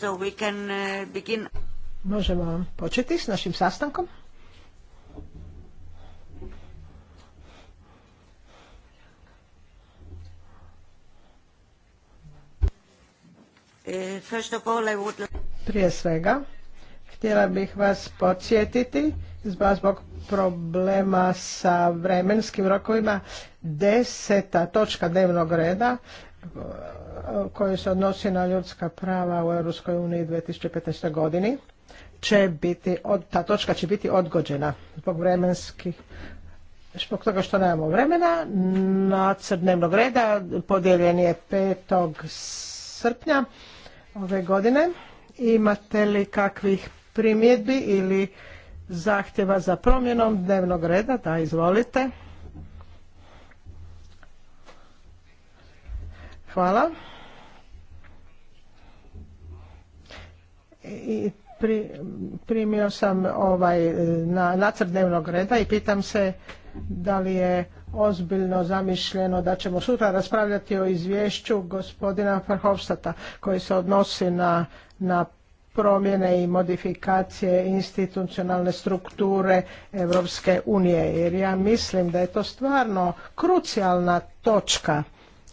so we can uh, Možemo početi s našim sastankom. Uh, Prije svega, htjela bih vas podsjetiti zbog problema sa vremenskim rokovima deseta točka dnevnog reda koji se odnosi na ljudska prava u Europskoj uniji 2015. godini će biti, ta točka će biti odgođena zbog vremenskih Zbog toga što nemamo vremena, nacrt dnevnog reda podijeljen je 5. srpnja ove godine. Imate li kakvih primjedbi ili zahtjeva za promjenom dnevnog reda? Da, izvolite. Hvala. I primio sam ovaj e, na nacrt dnevnog reda i pitam se da li je ozbiljno zamišljeno da ćemo sutra raspravljati o izvješću gospodina Verhofstata koji se odnosi na, na promjene i modifikacije institucionalne strukture Europske unije jer ja mislim da je to stvarno krucijalna točka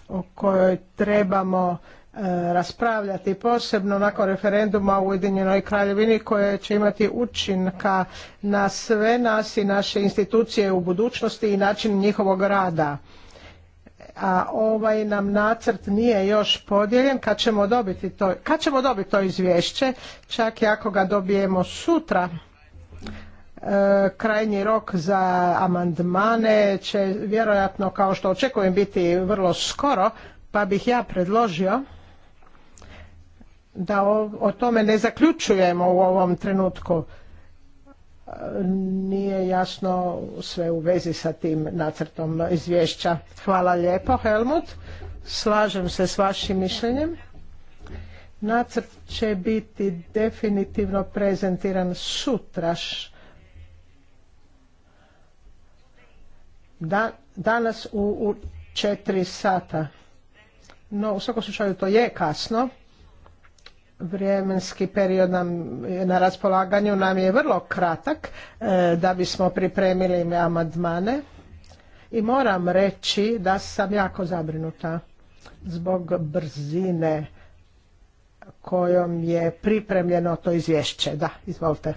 o kojoj trebamo e, raspravljati posebno nakon referenduma u Ujedinjenoj kraljevini koje će imati učinka na sve nas i naše institucije u budućnosti i način njihovog rada. A ovaj nam nacrt nije još podijeljen kad ćemo dobiti to, kad ćemo dobiti to izvješće, čak i ako ga dobijemo sutra E, krajnji rok za amandmane će vjerojatno kao što očekujem biti vrlo skoro pa bih ja predložio da o, o tome ne zaključujemo u ovom trenutku e, nije jasno sve u vezi sa tim nacrtom izvješća. Hvala lijepo Helmut, slažem se s vašim mišljenjem. Nacrt će biti definitivno prezentiran sutraš da, danas u, četiri sata. No, u svakom slučaju to je kasno. Vremenski period nam je na raspolaganju nam je vrlo kratak e, da bismo pripremili amandmane i moram reći da sam jako zabrinuta zbog brzine kojom je pripremljeno to izvješće. Da, izvolite.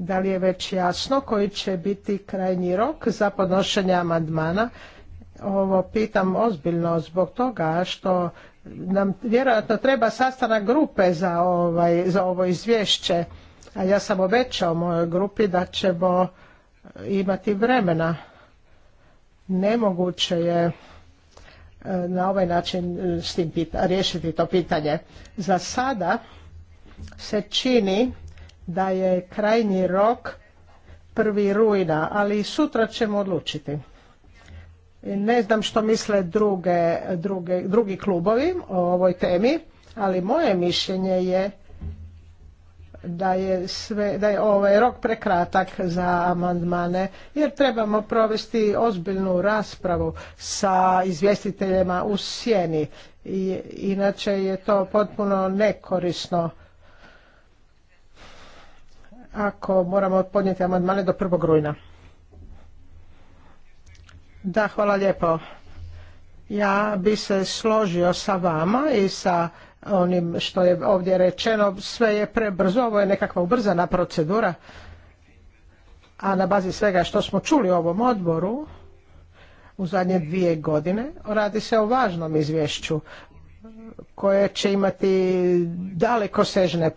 Da li je već jasno koji će biti krajnji rok za podnošenje amandmana? Ovo pitam ozbiljno zbog toga što nam vjerojatno treba sastanak grupe za, ovaj, za ovo izvješće. A ja sam obećao mojoj grupi da ćemo imati vremena. Nemoguće je e, na ovaj način e, s tim pita, riješiti to pitanje. Za sada se čini da je krajnji rok prvi rujna, ali sutra ćemo odlučiti. Ne znam što misle druge, drugi klubovi o ovoj temi, ali moje mišljenje je da je, sve, da je ovaj rok prekratak za amandmane jer trebamo provesti ozbiljnu raspravu sa izvjestiteljima u sjeni. I, inače je to potpuno nekorisno ako moramo podnijeti amandmane do 1. rujna. Da, hvala lijepo. Ja bi se složio sa vama i sa onim što je ovdje rečeno. Sve je prebrzo, ovo je nekakva ubrzana procedura. A na bazi svega što smo čuli u ovom odboru u zadnje dvije godine, radi se o važnom izvješću koje će imati daleko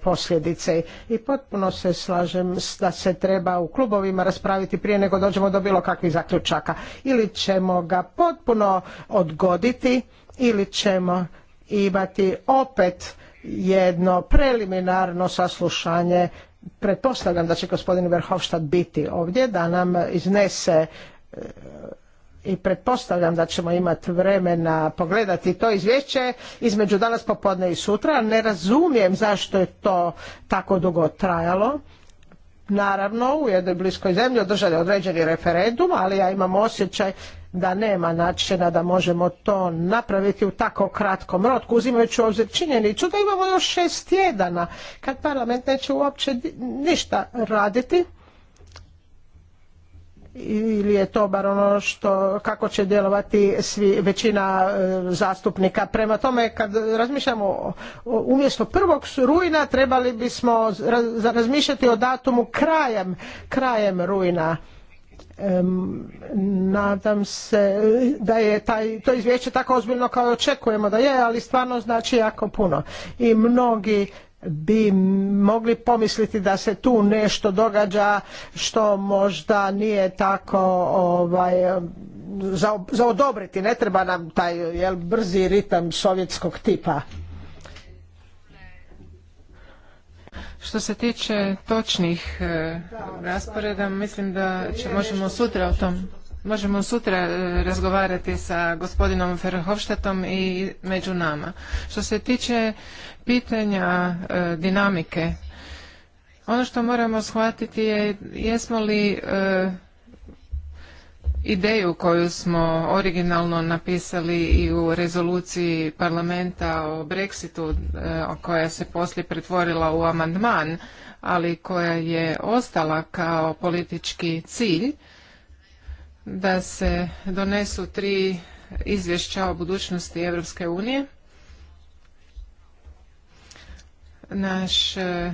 posljedice i potpuno se slažem da se treba u klubovima raspraviti prije nego dođemo do bilo kakvih zaključaka ili ćemo ga potpuno odgoditi ili ćemo imati opet jedno preliminarno saslušanje pretpostavljam da će gospodin Verhofstadt biti ovdje da nam iznese i pretpostavljam da ćemo imati vremena pogledati to izvješće između danas popodne i sutra. Ne razumijem zašto je to tako dugo trajalo. Naravno, u jednoj bliskoj zemlji održali određeni referendum, ali ja imam osjećaj da nema načina da možemo to napraviti u tako kratkom roku, uzimajući u obzir činjenicu da imamo još šest tjedana, kad parlament neće uopće ništa raditi ili je to bar ono što kako će djelovati svi, većina e, zastupnika. Prema tome kad razmišljamo umjesto prvog rujna trebali bismo razmišljati o datumu krajem, krajem rujna. nadam se e, da je taj, to izvješće tako ozbiljno kao i očekujemo da je, ali stvarno znači jako puno. I mnogi bi mogli pomisliti da se tu nešto događa što možda nije tako ovaj, za, za odobriti. Ne treba nam taj jel, brzi ritam sovjetskog tipa. Što se tiče točnih e, rasporeda, mislim da će, možemo sutra o tom Možemo sutra e, razgovarati sa gospodinom Ferhofštatom i među nama. Što se tiče pitanja e, dinamike, ono što moramo shvatiti je jesmo li e, ideju koju smo originalno napisali i u rezoluciji parlamenta o Brexitu, koja se poslije pretvorila u amandman, ali koja je ostala kao politički cilj, da se donesu tri izvješća o budućnosti Europske unije. Naš e, e,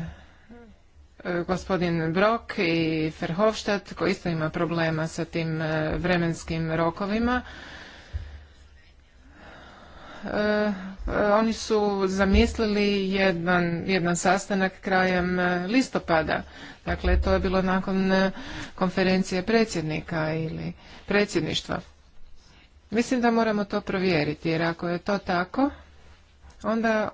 gospodin Brok i Ferhofstadt koji isto ima problema sa tim e, vremenskim rokovima E, e, oni su zamislili jedan, jedan sastanak krajem e, listopada. Dakle, to je bilo nakon konferencije predsjednika ili predsjedništva. Mislim da moramo to provjeriti, jer ako je to tako, onda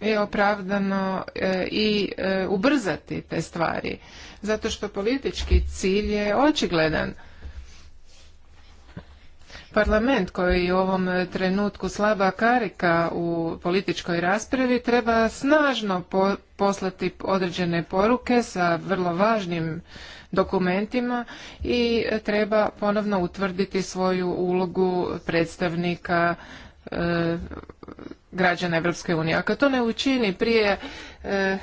je opravdano i ubrzati te stvari, zato što politički cilj je očigledan parlament koji je u ovom trenutku slaba karika u političkoj raspravi treba snažno poslati određene poruke sa vrlo važnim dokumentima i treba ponovno utvrditi svoju ulogu predstavnika e, građana Europske unije. Ako to ne učini prije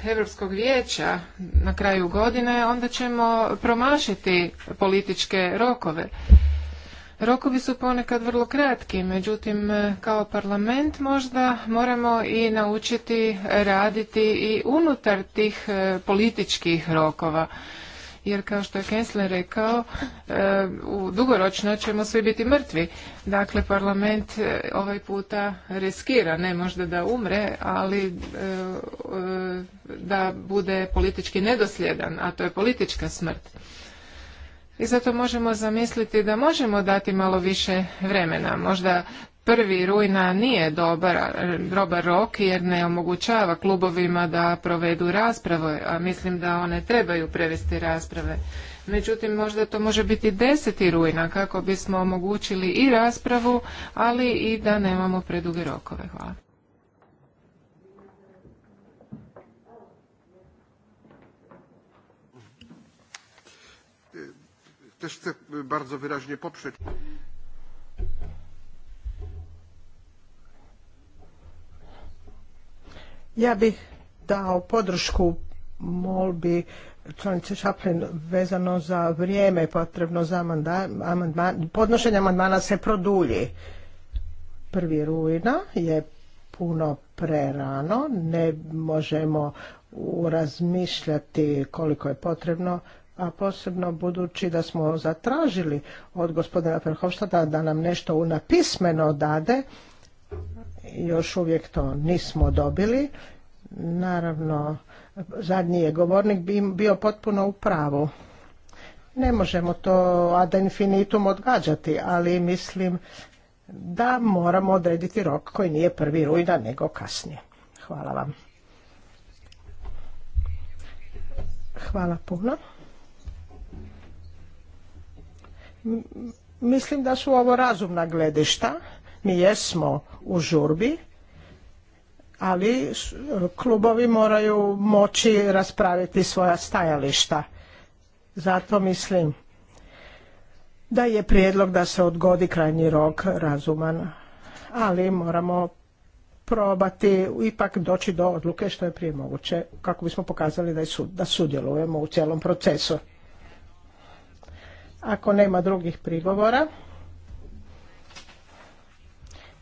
Europskog vijeća na kraju godine, onda ćemo promašiti političke rokove. Rokovi su ponekad vrlo kratki, međutim e, kao parlament možda moramo i naučiti raditi i unutar tih e, političkih rokova. Jer kao što je Kensler rekao, e, u dugoročno ćemo svi biti mrtvi. Dakle, parlament ovaj puta riskira, ne možda da umre, ali da bude politički nedosljedan, a to je politička smrt. I zato možemo zamisliti da možemo dati malo više vremena. Možda prvi rujna nije dobar, dobar rok jer ne omogućava klubovima da provedu rasprave, a mislim da one trebaju prevesti rasprave. Međutim, možda to može biti 10. rujna kako bismo omogućili i raspravu, ali i da nemamo preduge rokove. Hvala. bardzo wyraźnie poprzeć. Ja bih dao podršku molbi članice Šaplin vezano za vrijeme potrebno za amandman, podnošenje amandmana se produlji. Prvi rujna je puno prerano, ne možemo razmišljati koliko je potrebno a posebno budući da smo zatražili od gospodina Verhofstada da nam nešto unapismeno dade, još uvijek to nismo dobili. Naravno, zadnji je govornik bio potpuno u pravu. Ne možemo to ad infinitum odgađati, ali mislim da moramo odrediti rok koji nije prvi rujna, nego kasnije. Hvala vam. Hvala puno. Mislim da su ovo razumna gledišta. Mi jesmo u žurbi, ali klubovi moraju moći raspraviti svoja stajališta. Zato mislim da je prijedlog da se odgodi krajnji rok razuman, ali moramo probati ipak doći do odluke što je prije moguće kako bismo pokazali da, da sudjelujemo u cijelom procesu. Ako nema drugih prigovora,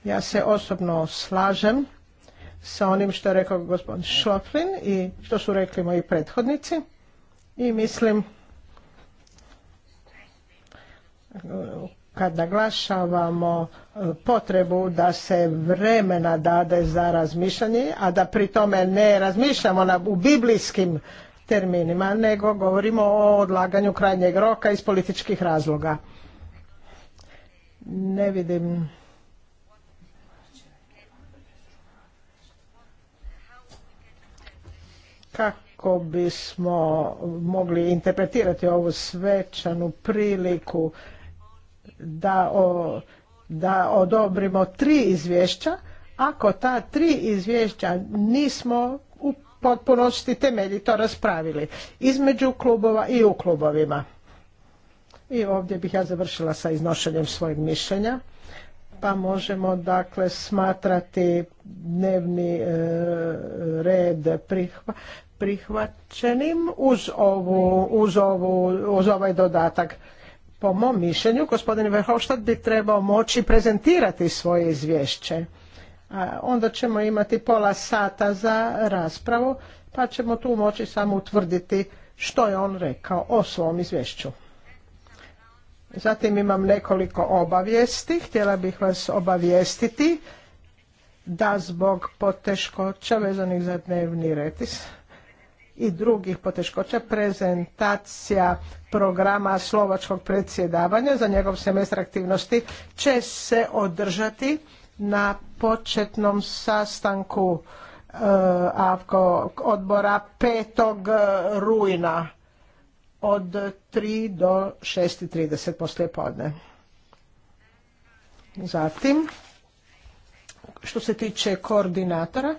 ja se osobno slažem sa onim što je rekao gospodin Šloflin i što su rekli moji prethodnici i mislim kad naglašavamo e, potrebu da se vremena dade za razmišljanje, a da pri tome ne razmišljamo na, u biblijskim terminima, nego govorimo o odlaganju krajnjeg roka iz političkih razloga. Ne vidim... Kako bismo mogli interpretirati ovu svečanu priliku da, da odobrimo tri izvješća, ako ta tri izvješća nismo potpunosti temeljito raspravili između klubova i u klubovima. I ovdje bih ja završila sa iznošenjem svojeg mišljenja pa možemo dakle smatrati dnevni e, red prihvaćenim uz, ovu, uz ovaj dodatak. Po mom mišljenju, gospodin Verhofstadt bi trebao moći prezentirati svoje izvješće onda ćemo imati pola sata za raspravu pa ćemo tu moći samo utvrditi što je on rekao o svom izvješću. Zatim imam nekoliko obavijesti. Htjela bih vas obavijestiti da zbog poteškoća vezanih za dnevni retis i drugih poteškoća prezentacija programa slovačkog predsjedavanja za njegov semestar aktivnosti će se održati na početnom sastanku e, AVKO odbora 5. E, rujna od 3 do 6.30 poslije podne. Zatim, što se tiče koordinatora,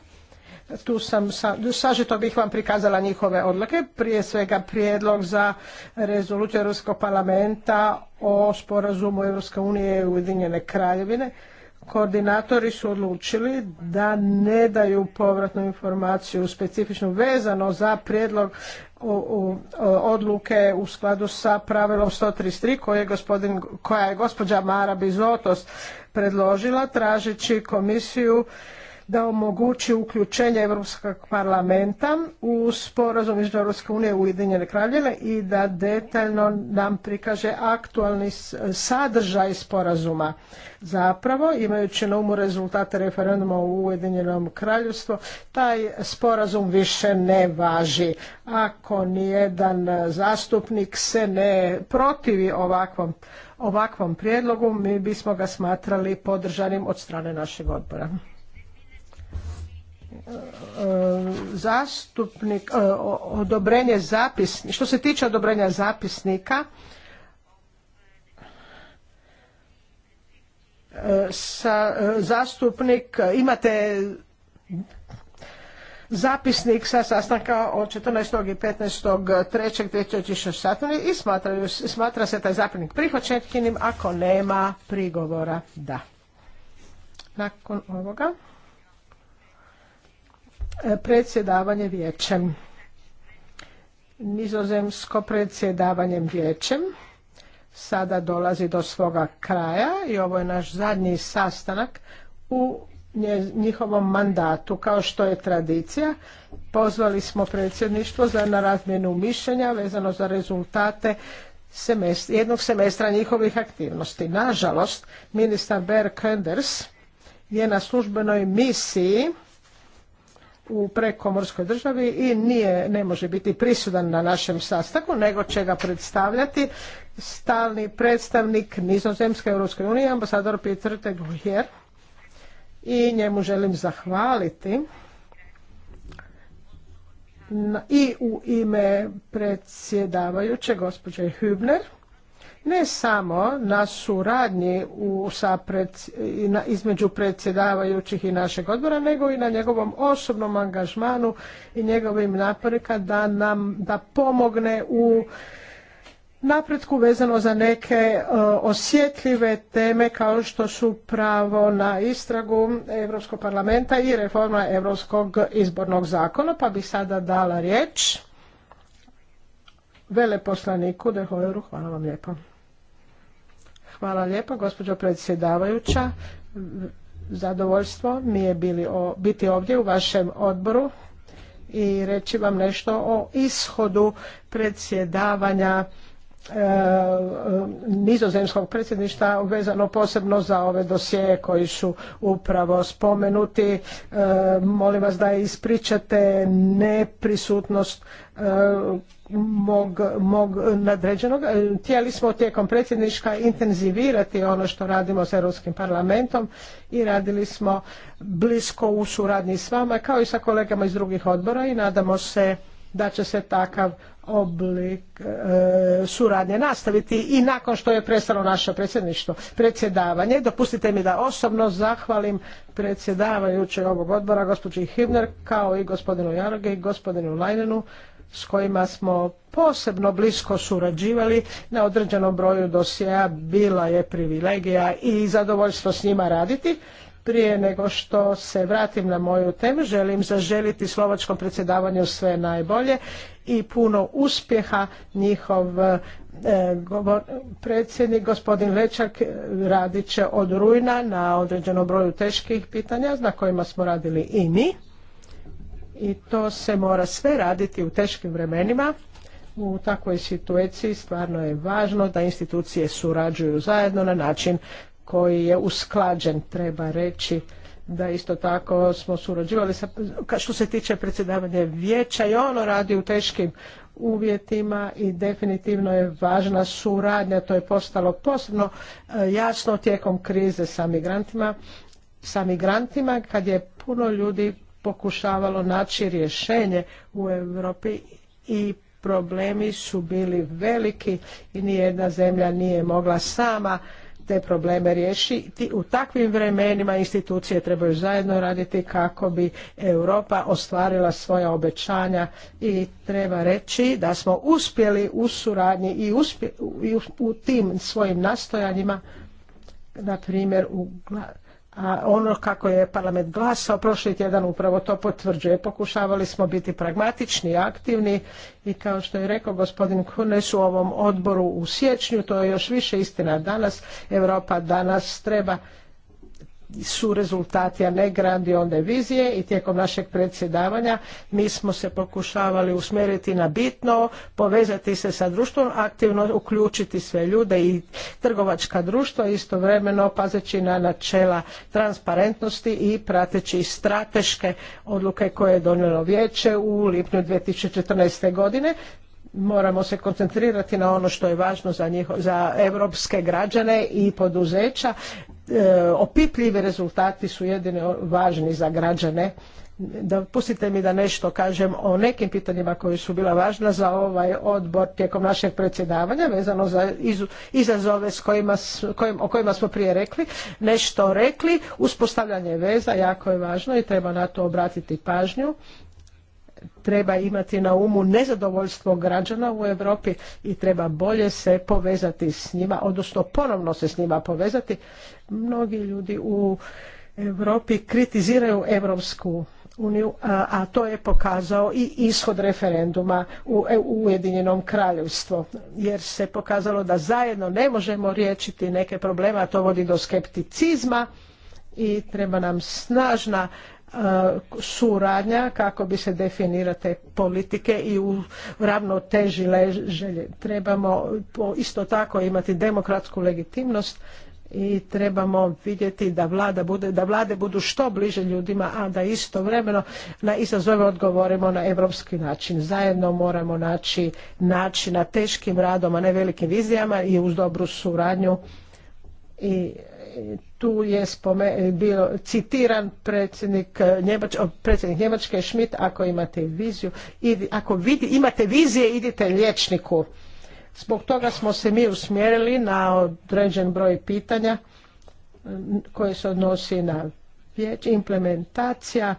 tu sam sažeto bih vam prikazala njihove odluke, prije svega prijedlog za rezoluciju Europskog parlamenta o sporazumu Europske unije i Ujedinjene kraljevine koordinatori su odlučili da ne daju povratnu informaciju specifično vezano za prijedlog odluke u skladu sa pravilom 133 koje je gospodin, koja je gospođa Mara Bizotos predložila tražeći komisiju da omogući uključenje Europskog parlamenta u sporazum između Europske unije u Ujedinjene kraljevine i da detaljno nam prikaže aktualni sadržaj sporazuma. Zapravo, imajući na umu rezultate referenduma u Ujedinjenom kraljevstvu, taj sporazum više ne važi. Ako nijedan zastupnik se ne protivi ovakvom ovakvom prijedlogu mi bismo ga smatrali podržanim od strane našeg odbora. E, zastupnik, e, odobrenje zapisnika, što se tiče odobrenja zapisnika, e, zastupnik, imate zapisnik sa sastanka od 14. i 15. 3. 2016. i smatra se taj zapisnik prihvaćenim ako nema prigovora. Da. Nakon ovoga. E, predsjedavanje vijećem. Nizozemsko predsjedavanje vijećem sada dolazi do svoga kraja i ovo je naš zadnji sastanak u njihovom mandatu. Kao što je tradicija, pozvali smo predsjedništvo za na razmjenu mišljenja vezano za rezultate jednog semestra njihovih aktivnosti. Nažalost, ministar Ber je na službenoj misiji u prekomorskoj državi i nije, ne može biti prisudan na našem sastanku, nego će ga predstavljati stalni predstavnik Nizozemske Europske unije, ambasador Peter de I njemu želim zahvaliti i u ime predsjedavajuće gospođe Hübner ne samo na suradnji u, na, između predsjedavajućih i našeg odbora, nego i na njegovom osobnom angažmanu i njegovim naporika da nam da pomogne u napretku vezano za neke e, osjetljive teme kao što su pravo na istragu Europskog parlamenta i reforma Europskog izbornog zakona, pa bi sada dala riječ veleposlaniku Hoyeru, Hvala vam lijepo. Hvala lijepa, gospođo predsjedavajuća. Zadovoljstvo mi je biti ovdje u vašem odboru i reći vam nešto o ishodu predsjedavanja e, nizozemskog predsjedništva vezano posebno za ove dosjeje koji su upravo spomenuti. E, molim vas da ispričate neprisutnost E, mog, mog nadređenog. E, htjeli smo tijekom predsjedništva intenzivirati ono što radimo s Europskim parlamentom i radili smo blisko u suradnji s vama kao i sa kolegama iz drugih odbora i nadamo se da će se takav oblik e, suradnje nastaviti i nakon što je prestalo naše predsjedništvo predsjedavanje. Dopustite mi da osobno zahvalim predsjedavajućeg ovog odbora gospođi Hibner kao i gospodinu Jaroge i gospodinu Lajnenu s kojima smo posebno blisko surađivali na određenom broju dosjea bila je privilegija i zadovoljstvo s njima raditi. Prije nego što se vratim na moju temu, želim zaželiti slovačkom predsjedavanju sve najbolje i puno uspjeha njihov e, predsjednik gospodin Lečak radit će od rujna na određenom broju teških pitanja na kojima smo radili i mi i to se mora sve raditi u teškim vremenima. U takvoj situaciji stvarno je važno da institucije surađuju zajedno na način koji je usklađen, treba reći da isto tako smo surađivali sa, što se tiče predsjedavanja vijeća i ono radi u teškim uvjetima i definitivno je važna suradnja, to je postalo posebno e, jasno tijekom krize sa migrantima, sa migrantima kad je puno ljudi pokušavalo naći rješenje u Europi i problemi su bili veliki i nijedna zemlja nije mogla sama te probleme riješiti. U takvim vremenima institucije trebaju zajedno raditi kako bi Europa ostvarila svoja obećanja i treba reći da smo uspjeli u suradnji i, u, u tim svojim nastojanjima, na primjer u a ono kako je parlament glasao prošli tjedan upravo to potvrđuje. Pokušavali smo biti pragmatični, i aktivni i kao što je rekao gospodin Kunes u ovom odboru u siječnju, to je još više istina danas. Europa danas treba su rezultati, a ne grandione vizije i tijekom našeg predsjedavanja mi smo se pokušavali usmjeriti na bitno, povezati se sa društvom, aktivno uključiti sve ljude i trgovačka društva, istovremeno pazeći na načela transparentnosti i prateći strateške odluke koje je donijelo vijeće u lipnju 2014. godine moramo se koncentrirati na ono što je važno za, njiho, za evropske građane i poduzeća E, opipljivi rezultati su jedino važni za građane. Da pustite mi da nešto kažem o nekim pitanjima koji su bila važna za ovaj odbor tijekom našeg predsjedavanja vezano za izazove s o kojima smo prije rekli, nešto rekli, uspostavljanje veza jako je važno i treba na to obratiti pažnju treba imati na umu nezadovoljstvo građana u Europi i treba bolje se povezati s njima, odnosno ponovno se s njima povezati. Mnogi ljudi u Europi kritiziraju Europsku uniju, a, to je pokazao i ishod referenduma u, e, u Ujedinjenom kraljevstvu, jer se pokazalo da zajedno ne možemo riješiti neke probleme, a to vodi do skepticizma i treba nam snažna E, suradnja kako bi se definirale te politike i u ravnoteži želje. Trebamo isto tako imati demokratsku legitimnost i trebamo vidjeti da, vlada bude, da vlade budu što bliže ljudima, a da istovremeno na izazove odgovorimo na evropski način. Zajedno moramo naći na teškim radom, a ne velikim vizijama i uz dobru suradnju i tu je spome, bilo citiran predsjednik, e, predsjednik Njemačke Schmidt, ako imate viziju, ako vidi, imate vizije idite liječniku. Zbog toga smo se mi usmjerili na određen broj pitanja koje se odnosi na vijeć, implementacija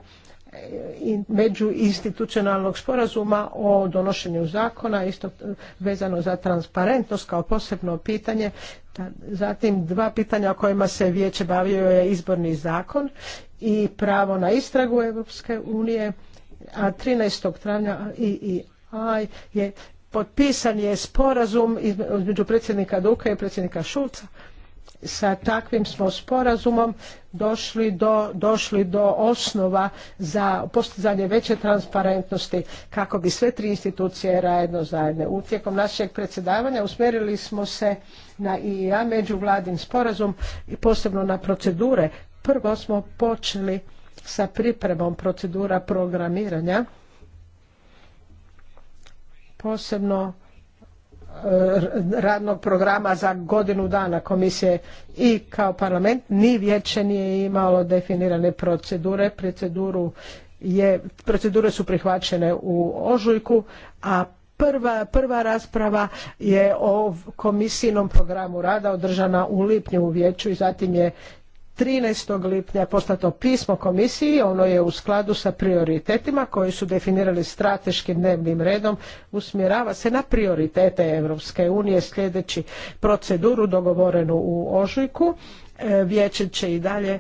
međuinstitucionalnog sporazuma o donošenju zakona, isto vezano za transparentnost kao posebno pitanje. Zatim dva pitanja o kojima se vijeće bavio je izborni zakon i pravo na istragu Europske unije, a 13. travnja i je potpisan je sporazum između predsjednika Duka i predsjednika Šulca sa takvim smo sporazumom došli do, došli do osnova za postizanje veće transparentnosti kako bi sve tri institucije radno zajedno. U tijekom našeg predsjedavanja usmjerili smo se na među međuvladin sporazum i posebno na procedure. Prvo smo počeli sa pripremom procedura programiranja posebno Eh, radnog programa za godinu dana komisije i kao parlament ni vijeće nije imalo definirane procedure proceduru je procedure su prihvaćene u ožujku a Prva, prva rasprava je o komisijnom programu rada održana u lipnju u vijeću i zatim je 13. lipnja je poslato pismo komisiji, ono je u skladu sa prioritetima koji su definirali strateškim dnevnim redom, usmjerava se na prioritete Europske unije sljedeći proceduru dogovorenu u ožujku. E, vijeće će i dalje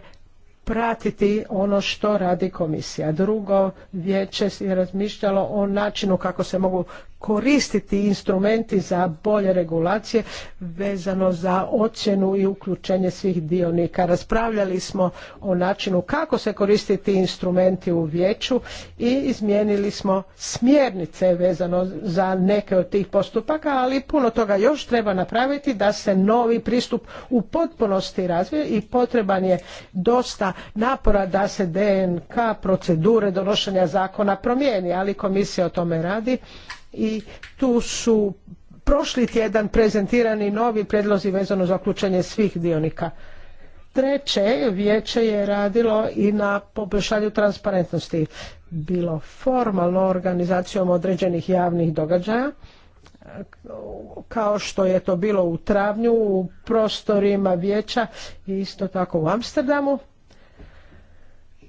pratiti ono što radi komisija. Drugo, vijeće je razmišljalo o načinu kako se mogu koristiti instrumenti za bolje regulacije vezano za ocjenu i uključenje svih dionika. Raspravljali smo o načinu kako se koristiti instrumenti u vijeću i izmijenili smo smjernice vezano za neke od tih postupaka, ali puno toga još treba napraviti da se novi pristup u potpunosti razvije i potreban je dosta napora da se DNK procedure donošenja zakona promijeni, ali komisija o tome radi i tu su prošli tjedan prezentirani novi predlozi vezano za uključenje svih dionika. Treće, vijeće je radilo i na poboljšanju transparentnosti, bilo formalno organizacijom određenih javnih događaja, kao što je to bilo u travnju u prostorima vijeća i isto tako u Amsterdamu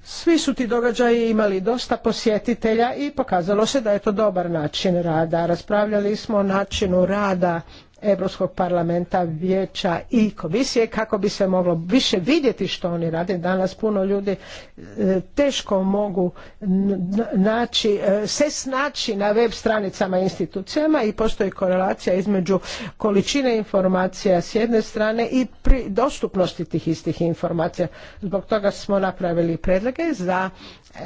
svi su ti događaji imali dosta posjetitelja i pokazalo se da je to dobar način rada. Raspravljali smo o načinu rada Europskog parlamenta, vijeća i komisije kako bi se moglo više vidjeti što oni rade. Danas puno ljudi e, teško mogu naći, e, se snaći na web stranicama institucijama i postoji korelacija između količine informacija s jedne strane i pri dostupnosti tih istih informacija. Zbog toga smo napravili predlage za e,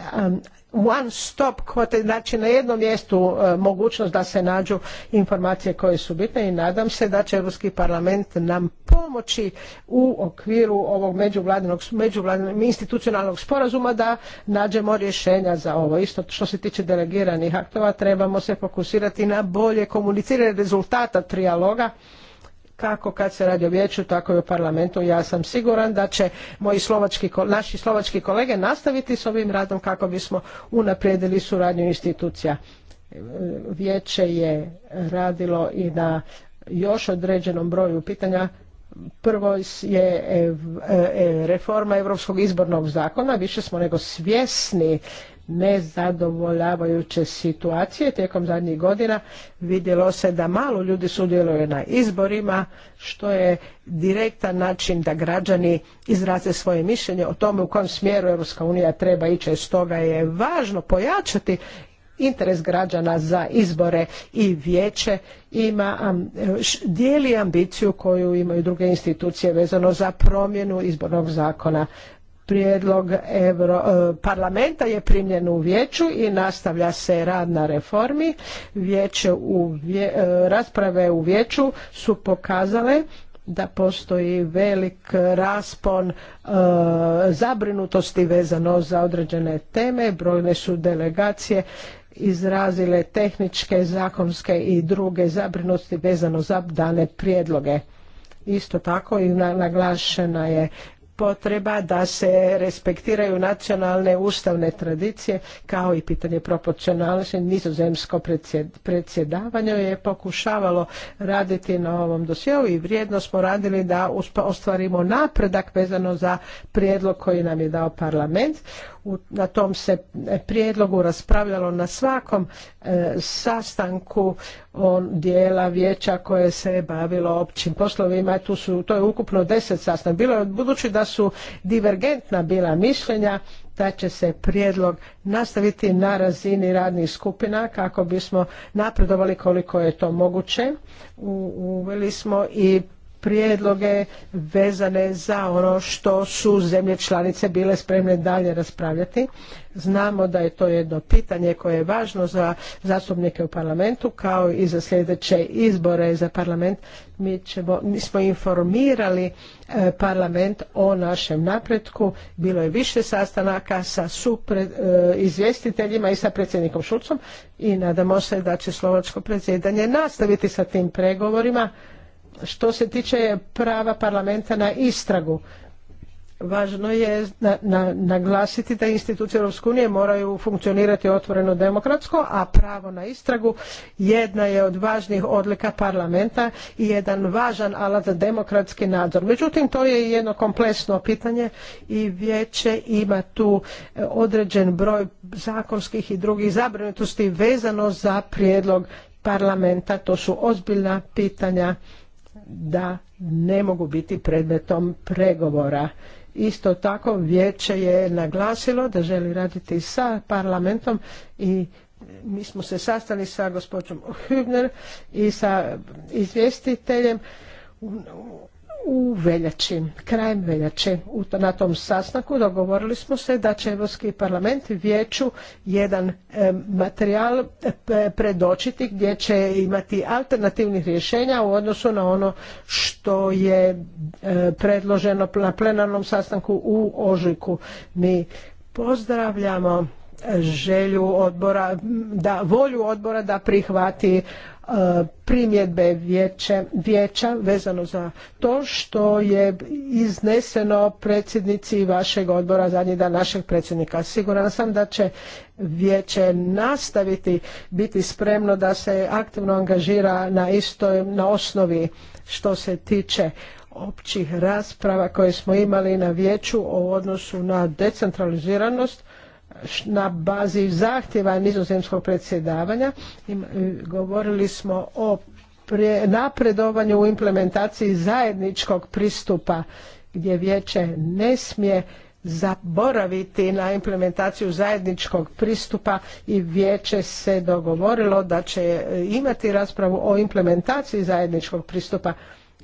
one stop, znači na jednom mjestu e, mogućnost da se nađu informacije koje su bitne i nadam se da će Europski parlament nam pomoći u okviru ovog međuvladinog, međuvladinog institucionalnog sporazuma da nađemo rješenja za ovo. Isto što se tiče delegiranih aktova trebamo se fokusirati na bolje komuniciranje rezultata trijaloga kako kad se radi o vijeću, tako i o parlamentu. Ja sam siguran da će moji slovački, naši slovački kolege nastaviti s ovim radom kako bismo unaprijedili suradnju institucija. Vijeće je radilo i na još određenom broju pitanja Prvo je e, e, reforma Europskog izbornog zakona, više smo nego svjesni nezadovoljavajuće situacije. Tijekom zadnjih godina vidjelo se da malo ljudi sudjeluje na izborima, što je direktan način da građani izraze svoje mišljenje o tome u kojem smjeru Europska unija treba ići. Stoga je važno pojačati interes građana za izbore i vijeće ima dijeli ambiciju koju imaju druge institucije vezano za promjenu izbornog zakona prijedlog Euro, e, parlamenta je primljen u vijeću i nastavlja se rad na reformi. Vijeće u, e, rasprave u vijeću su pokazale da postoji velik raspon e, zabrinutosti vezano za određene teme. Brojne su delegacije izrazile tehničke, zakonske i druge zabrinutosti vezano za dane prijedloge. Isto tako i naglašena je potreba da se respektiraju nacionalne ustavne tradicije kao i pitanje proporcionalnosti. Nizozemsko predsjedavanje je pokušavalo raditi na ovom dosjeu i vrijedno smo radili da ostvarimo napredak vezano za prijedlog koji nam je dao parlament. na tom se prijedlogu raspravljalo na svakom e, sastanku on dijela vijeća koje se bavilo općim poslovima. Tu su, to je ukupno deset sastanaka. Bilo je, budući da su divergentna bila mišljenja, da će se prijedlog nastaviti na razini radnih skupina kako bismo napredovali koliko je to moguće. Uveli smo i prijedloge vezane za ono što su zemlje članice bile spremne dalje raspravljati. Znamo da je to jedno pitanje koje je važno za zastupnike u parlamentu kao i za sljedeće izbore za parlament. Mi, ćemo, mi smo informirali e, parlament o našem napretku. Bilo je više sastanaka sa supre, e, izvjestiteljima i sa predsjednikom Šulcom i nadamo se da će slovačko predsjedanje nastaviti sa tim pregovorima što se tiče prava parlamenta na istragu važno je naglasiti da institucije Europske unije moraju funkcionirati otvoreno demokratsko, a pravo na istragu jedna je od važnih odlika parlamenta i jedan važan alat za demokratski nadzor. Međutim, to je jedno kompleksno pitanje i vijeće ima tu e, određen broj zakonskih i drugih zabrinutosti vezano za prijedlog parlamenta. To su ozbiljna pitanja da ne mogu biti predmetom pregovora. Isto tako vijeće je naglasilo da želi raditi sa parlamentom i mi smo se sastali sa gospođom Hübner i sa izvjestiteljem u veljači, krajem veljače. na tom sastanku dogovorili smo se da će Europski parlament vijeću jedan materijal e, predočiti gdje će imati alternativnih rješenja u odnosu na ono što je e, predloženo na plenarnom sastanku u Ožujku. Mi pozdravljamo e, želju odbora, da volju odbora da prihvati E, primjedbe vijeća, vijeća vezano za to što je izneseno predsjednici vašeg odbora zadnji dan našeg predsjednika. Siguran sam da će vijeće nastaviti biti spremno da se aktivno angažira na istoj na osnovi što se tiče općih rasprava koje smo imali na vijeću o odnosu na decentraliziranost na bazi zahtjeva nizozemskog predsjedavanja e, govorili smo o napredovanju u implementaciji zajedničkog pristupa gdje vijeće ne smije zaboraviti na implementaciju zajedničkog pristupa i vijeće se dogovorilo da će e, imati raspravu o implementaciji zajedničkog pristupa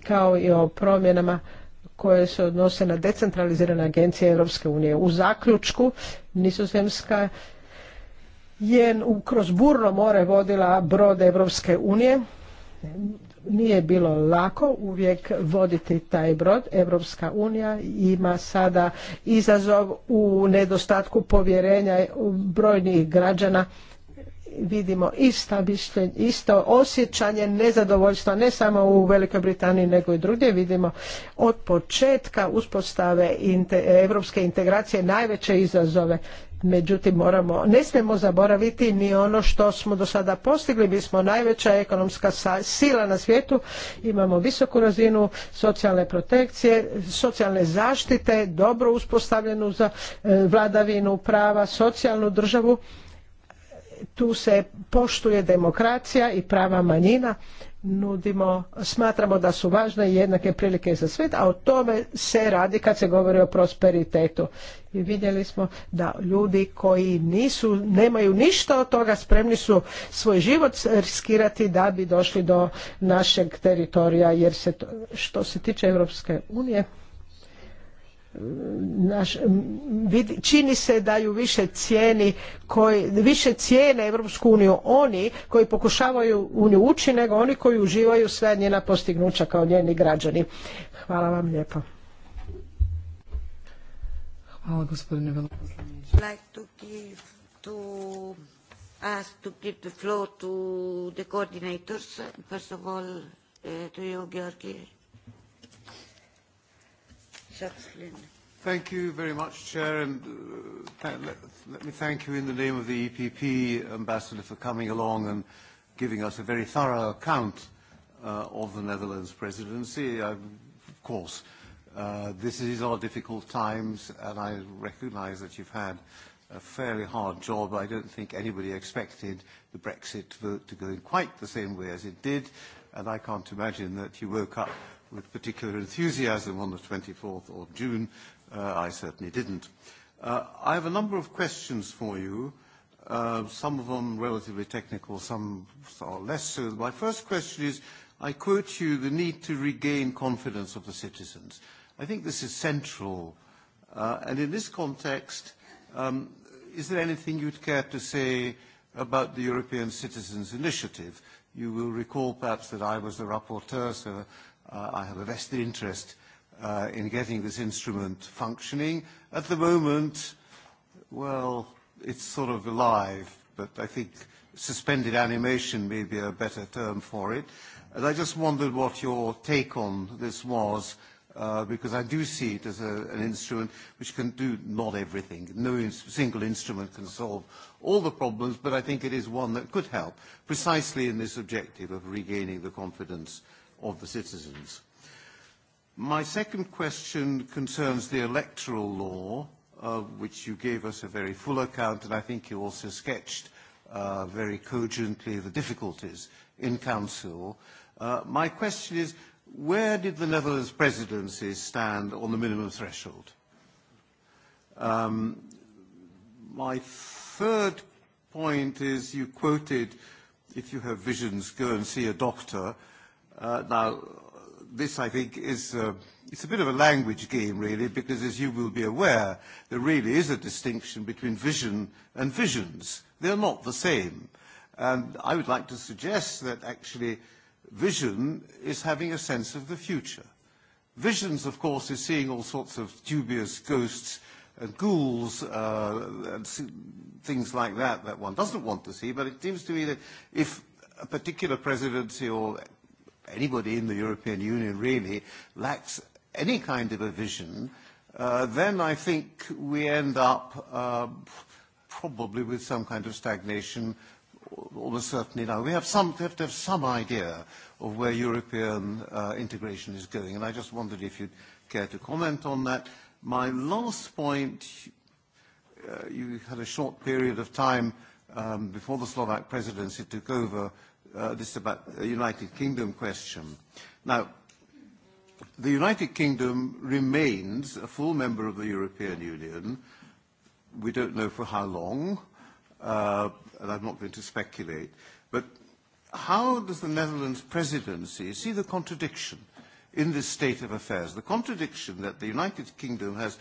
kao i o promjenama koje se odnose na decentralizirane agencije Europske unije. U zaključku Nizozemska je kroz burno more vodila brod Europske unije. Nije bilo lako uvijek voditi taj brod. Europska unija ima sada izazov u nedostatku povjerenja brojnih građana vidimo ista isto osjećanje nezadovoljstva ne samo u Velikoj Britaniji nego i drugdje vidimo od početka uspostave europske integracije najveće izazove međutim moramo ne smijemo zaboraviti ni ono što smo do sada postigli mi smo najveća ekonomska sila na svijetu imamo visoku razinu socijalne protekcije socijalne zaštite dobro uspostavljenu za eh, vladavinu prava socijalnu državu tu se poštuje demokracija i prava manjina nudimo, smatramo da su važne i jednake prilike za svet, a o tome se radi kad se govori o prosperitetu. I vidjeli smo da ljudi koji nisu, nemaju ništa od toga, spremni su svoj život riskirati da bi došli do našeg teritorija, jer se to, što se tiče Europske unije, naš, čini se da ju više cijeni koji više cijene Europsku uniju oni koji pokušavaju uniju ući nego oni koji uživaju sve njena postignuća kao njeni građani. Hvala vam lijepo. Hvala gospodine veleposlaniče. Like to give to ask to give the floor to the coordinators. First of all, uh, to you, Georgije. Thank you very much, Chair, and uh, let, let me thank you in the name of the EPP, Ambassador, for coming along and giving us a very thorough account uh, of the Netherlands presidency. of course, uh, this is our difficult times, and I recognize that you've had a fairly hard job. I don't think anybody expected the Brexit vote to go in quite the same way as it did, and I can't imagine that you woke up with particular enthusiasm on the 24th of June. Uh, I certainly didn't. Uh, I have a number of questions for you, uh, some of them relatively technical, some are less so. My first question is, I quote you, the need to regain confidence of the citizens. I think this is central. Uh, and in this context, um, is there anything you'd care to say about the European Citizens Initiative? You will recall perhaps that I was the rapporteur, so i have a vested interest uh, in getting this instrument functioning. At the moment, well, it's sort of alive, but I think suspended animation may be a better term for it. And I just wondered what your take on this was, uh, because I do see it as a, an instrument which can do not everything. No in single instrument can solve all the problems, but I think it is one that could help, precisely in this objective of regaining the confidence uh, of the citizens. My second question concerns the electoral law, uh, which you gave us a very full account, and I think you also sketched uh, very cogently the difficulties in Council. Uh, my question is, where did the Netherlands presidency stand on the minimum threshold? Um, my third point is you quoted, if you have visions, go and see a doctor. Uh, now, this, I think, is uh, it's a bit of a language game, really, because as you will be aware, there really is a distinction between vision and visions. They're not the same. And I would like to suggest that actually vision is having a sense of the future. Visions, of course, is seeing all sorts of dubious ghosts and ghouls uh, and things like that that one doesn't want to see, but it seems to me that if a particular presidency or anybody in the European Union really lacks any kind of a vision, uh, then I think we end up uh, probably with some kind of stagnation, almost certainly now. We have, some, we have to have some idea of where European uh, integration is going, and I just wondered if you'd care to comment on that. My last point, uh, you had a short period of time um, before the Slovak presidency took over Uh, this is about the United Kingdom question. Now, the United Kingdom remains a full member of the European Union. We don't know for how long, uh, and I'm not going to speculate. But how does the Netherlands presidency see the contradiction in this state of affairs? The contradiction that the United Kingdom has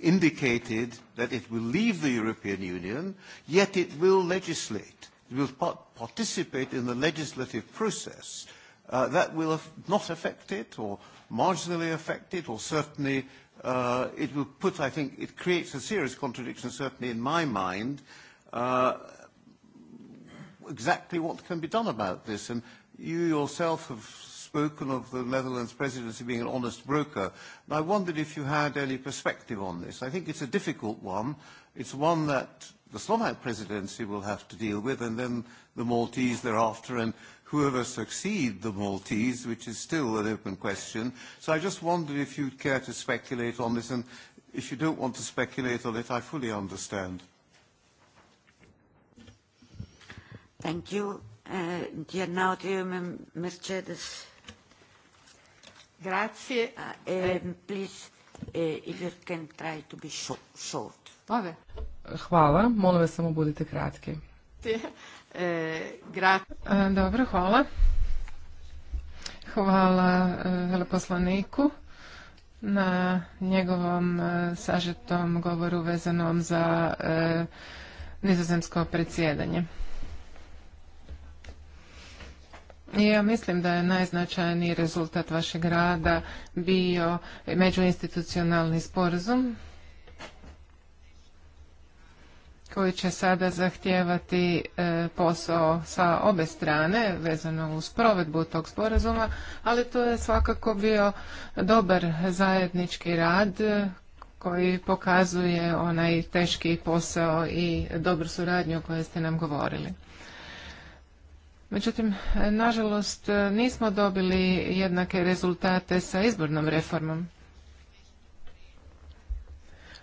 indicated that it will leave the European Union, yet it will legislate will participate in the legislative process. Uh, that will not affect it or marginally affect it or certainly uh, it will put, I think, it creates a serious contradiction, certainly in my mind, uh, exactly what can be done about this. And you yourself have spoken of the Netherlands presidency being an honest broker. And I wondered if you had any perspective on this. I think it's a difficult one. It's one that the Slovak presidency will have to deal with, and then the Maltese thereafter, and whoever succeed the Maltese, which is still an open question. So I just wondered if you'd care to speculate on this, and if you don't want to speculate on it, I fully understand. Thank you. Uh, now to you, Mercedes. Grazie. Uh, um, please, uh, if you can try to be short. short. Okay. Hvala, molim vas samo budite kratki. E, e, dobro, hvala. Hvala e, veleposlaniku na njegovom sažetom govoru vezanom za nizozemsko predsjedanje. Ja mislim da je najznačajniji rezultat vašeg rada bio međuinstitucionalni sporazum koji će sada zahtijevati e, posao sa obe strane vezano uz provedbu tog sporazuma, ali to je svakako bio dobar zajednički rad koji pokazuje onaj teški posao i dobru suradnju o kojoj ste nam govorili. Međutim, nažalost, nismo dobili jednake rezultate sa izbornom reformom.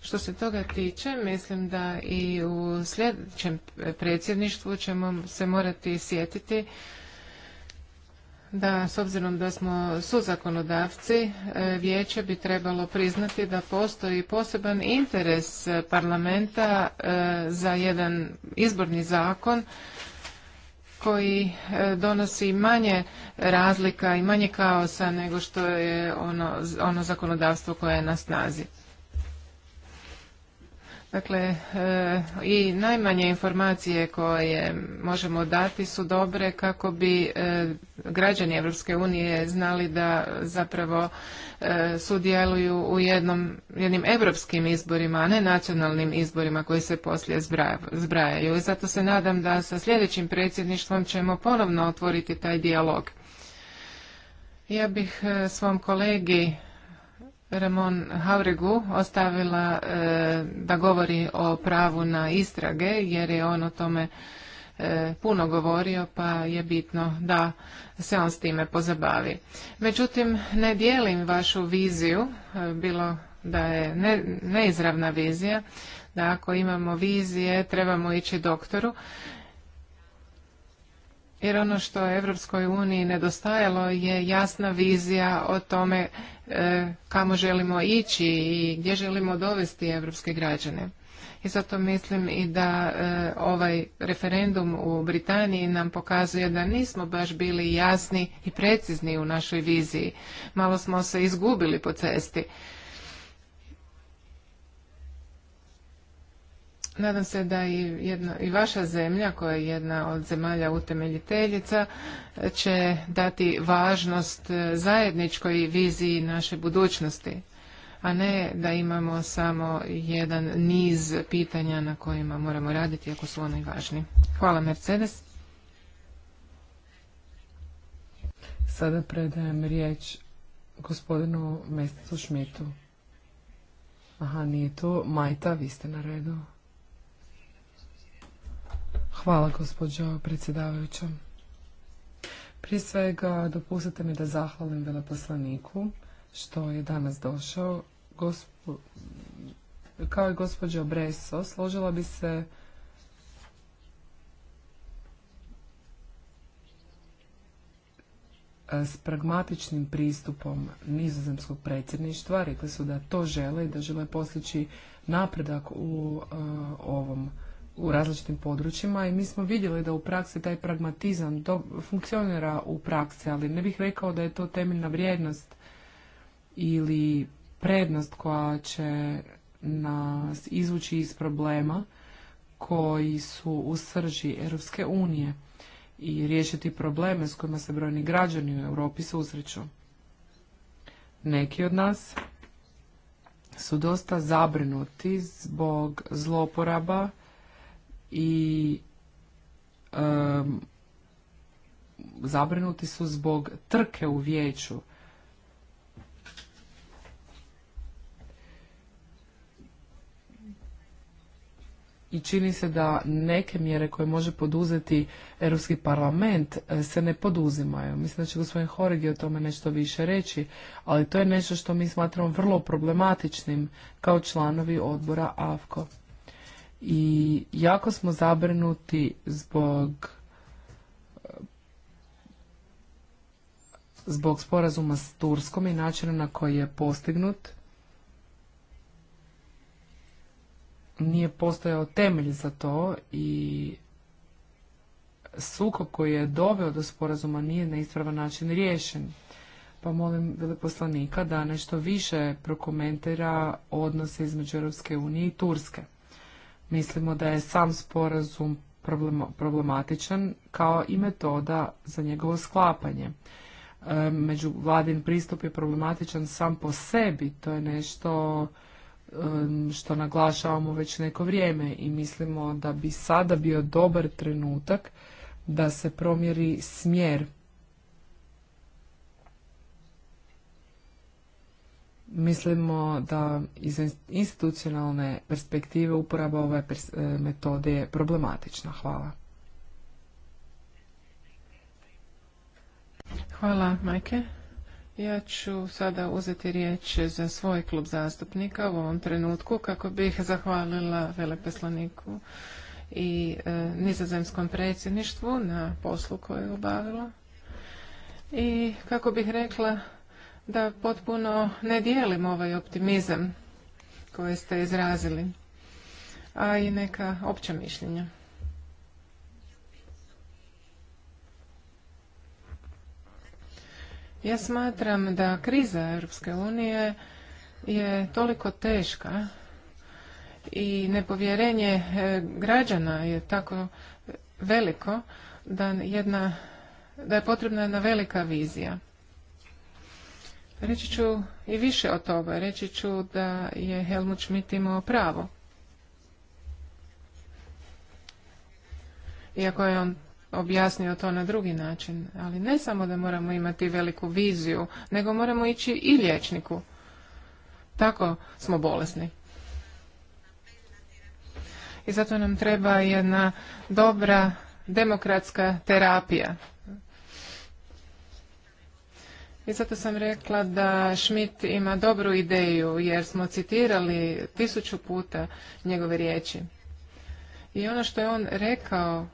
Što se toga tiče, mislim da i u sljedećem predsjedništvu ćemo se morati sjetiti da s obzirom da smo suzakonodavci, e, vijeće bi trebalo priznati da postoji poseban interes parlamenta e, za jedan izborni zakon koji e, donosi manje razlika i manje kaosa nego što je ono, ono zakonodavstvo koje je na snazi. Dakle, e, i najmanje informacije koje možemo dati su dobre kako bi e, građani Europske unije znali da zapravo e, sudjeluju u jednom, jednim europskim izborima, a ne nacionalnim izborima koji se poslije zbrajaju. I zato se nadam da sa sljedećim predsjedništvom ćemo ponovno otvoriti taj dijalog. Ja bih svom kolegi Ramon Hauregu ostavila e, da govori o pravu na istrage jer je on o tome e, puno govorio pa je bitno da se on s time pozabavi. Međutim, ne dijelim vašu viziju, e, bilo da je neizravna vizija, da ako imamo vizije trebamo ići doktoru. Jer ono što Evropskoj uniji nedostajalo je jasna vizija o tome E, kamo želimo ići i gdje želimo dovesti evropske građane. I zato mislim i da e, ovaj referendum u Britaniji nam pokazuje da nismo baš bili jasni i precizni u našoj viziji. Malo smo se izgubili po cesti. Nadam se da i, i vaša zemlja, koja je jedna od zemalja utemeljiteljica, će dati važnost e, zajedničkoj viziji naše budućnosti, a ne da imamo samo jedan niz pitanja na kojima moramo raditi, ako su oni važni. Hvala, Mercedes. Sada predajem riječ gospodinu Mesticu Šmitu. Aha, nije tu. Majta, vi ste na redu. Hvala gospođo predsjedavajuća. Prije svega dopustite mi da zahvalim veleposlaniku što je danas došao. kao i gospođo Breso, složila bi se s pragmatičnim pristupom nizozemskog predsjedništva. Rekli su da to žele i da žele postići napredak u e, ovom u različitim područjima i mi smo vidjeli da u praksi taj pragmatizam to funkcionira u praksi, ali ne bih rekao da je to temeljna vrijednost ili prednost koja će nas izvući iz problema koji su u srži Europske unije i riješiti probleme s kojima se brojni građani u Europi susreću. Neki od nas su dosta zabrinuti zbog zloporaba i zabrinuti su zbog trke u vijeću. I čini se da neke mjere koje može poduzeti Europski parlament e, se ne poduzimaju. Mislim da će gospodin Horegi o tome nešto više reći, ali to je nešto što mi smatramo vrlo problematičnim kao članovi odbora AFKO i jako smo zabrinuti zbog zbog sporazuma s Turskom i načina na koji je postignut nije postojao temelj za to i sukob koji je doveo do sporazuma nije na ispravan način riješen. Pa molim veleposlanika da nešto više prokomentira odnose između Europske unije i Turske. Mislimo da je sam sporazum problematičan kao i metoda za njegovo sklapanje. E, Među vladin pristup je problematičan sam po sebi, to je nešto što naglašavamo već neko vrijeme i mislimo da bi sada bio dobar trenutak da se promjeri smjer Mislimo da iz institucionalne perspektive uporaba ove e, metode je problematična. Hvala. Hvala, Majke. Ja ću sada uzeti riječ za svoj klub zastupnika u ovom trenutku kako bih zahvalila veleposlaniku i e, nizozemskom predsjedništvu na poslu koju je obavila. I kako bih rekla da potpuno ne dijelim ovaj optimizam koji ste izrazili, a i neka opća mišljenja. Ja smatram da kriza Europske unije je toliko teška i nepovjerenje e, građana je tako veliko da jedna da je potrebna jedna velika vizija. Reći ću i više o toga. Reći ću da je Helmut Schmidt imao pravo. Iako je on objasnio to na drugi način. Ali ne samo da moramo imati veliku viziju, nego moramo ići i liječniku. Tako smo bolesni. I zato nam treba jedna dobra demokratska terapija i zato sam rekla da Schmidt ima dobru ideju jer smo citirali tisuću puta njegove riječi. I ono što je on rekao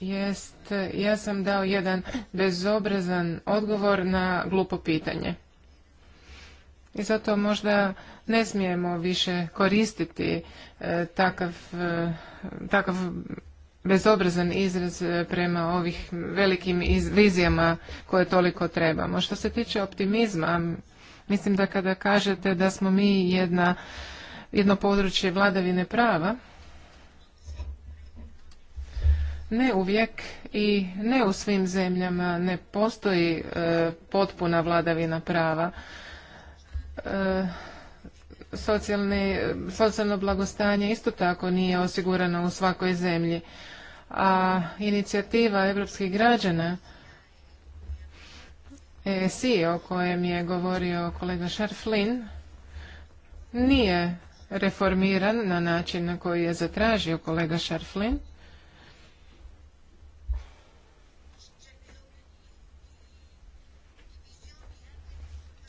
jest ja sam dao jedan bezobrazan odgovor na glupo pitanje. I zato možda ne smijemo više koristiti e, takav, e, takav bezobrazan izraz e, prema ovih velikim vizijama koje toliko trebamo. Što se tiče optimizma, mislim da kada kažete da smo mi jedna, jedno područje vladavine prava, ne uvijek i ne u svim zemljama ne postoji e, potpuna vladavina prava. E, socijalno blagostanje isto tako nije osigurano u svakoj zemlji a inicijativa europskih građana ESI e o kojem je govorio kolega Šarflin nije reformiran na način na koji je zatražio kolega Šarflin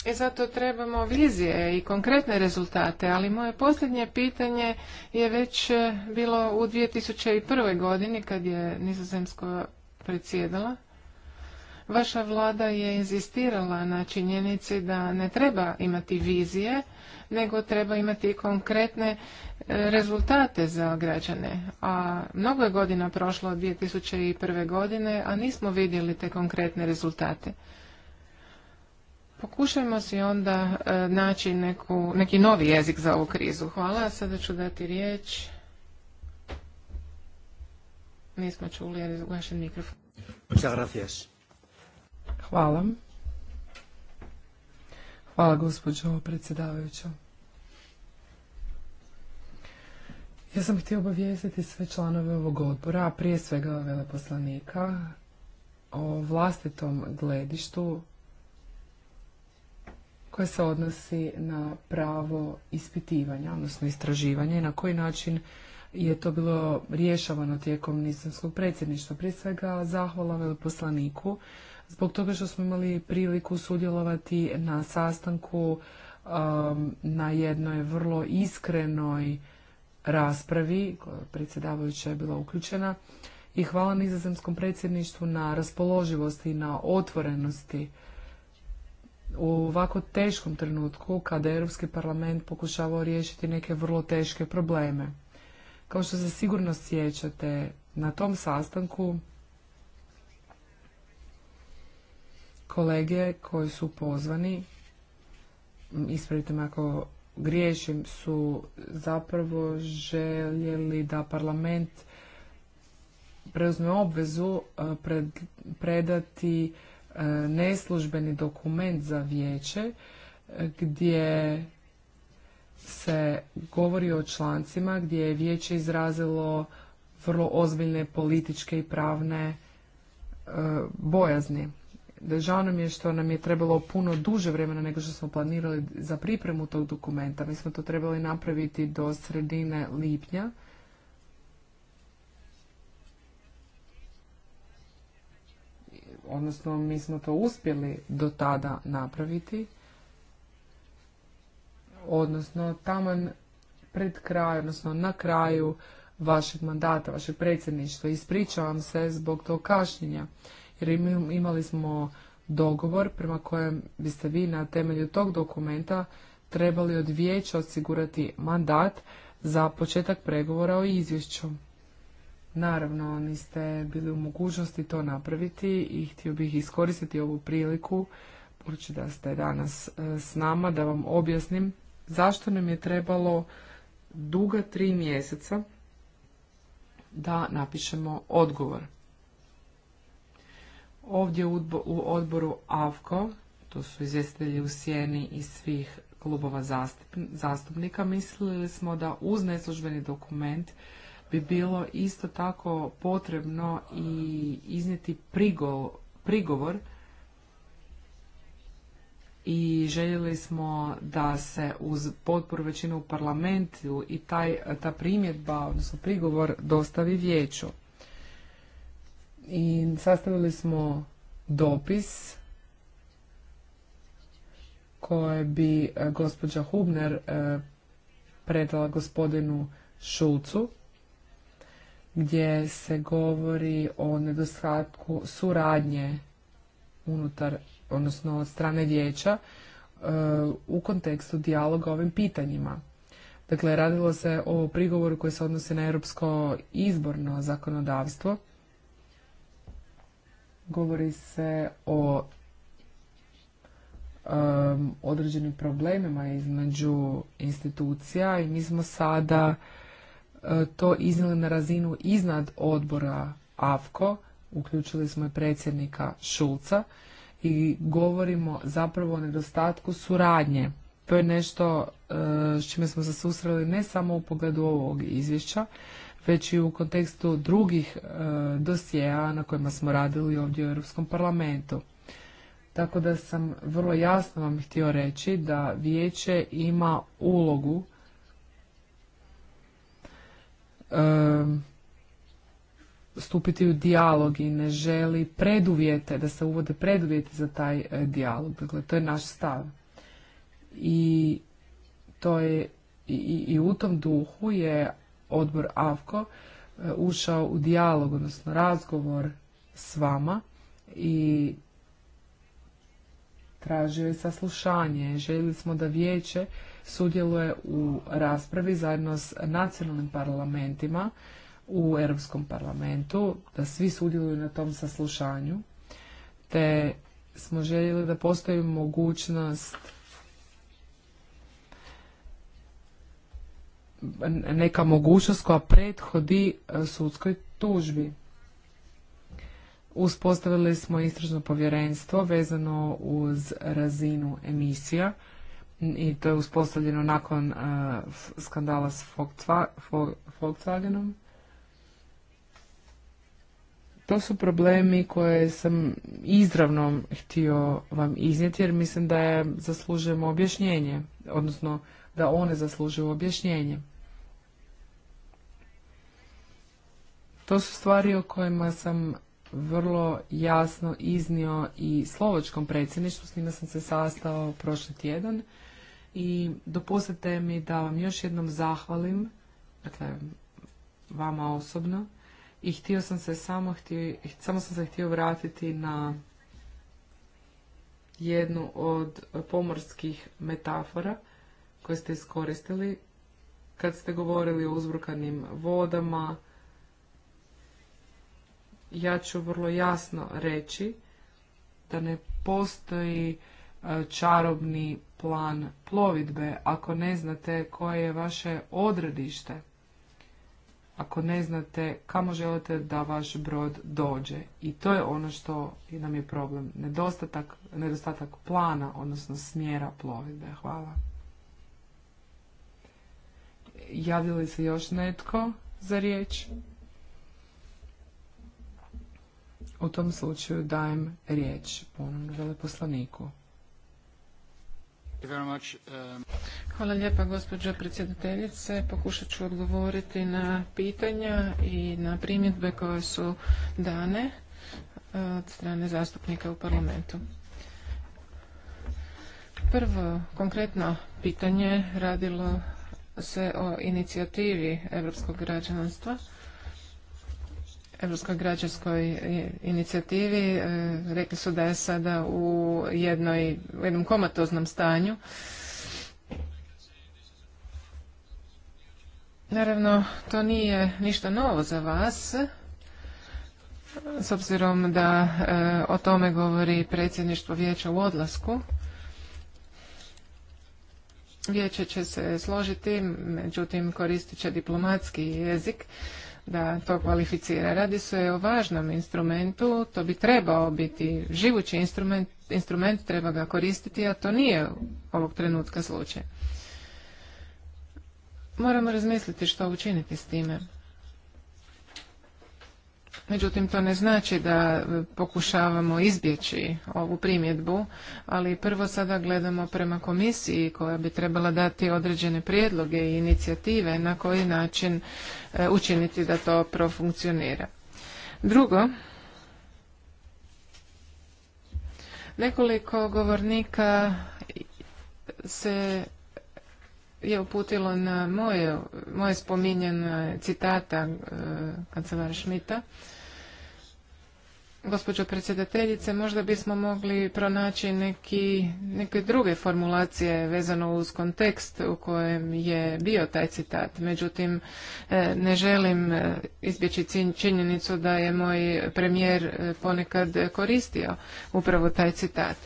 i e, zato trebamo vizije i konkretne rezultate, ali moje posljednje pitanje je već e, bilo u 2001. godini kad je Nizozemsko predsjedala. Vaša vlada je inzistirala na činjenici da ne treba imati vizije, nego treba imati konkretne e, rezultate za građane. A mnogo je godina prošlo od 2001. godine, a nismo vidjeli te konkretne rezultate. Pokušajmo si onda e, naći neku, neki novi jezik za ovu krizu. Hvala, sada ću dati riječ. Nismo čuli, ali ugašen mikrofon. Hvala. Hvala, gospođo predsjedavajuća. Ja sam htio obavijestiti sve članove ovog odbora, a prije svega veleposlanika, o vlastitom gledištu koje se odnosi na pravo ispitivanja, odnosno istraživanja i na koji način je to bilo rješavano tijekom nizozemskog predsjedništva. Prije svega zahvala veleposlaniku zbog toga što smo imali priliku sudjelovati na sastanku um, na jednoj vrlo iskrenoj raspravi, koja predsjedavajuća je bila uključena, i hvala nizozemskom predsjedništvu na raspoloživosti i na otvorenosti u ovako teškom trenutku kada je Europski parlament pokušavao riješiti neke vrlo teške probleme. Kao što se sigurno sjećate, na tom sastanku kolege koji su pozvani, ispravite me ako griješim, su zapravo željeli da parlament preuzme obvezu eh, predati E, neslužbeni dokument za vijeće e, gdje se govori o člancima gdje je vijeće izrazilo vrlo ozbiljne političke i pravne e, bojazni. Žao nam je što nam je trebalo puno duže vremena nego što smo planirali za pripremu tog dokumenta. Mi smo to trebali napraviti do sredine lipnja odnosno mi smo to uspjeli do tada napraviti, odnosno tamo pred kraj, odnosno na kraju vašeg mandata, vašeg predsjedništva. Ispričavam se zbog tog kašnjenja, jer imali smo dogovor prema kojem biste vi na temelju tog dokumenta trebali od vijeća osigurati mandat za početak pregovora o izvješću. Naravno, niste bili u mogućnosti to napraviti i htio bih iskoristiti ovu priliku, budući da ste danas e, s nama, da vam objasnim zašto nam je trebalo duga tri mjeseca da napišemo odgovor. Ovdje u odboru AVKO, to su izvjestitelji u sjeni iz svih klubova zastupnika, mislili smo da uz neslužbeni dokument bi bilo isto tako potrebno i iznijeti prigovor i željeli smo da se uz potporu većine u parlamentu i taj, ta primjedba, odnosno prigovor, dostavi vijeću. I sastavili smo dopis koje bi e, gospođa Hubner e, predala gospodinu Šulcu gdje se govori o nedostatku suradnje unutar, odnosno od strane vijeća e, u kontekstu dijaloga o ovim pitanjima. Dakle, radilo se o prigovoru koji se odnosi na europsko izborno zakonodavstvo. Govori se o određenim problemima između institucija i mi smo sada E, to iznijeli na razinu iznad odbora AFKO, uključili smo i predsjednika Šulca i govorimo zapravo o nedostatku suradnje. To je nešto e, s čime smo se susreli ne samo u pogledu ovog izvješća, već i u kontekstu drugih e, dosjeja na kojima smo radili ovdje u Europskom parlamentu. Tako da sam vrlo jasno vam htio reći da vijeće ima ulogu stupiti u dijalog i ne želi preduvjete, da se uvode preduvjeti za taj e, dijalog. Dakle, to je naš stav. I to je i, i u tom duhu je odbor AVKO e, ušao u dijalog, odnosno razgovor s vama i tražio je saslušanje. Željeli smo da vijeće sudjeluje u raspravi zajedno s nacionalnim parlamentima u Europskom parlamentu, da svi sudjeluju na tom saslušanju, te smo željeli da postoji mogućnost neka mogućnost koja prethodi e, sudskoj tužbi. Uspostavili smo istražno povjerenstvo vezano uz razinu emisija i to je uspostavljeno nakon e, skandala s Volkswagenom. To su problemi koje sam izravno htio vam iznijeti jer mislim da je zaslužujemo objašnjenje, odnosno da one zaslužuju objašnjenje. To su stvari o kojima sam vrlo jasno iznio i slovačkom predsjedništvu, s njima sam se sastao prošli tjedan i dopustite mi da vam još jednom zahvalim, dakle vama osobno i htio sam se samo htio, samo sam se htio vratiti na jednu od pomorskih metafora koje ste iskoristili kad ste govorili o uzbrukanim vodama. Ja ću vrlo jasno reći da ne postoji E, čarobni plan plovidbe ako ne znate koje je vaše odredište, ako ne znate kamo želite da vaš brod dođe. I to je ono što nam je problem. Nedostatak, nedostatak plana, odnosno smjera plovidbe. Hvala. javi se još netko za riječ? U tom slučaju dajem riječ ponovno veleposlaniku. Um, Hvala lijepa gospođo predsjedateljice. Pokušat ću odgovoriti na pitanja i na primjedbe koje su dane uh, od strane zastupnika u parlamentu. Prvo konkretno pitanje radilo se o inicijativi europskog građanstva Europskoj građanskoj inicijativi. E, rekli su da je sada u, jednoj, u jednom komatoznom stanju. Naravno, to nije ništa novo za vas, s obzirom da e, o tome govori predsjedništvo vijeća u odlasku. Vijeće će se složiti, međutim koristit će diplomatski jezik da to kvalificira. Radi se o važnom instrumentu, to bi trebao biti živući instrument, instrument treba ga koristiti, a to nije ovog trenutka slučaj. Moramo razmisliti što učiniti s time. Međutim, to ne znači da pokušavamo izbjeći ovu primjedbu, ali prvo sada gledamo prema komisiji koja bi trebala dati određene prijedloge i inicijative na koji način e, učiniti da to profunkcionira. Drugo, nekoliko govornika se je uputilo na moje, moje citata e, kancelara Šmita gospođo predsjedateljice, možda bismo mogli pronaći neke druge formulacije vezano uz kontekst u kojem je bio taj citat. Međutim, e, ne želim e, izbjeći činjenicu da je moj premijer e, ponekad koristio upravo taj citat.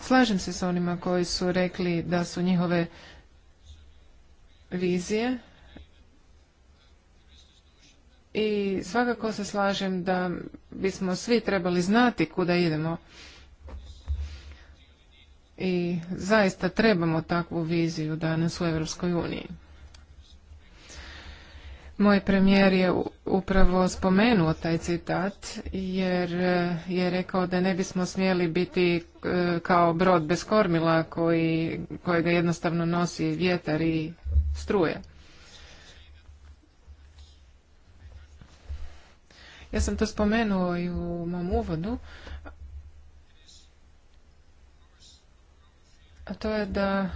Slažem se s onima koji su rekli da su njihove vizije i svakako se slažem da bismo svi trebali znati kuda idemo i zaista trebamo takvu viziju danas u Evropskoj uniji. Moj premijer je upravo spomenuo taj citat jer eh, je rekao da ne bismo smjeli biti eh, kao brod bez kormila koji, kojega jednostavno nosi vjetar i struje. Ja sam to spomenuo i u mom uvodu. A to je da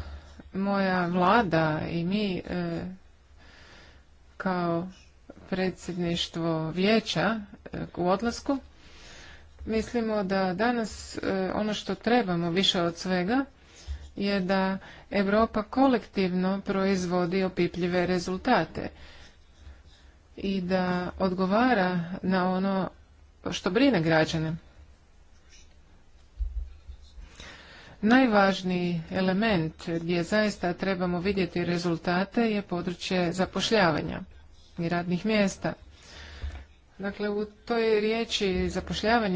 moja vlada i mi e, kao predsjedništvo vijeća e, u odlasku mislimo da danas e, ono što trebamo više od svega je da Europa kolektivno proizvodi opipljive rezultate i da odgovara na ono što brine građane. Najvažniji element gdje zaista trebamo vidjeti rezultate je područje zapošljavanja i radnih mjesta. Dakle, u toj riječi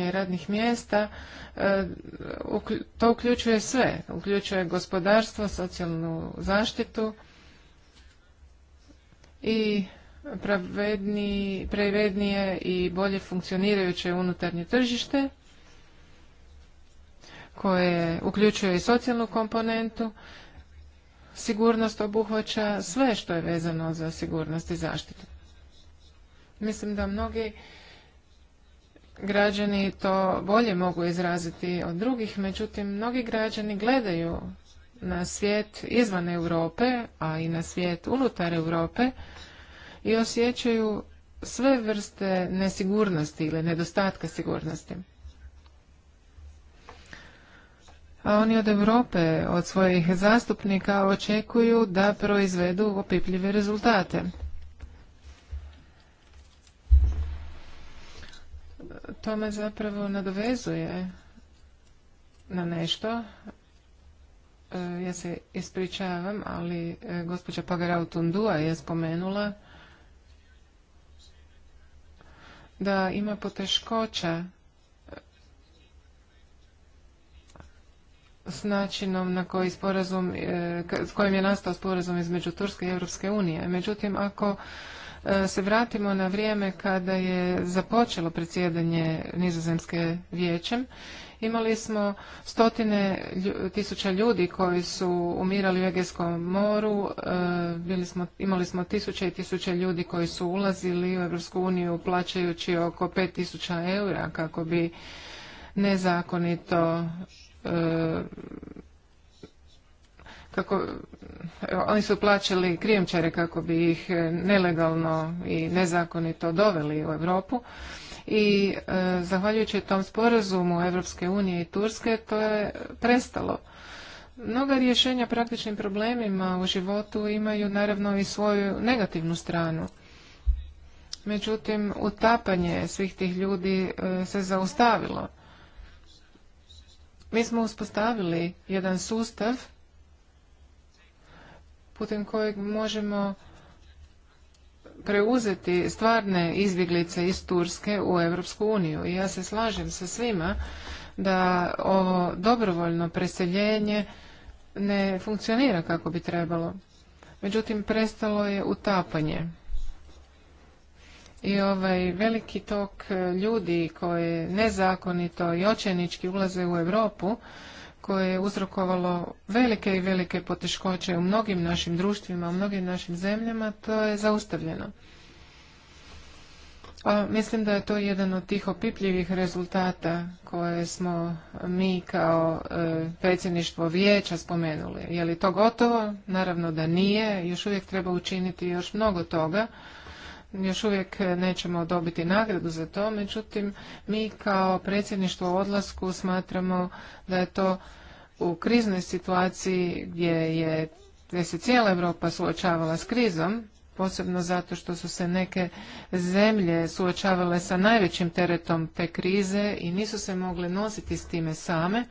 i radnih mjesta e, to uključuje sve. Uključuje gospodarstvo, socijalnu zaštitu i pravednije i bolje funkcionirajuće unutarnje tržište koje uključuje i socijalnu komponentu. Sigurnost obuhvaća sve što je vezano za sigurnost i zaštitu. Mislim da mnogi građani to bolje mogu izraziti od drugih, međutim mnogi građani gledaju na svijet izvan Europe, a i na svijet unutar Europe i osjećaju sve vrste nesigurnosti ili nedostatka sigurnosti. A oni od Europe, od svojih zastupnika očekuju da proizvedu opipljive rezultate. To me zapravo nadovezuje na nešto. E, ja se ispričavam, ali e, gospođa Pagarautundua je spomenula da ima poteškoća eh, s načinom na koji sporazum, eh, s kojim je nastao sporazum između Turske i Europske unije. Međutim, ako eh, se vratimo na vrijeme kada je započelo predsjedanje Nizozemske vijećem Imali smo stotine tisuća ljudi koji su umirali u Egejskom moru, e, bili smo, imali smo tisuće i tisuće ljudi koji su ulazili u Europsku uniju plaćajući oko 5000 eura kako bi nezakonito e, kako e, oni su plaćali krijemčare kako bi ih nelegalno i nezakonito doveli u Europu i e, zahvaljujući tom sporazumu Europske unije i Turske to je prestalo. Mnoga rješenja praktičnim problemima u životu imaju naravno i svoju negativnu stranu. Međutim, utapanje svih tih ljudi e, se zaustavilo. Mi smo uspostavili jedan sustav putem kojeg možemo preuzeti stvarne izbjeglice iz Turske u Europsku uniju. I ja se slažem sa svima da ovo dobrovoljno preseljenje ne funkcionira kako bi trebalo. Međutim, prestalo je utapanje. I ovaj veliki tok ljudi koji nezakonito i očajnički ulaze u Europu koje je uzrokovalo velike i velike poteškoće u mnogim našim društvima, u mnogim našim zemljama, to je zaustavljeno. mislim da je to jedan od tih opipljivih rezultata koje smo mi kao e, predsjedništvo vijeća spomenuli. Je li to gotovo? Naravno da nije. Još uvijek treba učiniti još mnogo toga još uvijek nećemo dobiti nagradu za to, međutim mi kao predsjedništvo u odlasku smatramo da je to u kriznoj situaciji gdje je gdje se cijela Europa suočavala s krizom, posebno zato što su se neke zemlje suočavale sa najvećim teretom te krize i nisu se mogle nositi s time same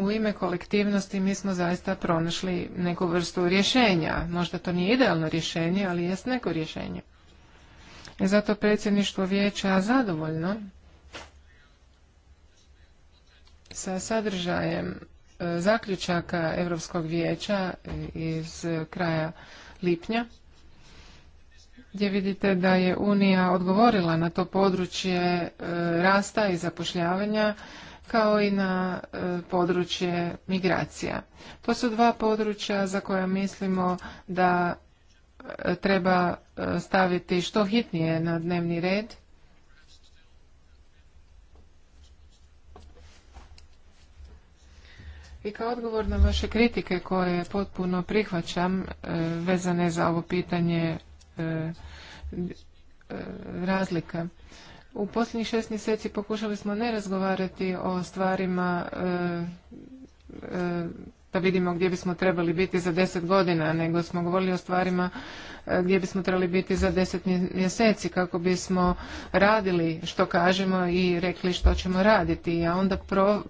u ime kolektivnosti mi smo zaista pronašli neku vrstu rješenja. Možda to nije idealno rješenje, ali jest neko rješenje. I zato predsjedništvo vijeća zadovoljno sa sadržajem e, zaključaka Europskog vijeća iz kraja lipnja gdje vidite da je Unija odgovorila na to područje e, rasta i zapošljavanja kao i na e, područje migracija. To su dva područja za koja mislimo da e, treba e, staviti što hitnije na dnevni red. I kao odgovor na vaše kritike koje potpuno prihvaćam vezane za ovo pitanje razlika. U posljednjih šest mjeseci pokušali smo ne razgovarati o stvarima e, e, da vidimo gdje bismo trebali biti za deset godina, nego smo govorili o stvarima e, gdje bismo trebali biti za deset mjeseci kako bismo radili što kažemo i rekli što ćemo raditi, a onda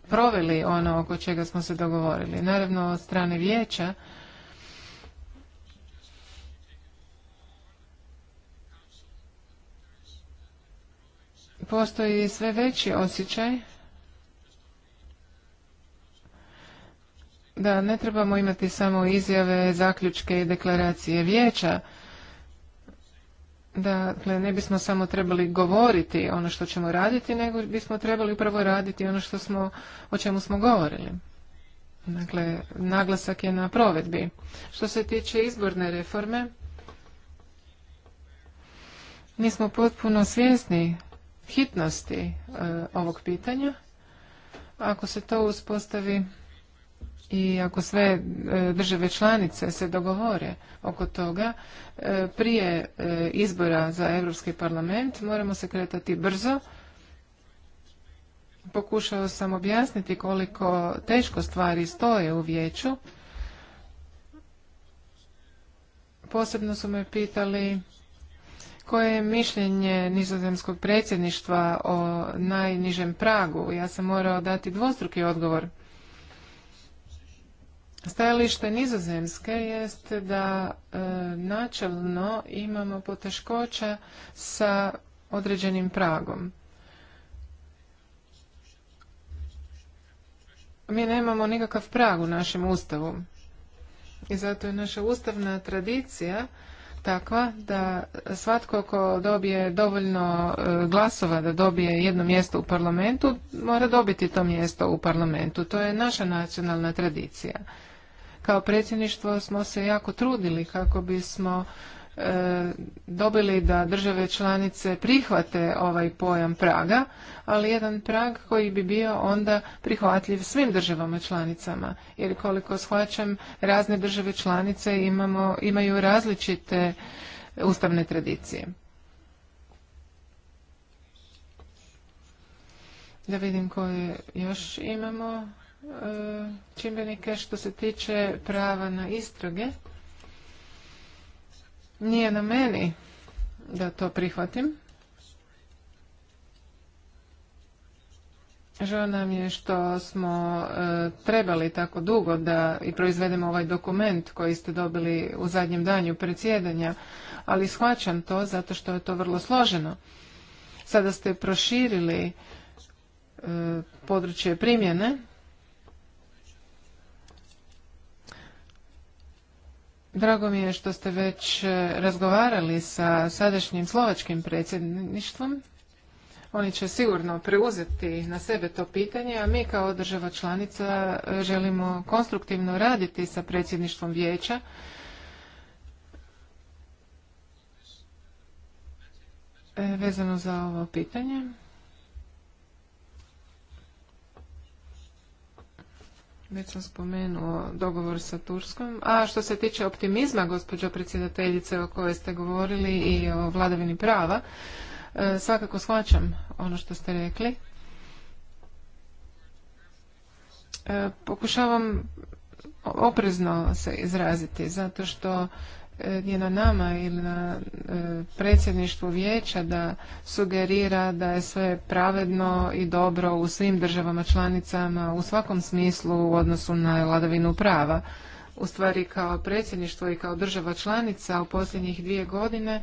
proveli ono oko čega smo se dogovorili. Naravno od strane vijeća postoji sve veći osjećaj da ne trebamo imati samo izjave, zaključke i deklaracije vijeća, Dakle, ne bismo samo trebali govoriti ono što ćemo raditi, nego bismo trebali upravo raditi ono što smo, o čemu smo govorili. Dakle, naglasak je na provedbi. Što se tiče izborne reforme, mi smo potpuno svjesni hitnosti e, ovog pitanja. Ako se to uspostavi i ako sve e, države članice se dogovore oko toga, e, prije izbora za Europski parlament moramo se kretati brzo. Pokušao sam objasniti koliko teško stvari stoje u vijeću. Posebno su me pitali koje je mišljenje nizozemskog predsjedništva o najnižem pragu? Ja sam morao dati dvostruki odgovor. Stajalište nizozemske jest da e, načelno imamo poteškoća sa određenim pragom. Mi nemamo nikakav prag u našem ustavu i zato je naša ustavna tradicija takva da svatko ko dobije dovoljno e, glasova da dobije jedno mjesto u parlamentu mora dobiti to mjesto u parlamentu to je naša nacionalna tradicija kao predsjedništvo smo se jako trudili kako bismo dobili da države članice prihvate ovaj pojam praga, ali jedan prag koji bi bio onda prihvatljiv svim državama članicama. Jer koliko shvaćam, razne države članice imamo, imaju različite ustavne tradicije. Da vidim koje još imamo e, čimbenike što se tiče prava na istrage. Nije na meni da to prihvatim. Žao nam je što smo e, trebali tako dugo da i proizvedemo ovaj dokument koji ste dobili u zadnjem danju predsjedanja, ali shvaćam to zato što je to vrlo složeno. Sada ste proširili e, područje primjene Drago mi je što ste već e, razgovarali sa sadašnjim slovačkim predsjedništvom. Oni će sigurno preuzeti na sebe to pitanje, a mi kao država članica e, želimo konstruktivno raditi sa predsjedništvom vijeća. E, vezano za ovo pitanje. Već sam spomenuo dogovor sa Turskom. A što se tiče optimizma, gospođo predsjedateljice, o kojoj ste govorili i o vladavini prava, e, svakako shvaćam ono što ste rekli. E, pokušavam oprezno se izraziti, zato što E, je na nama ili na e, predsjedništvu vijeća da sugerira da je sve pravedno i dobro u svim državama članicama u svakom smislu u odnosu na vladavinu prava. U stvari kao predsjedništvo i kao država članica u posljednjih dvije godine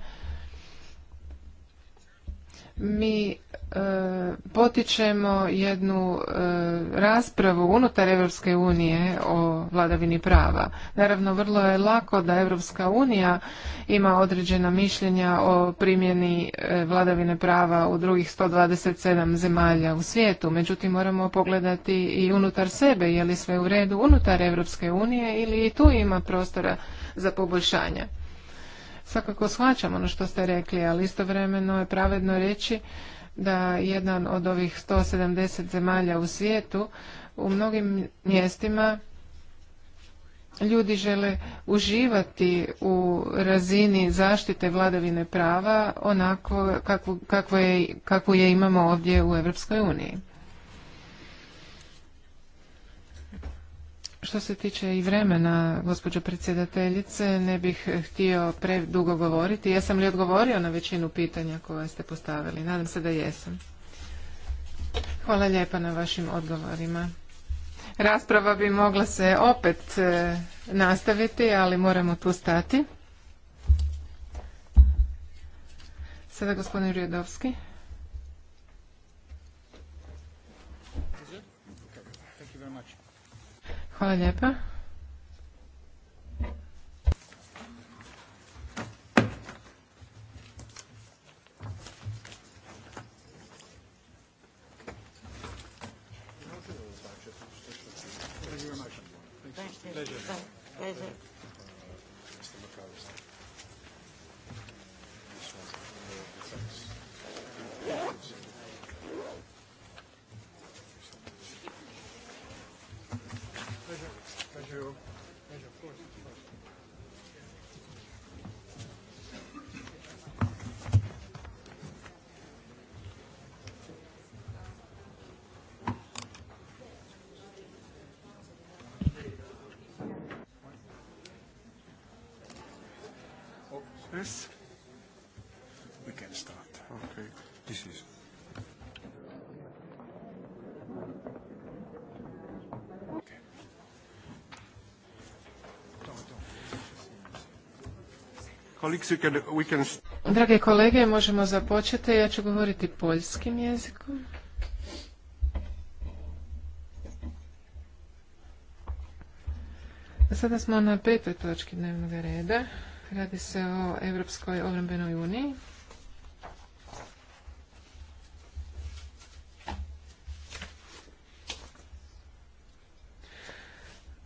mi e, potičemo jednu e, raspravu unutar Europske unije o vladavini prava. Naravno, vrlo je lako da Europska unija ima određena mišljenja o primjeni e, vladavine prava u drugih 127 zemalja u svijetu. Međutim, moramo pogledati i unutar sebe, je li sve u redu unutar Europske unije ili i tu ima prostora za poboljšanje. Svakako shvaćam ono što ste rekli, ali istovremeno je pravedno reći da jedan od ovih 170 zemalja u svijetu u mnogim mjestima ljudi žele uživati u razini zaštite vladavine prava onako kakvu, je, je imamo ovdje u Europskoj uniji. Što se tiče i vremena, gospođo predsjedateljice, ne bih htio predugo govoriti. Jesam li odgovorio na većinu pitanja koje ste postavili? Nadam se da jesam. Hvala lijepa na vašim odgovorima. Rasprava bi mogla se opet e, nastaviti, ali moramo tu stati. Sada gospodin Rjedovski. Hvala lijepa. Pleasure. this? We can start. Okay. This is. Drage kolege, možemo započeti. Ja ću govoriti poljskim jezikom. Sada smo na petoj točki dnevnog reda. Radi se o Europskoj obrambenoj uniji.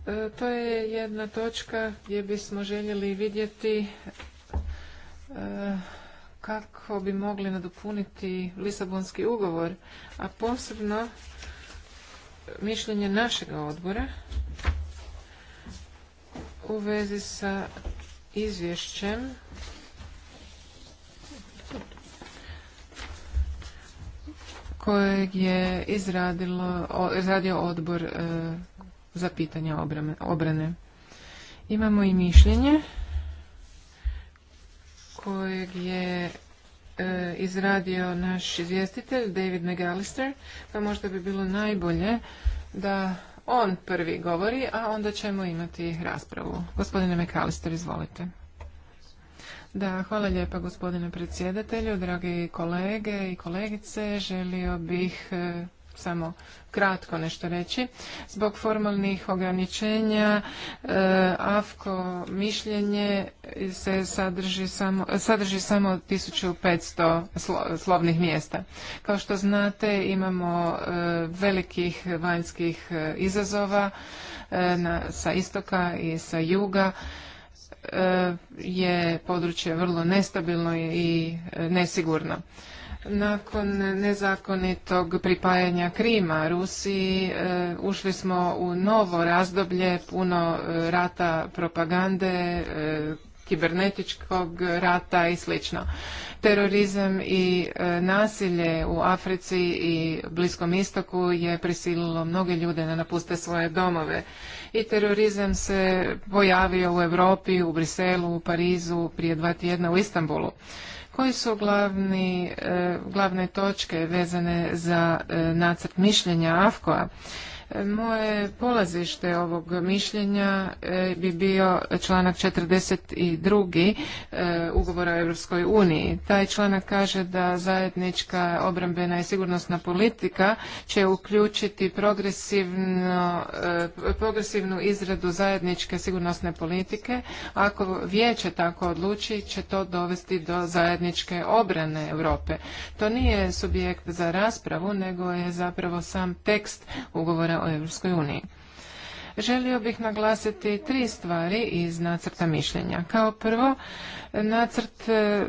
E, to je jedna točka gdje bismo željeli vidjeti e, kako bi mogli nadopuniti Lisabonski ugovor, a posebno mišljenje našeg odbora u vezi sa izvješćem kojeg je izradio odbor e, za pitanja obrane. Imamo i mišljenje kojeg je e, izradio naš izvjestitelj David McAllister, pa možda bi bilo najbolje da on prvi govori, a onda ćemo imati raspravu. Gospodine Mekalister, izvolite. Da, hvala lijepa gospodine predsjedatelju, dragi kolege i kolegice. Želio bih eh, samo kratko nešto reći. Zbog formalnih ograničenja e, AFKO mišljenje se sadrži samo, sadrži samo 1500 slovnih mjesta. Kao što znate imamo e, velikih vanjskih e, izazova na, sa istoka i sa juga je područje vrlo nestabilno i nesigurno. Nakon nezakonitog pripajanja Krima Rusiji e, ušli smo u novo razdoblje puno e, rata propagande, e, kibernetičkog rata i sl. Terorizam i nasilje u Africi i Bliskom istoku je prisililo mnoge ljude da napuste svoje domove. I terorizam se pojavio u Europi, u Briselu, u Parizu, prije dva tjedna u Istanbulu. Koji su glavni, e, glavne točke vezane za e, nacrt mišljenja afkoa. Moje polazište ovog mišljenja e, bi bio članak 42. E, ugovora o Europskoj uniji. Taj članak kaže da zajednička obrambena i sigurnosna politika će uključiti e, progresivnu izradu zajedničke sigurnosne politike. Ako vijeće tako odluči, će to dovesti do zajedničke obrane Europe. To nije subjekt za raspravu, nego je zapravo sam tekst ugovora o EU Želio bih naglasiti tri stvari iz nacrta mišljenja. Kao prvo, nacrt e,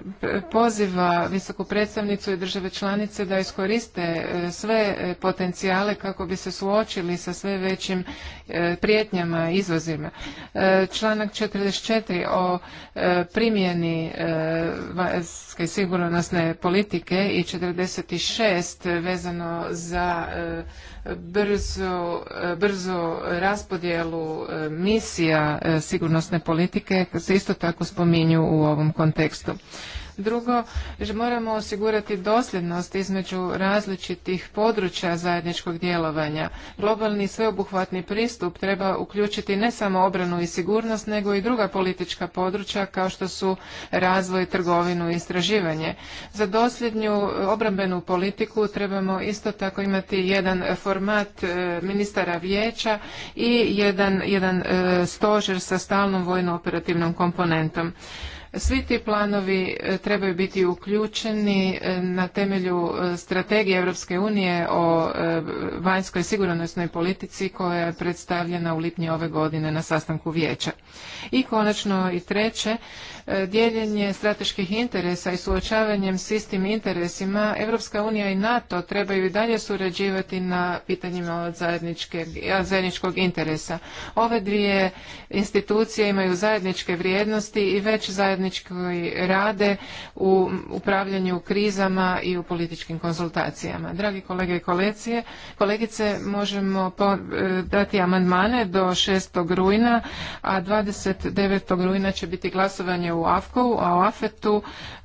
poziva visoku predstavnicu i države članice da iskoriste e, sve e, potencijale kako bi se suočili sa sve većim prijetnjama i izvozima. Članak 44 o primjeni vanjske sigurnosne politike i 46 vezano za brzo, brzo raspodjelu e, misija e, sigurnosne politike se isto tako spominju u ovom kontekstu. Drugo, moramo osigurati dosljednost između različitih područja zajedničkog djelovanja. Globalni sveobuhvatni pristup treba uključiti ne samo obranu i sigurnost, nego i druga politička područja kao što su razvoj, trgovinu i istraživanje. Za dosljednju obrambenu politiku trebamo isto tako imati jedan format e, ministara vijeća i jedan, jedan e, stožer sa stalnom vojno operativnom komponentom. Svi ti planovi e, trebaju biti uključeni e, na temelju e, strategije Europske unije o vanjskoj sigurnosnoj politici koja je predstavljena u lipnju ove godine na sastanku vijeća. I konačno i treće, E, dijeljenje strateških interesa i suočavanjem s istim interesima, Europska unija i NATO trebaju i dalje surađivati na pitanjima od zajedničkog interesa. Ove dvije institucije imaju zajedničke vrijednosti i već zajednički rade u upravljanju krizama i u političkim konzultacijama. Dragi kolege i kolegice, kolegice možemo e, dati amandmane do 6. rujna, a 29. rujna će biti glasovanje u AFKO, a u afet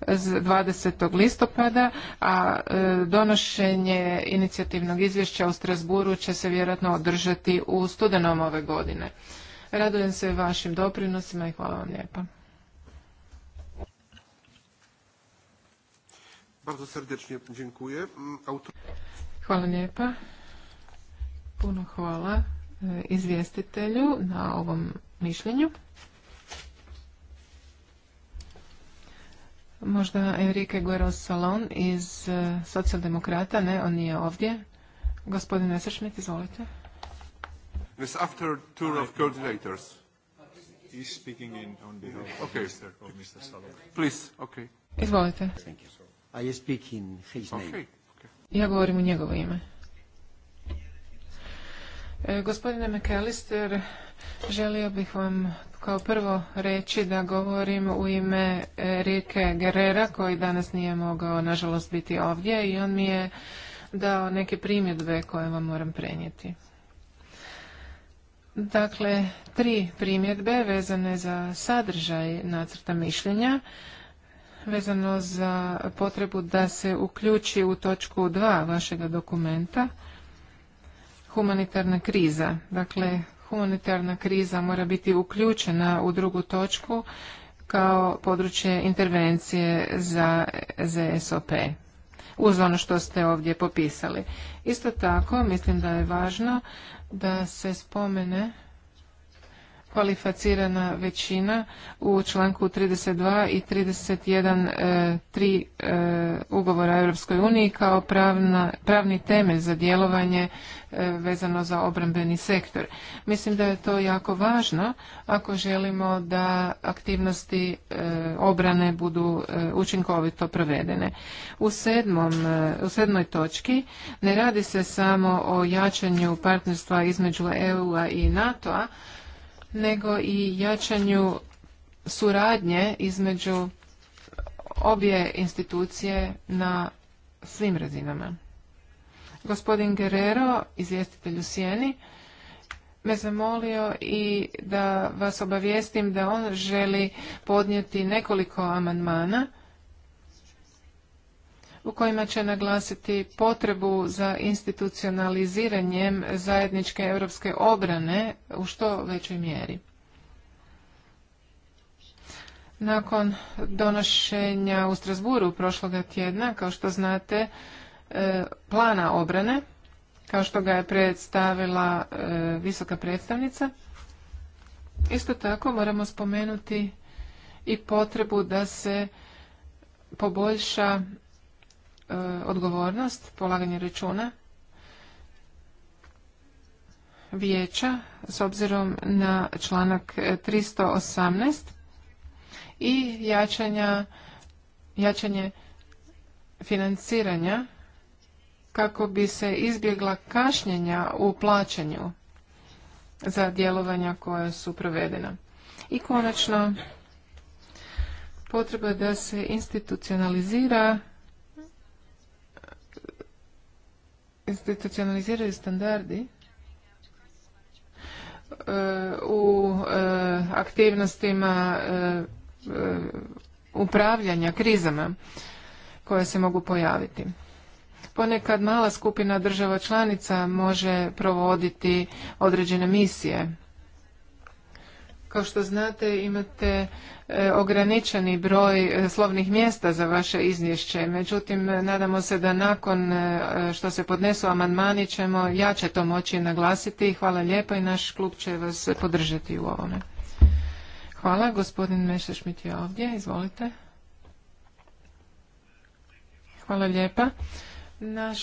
20. listopada, a e, donošenje inicijativnog izvješća u Strasburu će se vjerojatno održati u studenom ove godine. Radujem se vašim doprinosima i hvala vam lijepa. Bardzo dziękuję. Mm, hvala lijepa. Puno hvala e, izvjestitelju na ovom mišljenju. Možda Enrique Guerrero Salon iz e, socijaldemokrata, ne, on nije ovdje. Gospodin Messerschmidt, izvolite. This after tour of coordinators. He's speaking in on behalf of okay. Mr. Of Mr. Salon. Please, okay. Izvolite. Thank you. I speak in his name. Okay. Okay. Ja govorim u njegovo ime. E, gospodine McAllister, želio bih vam kao prvo reći da govorim u ime e, Rike Gerera koji danas nije mogao nažalost biti ovdje i on mi je dao neke primjedbe koje vam moram prenijeti. Dakle, tri primjedbe vezane za sadržaj nacrta mišljenja, vezano za potrebu da se uključi u točku dva vašega dokumenta humanitarna kriza. Dakle, humanitarna kriza mora biti uključena u drugu točku kao područje intervencije za ZSOP uz ono što ste ovdje popisali. Isto tako mislim da je važno da se spomene kvalificirana većina u članku 32 i 31 3 e, e, ugovora Europskoj uniji kao pravni temelj za djelovanje e, vezano za obrambeni sektor. Mislim da je to jako važno ako želimo da aktivnosti obrane budu učinkovito provedene. U, sedmom, u sedmoj točki ne radi se samo o jačanju partnerstva između EU-a i NATO-a, nego i jačanju suradnje između obje institucije na svim razinama. Gospodin Guerrero, izvjestitelj u Sijeni, me zamolio i da vas obavijestim da on želi podnijeti nekoliko amandmana u kojima će naglasiti potrebu za institucionaliziranjem zajedničke europske obrane u što većoj mjeri. Nakon donošenja u Strasburu prošloga tjedna, kao što znate, e, plana obrane, kao što ga je predstavila e, visoka predstavnica, isto tako moramo spomenuti i potrebu da se poboljša E, odgovornost, polaganje računa vijeća s obzirom na članak 318 i jačanja, jačanje financiranja kako bi se izbjegla kašnjenja u plaćanju za djelovanja koja su provedena. I konačno, potreba da se institucionalizira institucionaliziraju standardi eh, u eh, aktivnostima eh, upravljanja krizama koje se mogu pojaviti. Ponekad mala skupina država članica može provoditi određene misije kao što znate, imate e, ograničeni broj e, slovnih mjesta za vaše izvješće. Međutim, e, nadamo se da nakon što se podnesu amandmani ćemo jače to moći naglasiti. Hvala lijepa i naš klub će vas podržati u ovome. Hvala. Gospodin Mešešmit je ovdje. Izvolite. Hvala lijepa. Naš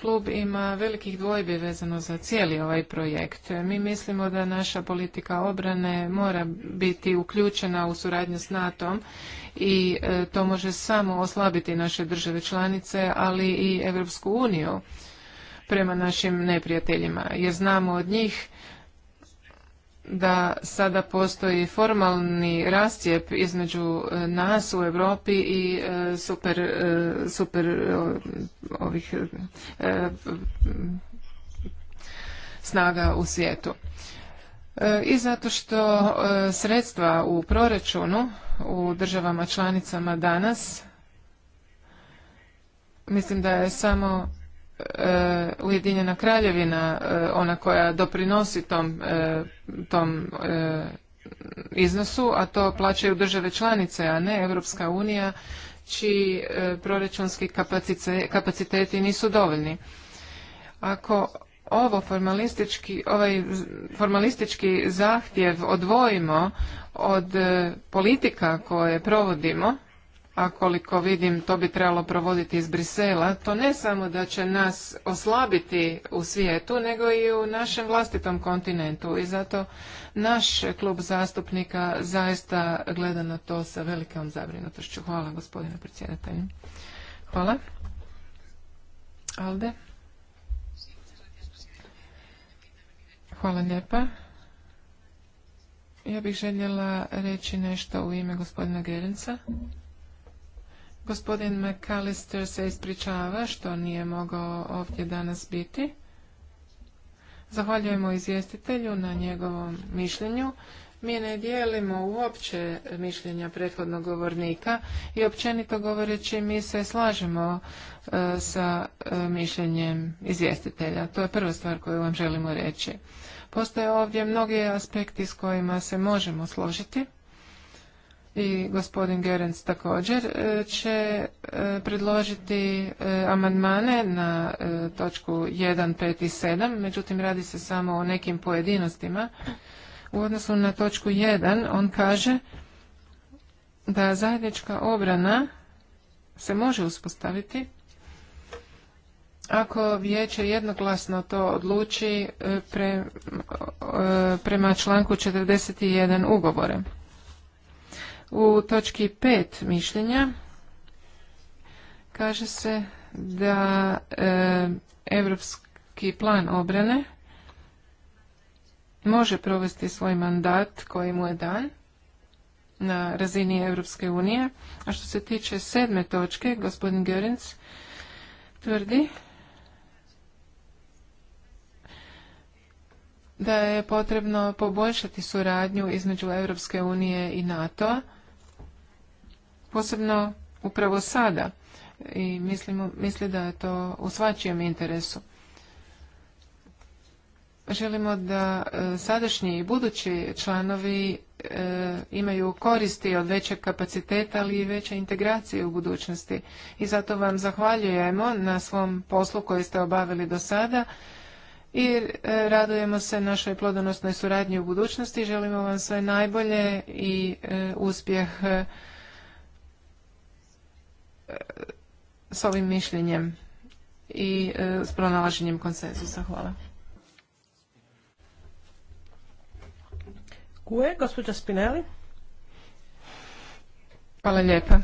klub ima velikih dvojbi vezano za cijeli ovaj projekt. Mi mislimo da naša politika obrane mora biti uključena u suradnju s NATO-om i e, to može samo oslabiti naše države članice, ali i Europsku uniju prema našim neprijateljima, jer znamo od njih da sada postoji formalni rascijep između e, nas u Europi i e, super, e, super ovih snaga u svijetu. I zato što sredstva u proračunu u državama članicama danas mislim da je samo E, Ujedinjena kraljevina e, ona koja doprinosi tom, e, tom iznosu, a to plaćaju države članice, a ne Europska unija, čiji proračunski kapaciteti nisu dovoljni. Ako ovo formalistički, ovaj formalistički zahtjev odvojimo od politika koje provodimo, a koliko vidim to bi trebalo provoditi iz Brisela, to ne samo da će nas oslabiti u svijetu, nego i u našem vlastitom kontinentu i zato naš klub zastupnika zaista gleda na to sa velikom zabrinutošću. Hvala gospodine predsjedatelju. Hvala. Alde. Hvala lijepa. Ja bih željela reći nešto u ime gospodina Gerenca. Gospodin McAllister se ispričava što nije mogao ovdje danas biti. Zahvaljujemo izvjestitelju na njegovom mišljenju. Mi ne dijelimo uopće mišljenja prethodnog govornika i općenito govoreći mi se slažemo e, sa e, mišljenjem izvjestitelja. To je prva stvar koju vam želimo reći. Postoje ovdje mnogi aspekti s kojima se možemo složiti i gospodin Gerenc također e, će e, predložiti e, amandmane na točku 1, 5 i 7, međutim radi se samo o nekim pojedinostima. U odnosu na točku 1 on kaže da zajednička obrana se može uspostaviti ako vijeće jednoglasno to odluči prema članku 41 ugovore. U točki 5 mišljenja kaže se da Europski plan obrane može provesti svoj mandat koji mu je dan na razini Evropske unije. A što se tiče sedme točke, gospodin Görinc tvrdi da je potrebno poboljšati suradnju između Evropske unije i NATO-a posebno upravo sada i mislimo, misli da je to u svačijem interesu. Želimo da e, sadašnji i budući članovi e, imaju koristi od većeg kapaciteta, ali i veće integracije u budućnosti. I zato vam zahvaljujemo na svom poslu koji ste obavili do sada i e, radujemo se našoj plodonosnoj suradnji u budućnosti. Želimo vam sve najbolje i uspjeh s ovim mišljenjem i e, s pronalaženjem konsenzusa. Hvala. Kue, gospođa Spinelli. Hvala lijepa.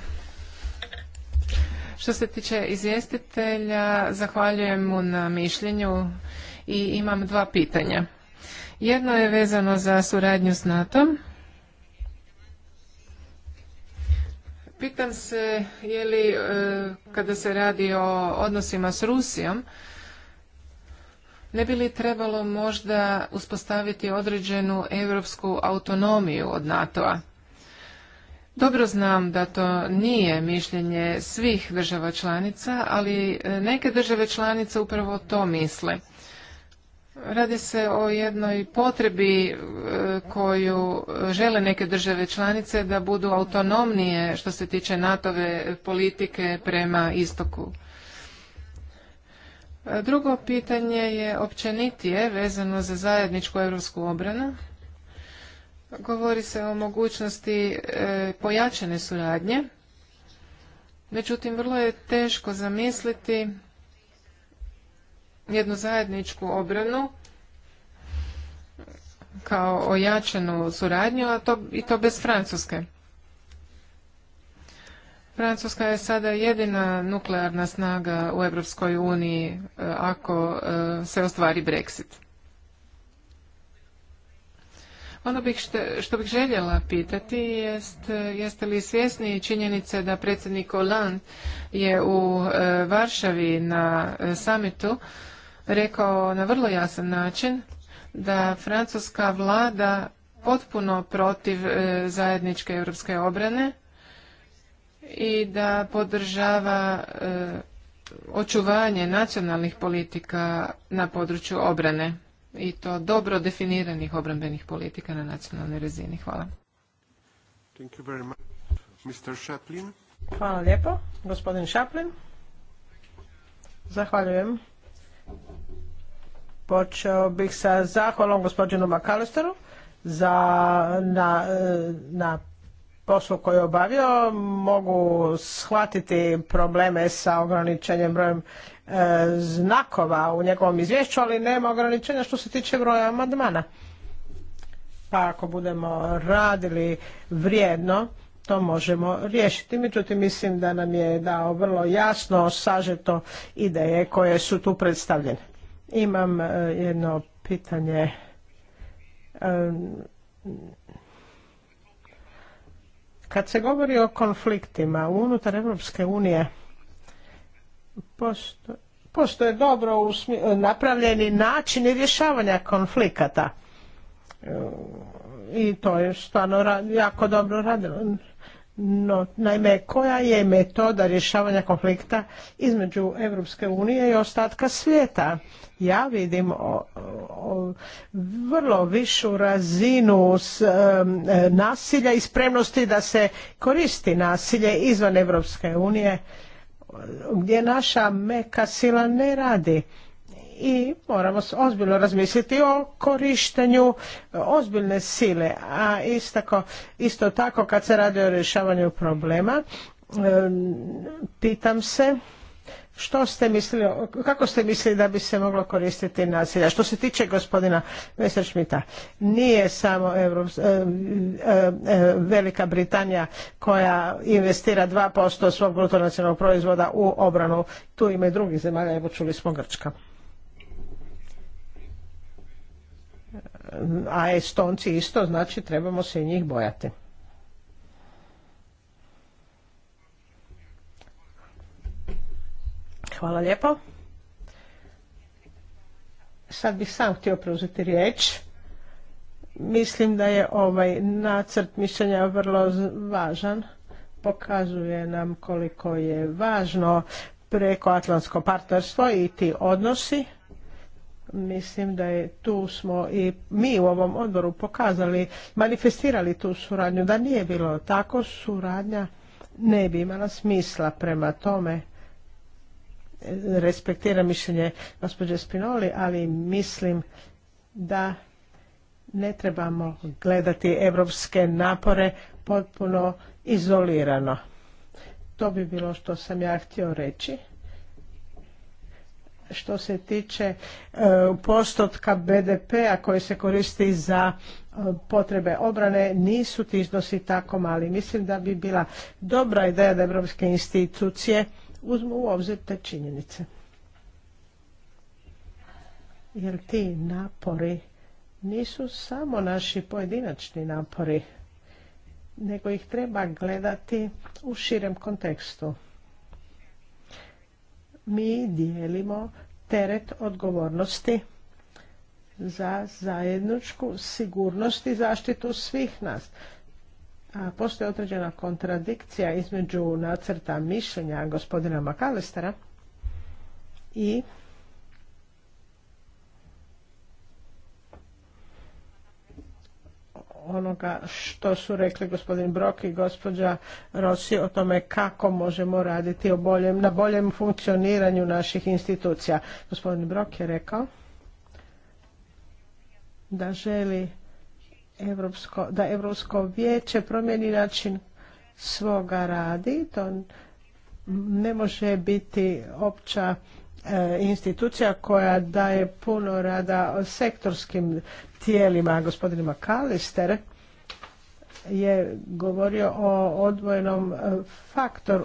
Što se tiče izvjestitelja, zahvaljujem mu na mišljenju i imam dva pitanja. Jedno je vezano za suradnju s NATO-om Pitam se je li e, kada se radi o odnosima s Rusijom, ne bi li trebalo možda uspostaviti određenu europsku autonomiju od NATO-a? Dobro znam da to nije mišljenje svih država članica, ali e, neke države članice upravo to misle. Radi se o jednoj potrebi e, koju žele neke države članice da budu autonomnije što se tiče NATO-ve politike prema istoku. E, drugo pitanje je općenitije vezano za zajedničku europsku obranu. Govori se o mogućnosti e, pojačane suradnje. Međutim, vrlo je teško zamisliti jednu zajedničku obranu kao ojačanu suradnju, a to, i to bez Francuske. Francuska je sada jedina nuklearna snaga u Europskoj uniji e, ako e, se ostvari Brexit. Ono bih što, što bih željela pitati jest e, jeste li svjesni činjenice da predsjednik Hollande je u Varšavi na samitu rekao na vrlo jasan način da francuska vlada potpuno protiv e, zajedničke europske obrane i da podržava e, očuvanje nacionalnih politika na području obrane i to dobro definiranih obrambenih politika na nacionalnoj razini. Hvala. Hvala lijepo. Gospodin Šaplin. Zahvaljujem. Počeo bih sa zahvalom gospodinu McAllisteru za na, na poslu koji je obavio. Mogu shvatiti probleme sa ograničenjem brojem e, znakova u njegovom izvješću, ali nema ograničenja što se tiče broja amandmana. Pa ako budemo radili vrijedno, to možemo riješiti. Međutim, mislim da nam je dao vrlo jasno, sažeto ideje koje su tu predstavljene. Imam e, jedno pitanje. E, kad se govori o konfliktima unutar Europske unije, postoje dobro napravljeni načini rješavanja konflikata. E, I to je stvarno jako dobro radilo. No, naime, koja je metoda rješavanja konflikta između Europske unije i ostatka svijeta? Ja vidim o, vrlo višu razinu nasilja i spremnosti da se koristi nasilje izvan Europske unije gdje naša meka sila ne radi i moramo ozbiljno razmisliti o korištenju e, ozbiljne sile, a istako, isto tako kad se radi o rješavanju problema, e, pitam se što ste mislili, kako ste mislili da bi se moglo koristiti nasilja? Što se tiče gospodina Messerschmitta, nije samo e, Velika Britanija koja investira 2% svog bruto nacionalnog proizvoda u obranu. Tu ima i drugih zemalja, evo čuli smo Grčka. a Estonci isto, znači trebamo se i njih bojati. Hvala lijepo. Sad bih sam htio preuzeti riječ. Mislim da je ovaj nacrt mišljenja vrlo važan. Pokazuje nam koliko je važno preko Atlantsko partnerstvo i ti odnosi Mislim da je tu smo i mi u ovom odboru pokazali, manifestirali tu suradnju. Da nije bilo tako, suradnja ne bi imala smisla prema tome. Respektiram mišljenje gospođe Spinoli, ali mislim da ne trebamo gledati evropske napore potpuno izolirano. To bi bilo što sam ja htio reći što se tiče e, postotka BDP-a koji se koristi za e, potrebe obrane nisu ti iznosi tako mali. Mislim da bi bila dobra ideja da evropske institucije uzmu u obzir te činjenice. Jer ti napori nisu samo naši pojedinačni napori, nego ih treba gledati u širem kontekstu mi dijelimo teret odgovornosti za zajedničku sigurnost i zaštitu svih nas. A postoji određena kontradikcija između nacrta mišljenja gospodina Makalestera i onoga što su rekli gospodin Brok i gospođa Rossi o tome kako možemo raditi o boljem, na boljem funkcioniranju naših institucija. Gospodin Brok je rekao da želi Evropsko, da Europsko vijeće promijeni način svoga radi. To ne može biti opća E, institucija koja daje puno rada sektorskim tijelima. Gospodin Makalister je govorio o odvojenom e, faktoru,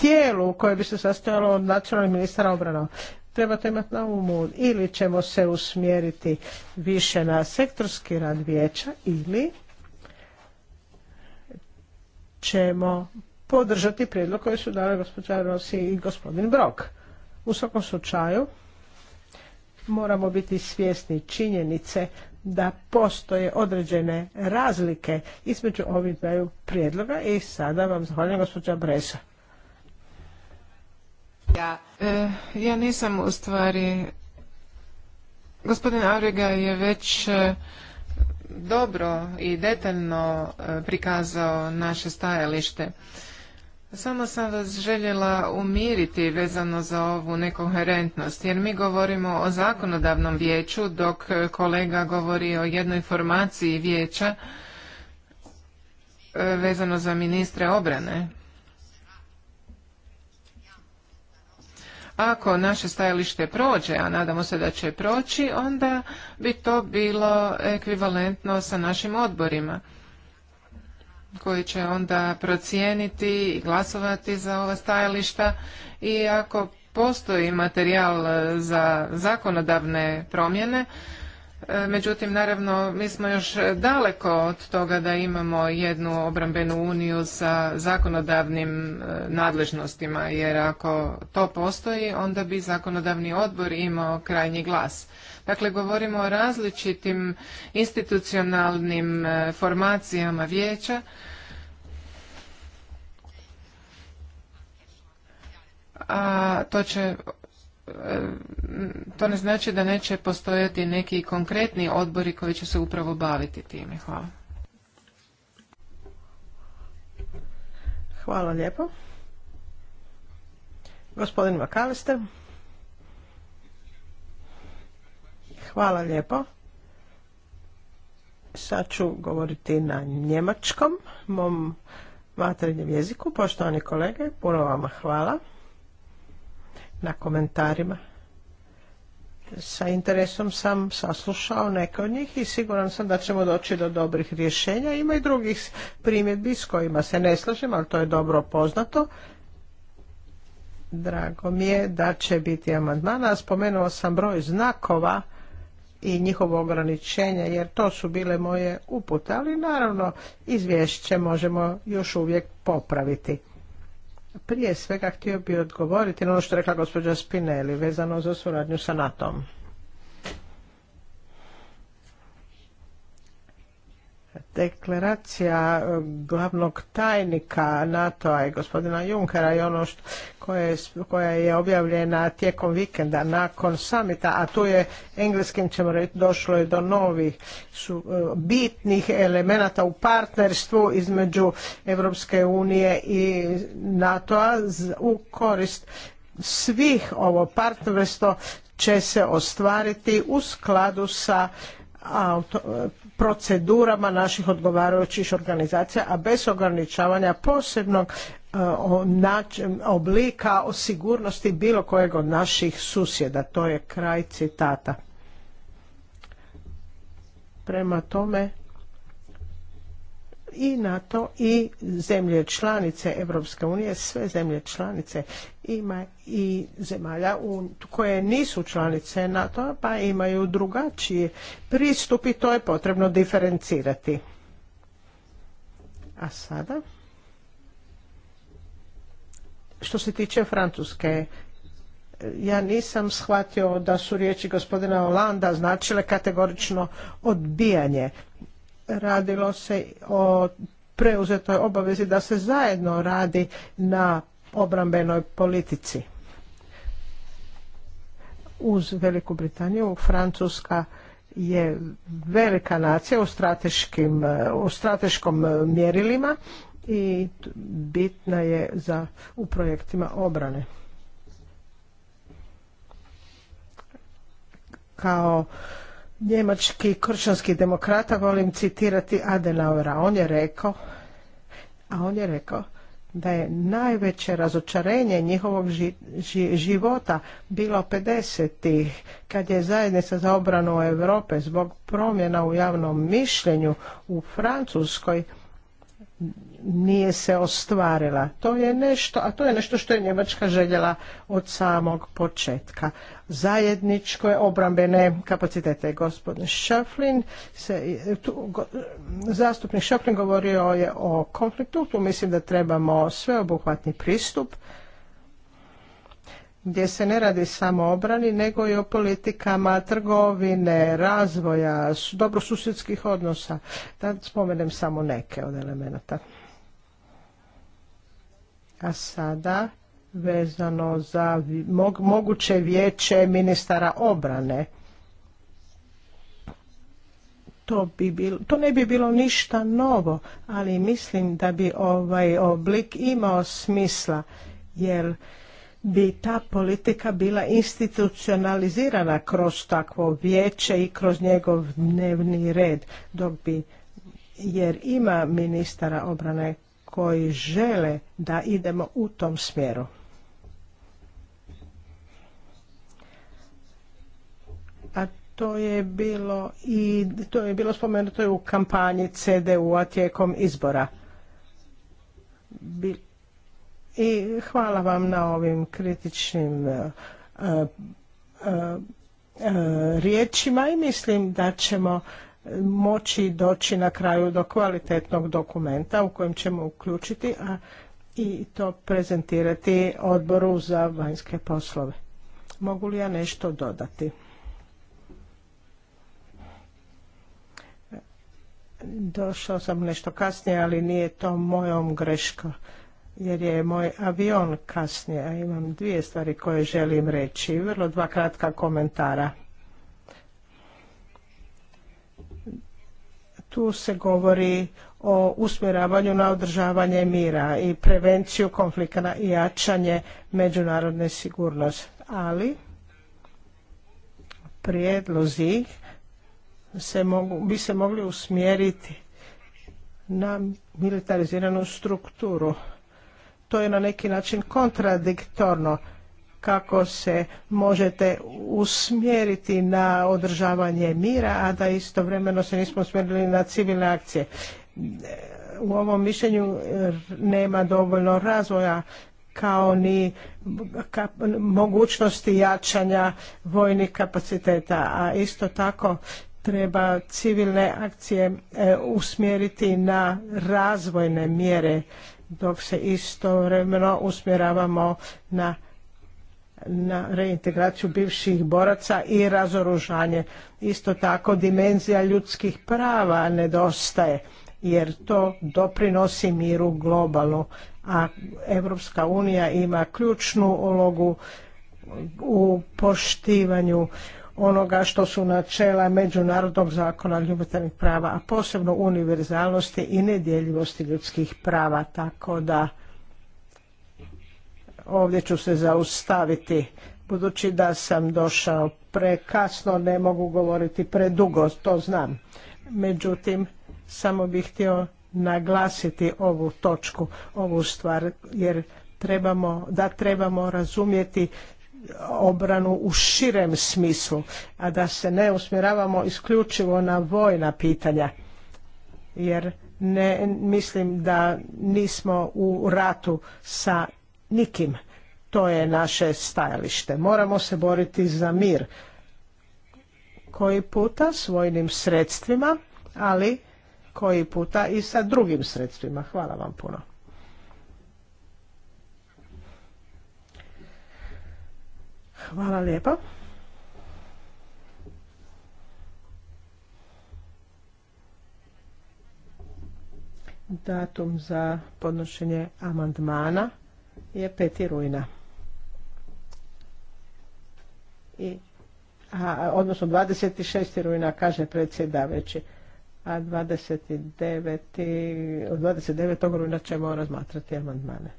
tijelu koje bi se sastojalo od nacionalnih ministara obrana. Treba to imati na umu. Ili ćemo se usmjeriti više na sektorski rad vijeća ili ćemo podržati prijedlog koji su dali gospođa Rossi i gospodin Brok. U svakom slučaju moramo biti svjesni činjenice da postoje određene razlike između ovih dvaju prijedloga i sada vam zahvaljujem gospođa Bresa. Ja, e, ja nisam u stvari... Gospodin Auriga je već e, dobro i detaljno e, prikazao naše stajalište. Samo sam vas željela umiriti vezano za ovu nekoherentnost, jer mi govorimo o zakonodavnom vijeću, dok kolega govori o jednoj formaciji vijeća e, vezano za ministre obrane. Ako naše stajalište prođe, a nadamo se da će proći, onda bi to bilo ekvivalentno sa našim odborima koji će onda procijeniti i glasovati za ova stajališta i ako postoji materijal za zakonodavne promjene E, međutim, naravno, mi smo još daleko od toga da imamo jednu obrambenu uniju sa zakonodavnim e, nadležnostima, jer ako to postoji, onda bi zakonodavni odbor imao krajnji glas. Dakle, govorimo o različitim institucionalnim e, formacijama vijeća, a to će E, to ne znači da neće postojati neki konkretni odbori koji će se upravo baviti time. Hvala. Hvala lijepo. Gospodin Vakalister. Hvala lijepo. Sad ću govoriti na njemačkom, mom materinjem jeziku. Poštovani kolege, puno vama hvala na komentarima. Sa interesom sam saslušao neke od njih i siguran sam da ćemo doći do dobrih rješenja. Ima i drugih primjedbi s kojima se ne slažem, ali to je dobro poznato. Drago mi je da će biti amandmana. Spomenuo sam broj znakova i njihovo ograničenje, jer to su bile moje upute, ali naravno izvješće možemo još uvijek popraviti. Prije svega htio bi odgovoriti na ono što je rekla gospođa Spinelli vezano za suradnju sa NATO-om. deklaracija e, glavnog tajnika NATO-a i gospodina Junkera i ono što, koja je objavljena tijekom vikenda nakon samita, a tu je engleskim ćemo reći došlo je do novih su, e, bitnih elemenata u partnerstvu između Europske unije i NATO-a u korist svih ovo partnerstvo će se ostvariti u skladu sa procedurama naših odgovarajućih organizacija, a bez ograničavanja posebnog e, oblika o sigurnosti bilo kojeg od naših susjeda. To je kraj citata. Prema tome, i NATO i zemlje članice Europske unije, sve zemlje članice ima i zemalja koje nisu članice NATO pa imaju drugačiji pristup i to je potrebno diferencirati. A sada? Što se tiče Francuske, ja nisam shvatio da su riječi gospodina Olanda značile kategorično odbijanje radilo se o preuzetoj obavezi da se zajedno radi na obrambenoj politici. Uz Veliku Britaniju, Francuska je velika nacija u, strateškim, u strateškom e, mjerilima i bitna je za, u projektima obrane. Kao njemački kršćanski demokrata volim citirati Adenauera. On je rekao, a on je rekao da je najveće razočarenje njihovog života bilo 50-ih, kad je zajednica za obranu Europe zbog promjena u javnom mišljenju u Francuskoj nije se ostvarila. To je nešto, a to je nešto što je Njemačka željela od samog početka. Zajedničko je obrambene kapacitete. Gospodin Šaflin, se, tu, go, zastupnik Šaflin govorio je o konfliktu, tu mislim da trebamo sveobuhvatni pristup gdje se ne radi samo o obrani, nego i o politikama trgovine, razvoja, dobrosusjedskih odnosa. Da spomenem samo neke od elemenata. A sada vezano za moguće vijeće ministara obrane. To, bi to ne bi bilo ništa novo, ali mislim da bi ovaj oblik imao smisla, jer bi ta politika bila institucionalizirana kroz takvo vijeće i kroz njegov dnevni red, dok bi jer ima ministara obrane koji žele da idemo u tom smjeru. A to je bilo i to je bilo spomenuto u kampanji CDU-a tijekom izbora. I hvala vam na ovim kritičnim e, e, e, riječima i mislim da ćemo moći doći na kraju do kvalitetnog dokumenta u kojem ćemo uključiti a i to prezentirati odboru za vanjske poslove. Mogu li ja nešto dodati? Došao sam nešto kasnije, ali nije to mojom greškom jer je moj avion kasnije, a imam dvije stvari koje želim reći, vrlo dva kratka komentara. tu se govori o usmjeravanju na održavanje mira i prevenciju konflikata i jačanje međunarodne sigurnosti. Ali prijedlozi se mogu, bi se mogli usmjeriti na militariziranu strukturu. To je na neki način kontradiktorno kako se možete usmjeriti na održavanje mira, a da istovremeno se nismo usmjerili na civilne akcije. U ovom mišljenju e, nema dovoljno razvoja kao ni mogućnosti jačanja vojnih kapaciteta, a isto tako treba civilne akcije e, usmjeriti na razvojne mjere dok se istovremeno usmjeravamo na na reintegraciju bivših boraca i razoružanje. Isto tako dimenzija ljudskih prava nedostaje jer to doprinosi miru globalno, a Europska unija ima ključnu ulogu u poštivanju onoga što su načela međunarodnog zakona ljubitelnih prava, a posebno univerzalnosti i nedjeljivosti ljudskih prava, tako da ovdje ću se zaustaviti. Budući da sam došao prekasno, ne mogu govoriti predugo, to znam. Međutim, samo bih htio naglasiti ovu točku, ovu stvar, jer trebamo, da trebamo razumjeti obranu u širem smislu, a da se ne usmjeravamo isključivo na vojna pitanja. Jer ne mislim da nismo u ratu sa nikim. To je naše stajalište. Moramo se boriti za mir. Koji puta s vojnim sredstvima, ali koji puta i sa drugim sredstvima. Hvala vam puno. Hvala lijepo. Datum za podnošenje amandmana je peti rujna. I, a, odnosno 26. rujna kaže predsjedavajući a 29. od 29. rujna ćemo razmatrati amandmane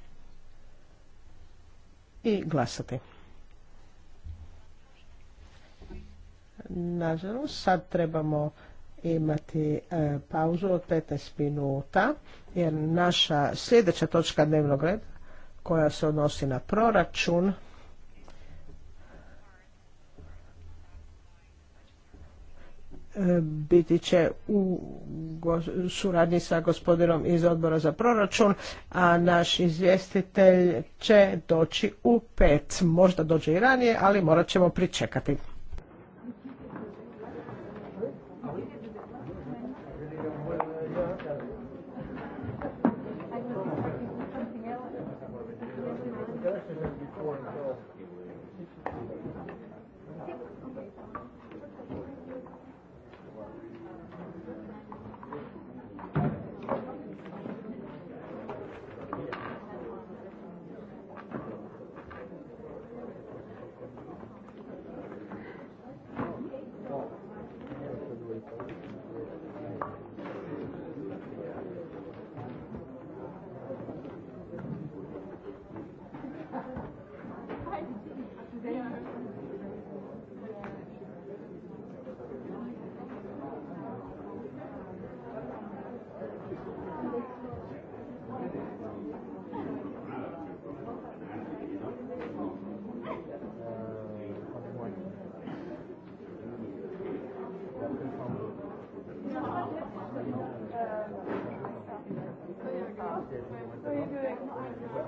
i glasati. Nažalost, sad trebamo imati e, pauzu od 15 minuta, jer naša sljedeća točka dnevnog reda koja se odnosi na proračun e, biti će u suradnji sa gospodinom iz odbora za proračun, a naš izvjestitelj će doći u pet. Možda dođe i ranije, ali morat ćemo pričekati.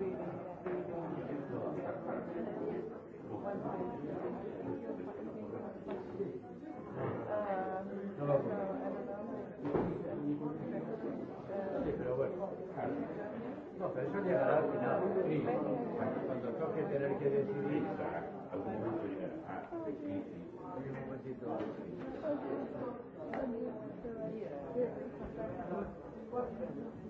No, Thank you.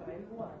Hvala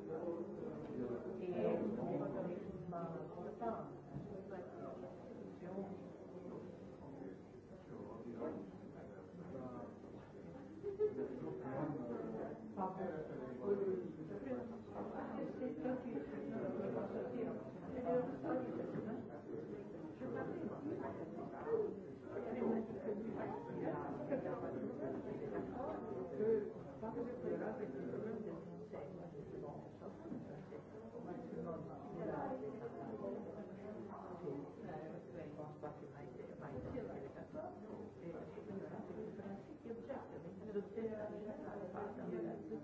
Hvala da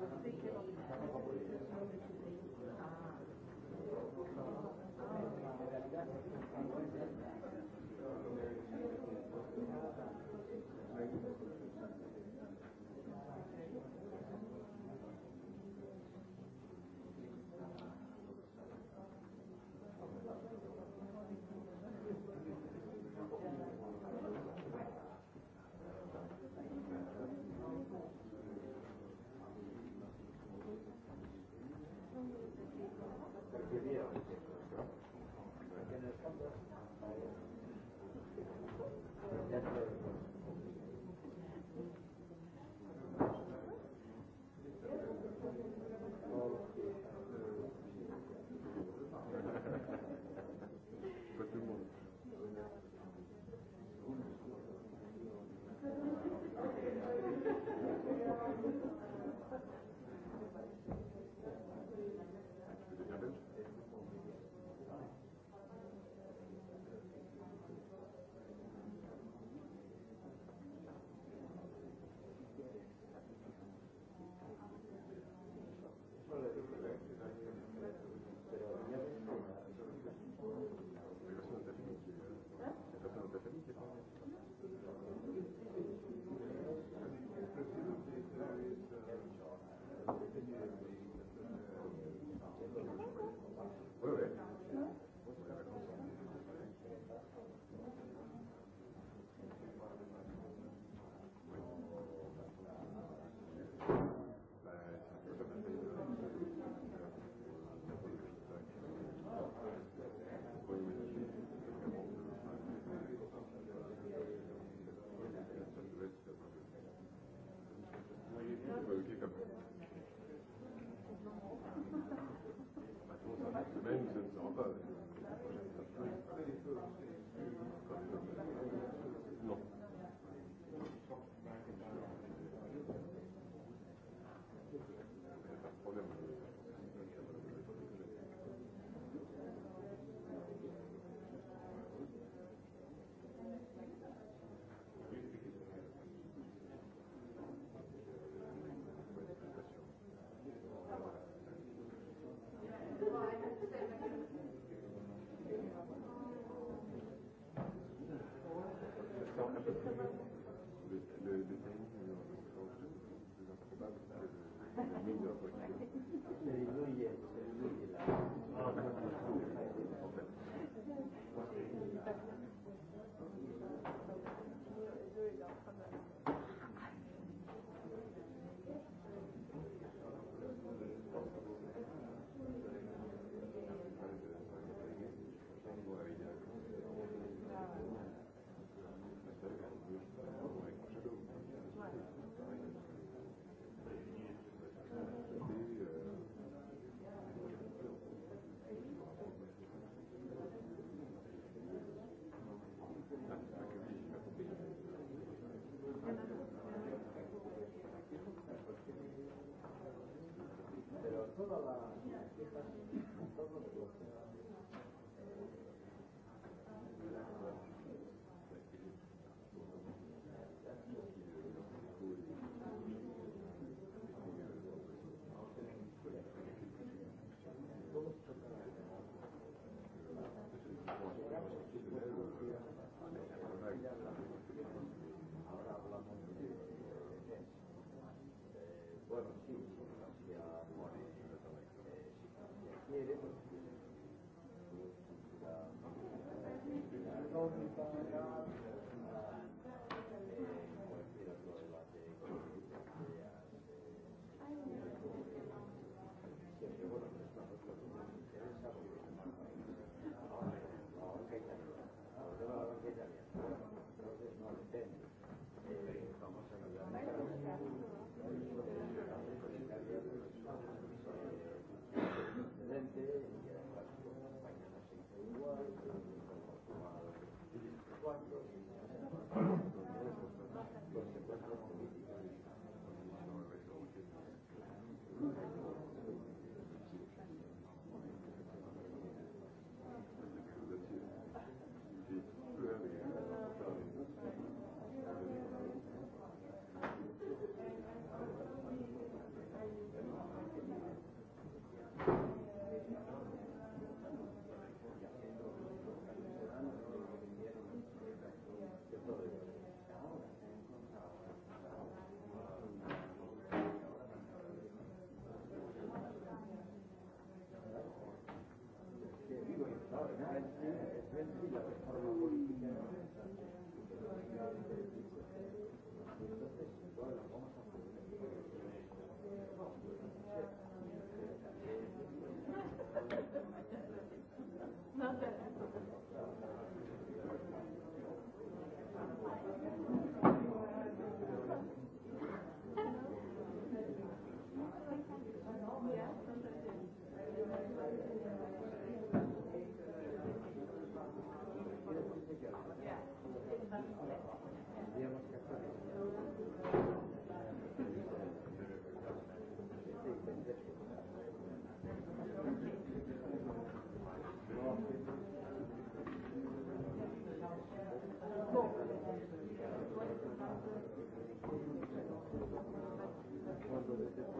da Maintenant, ça one Hvala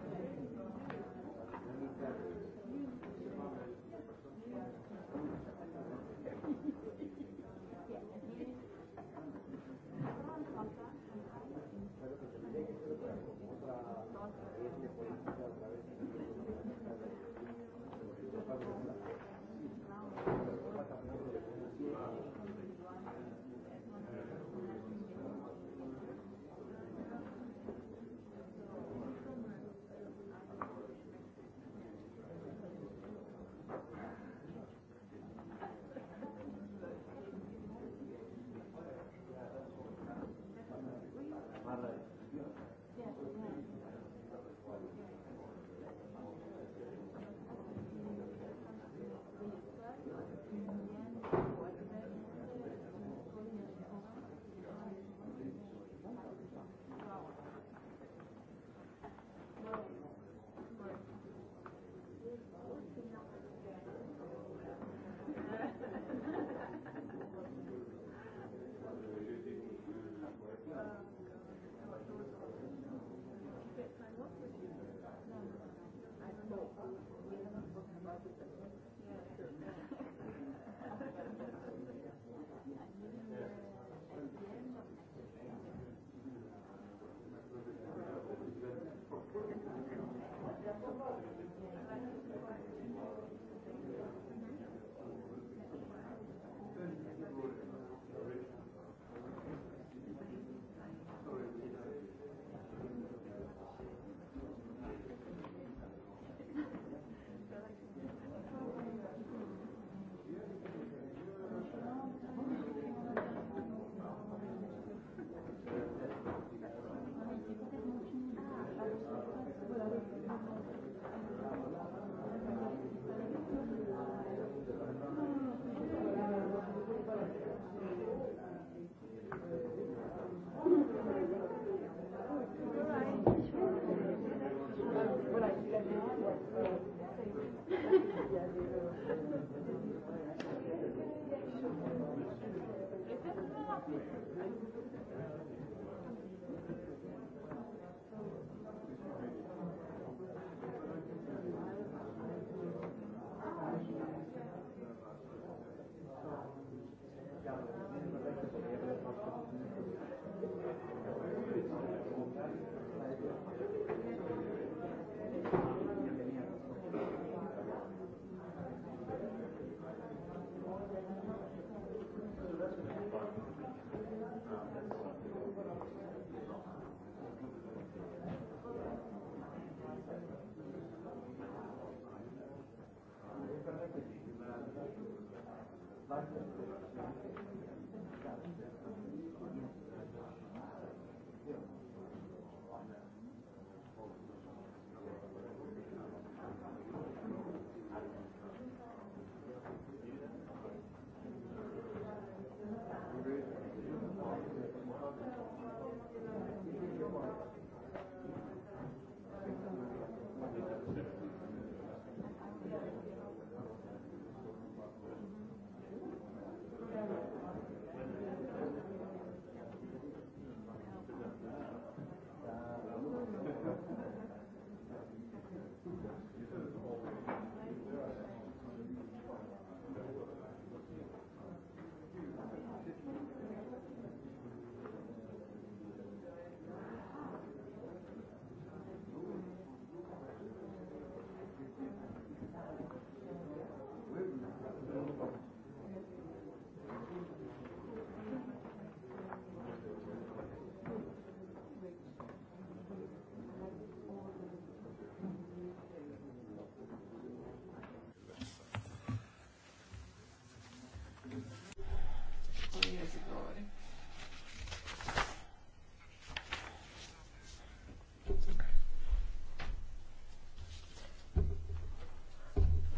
Hvala koji jezik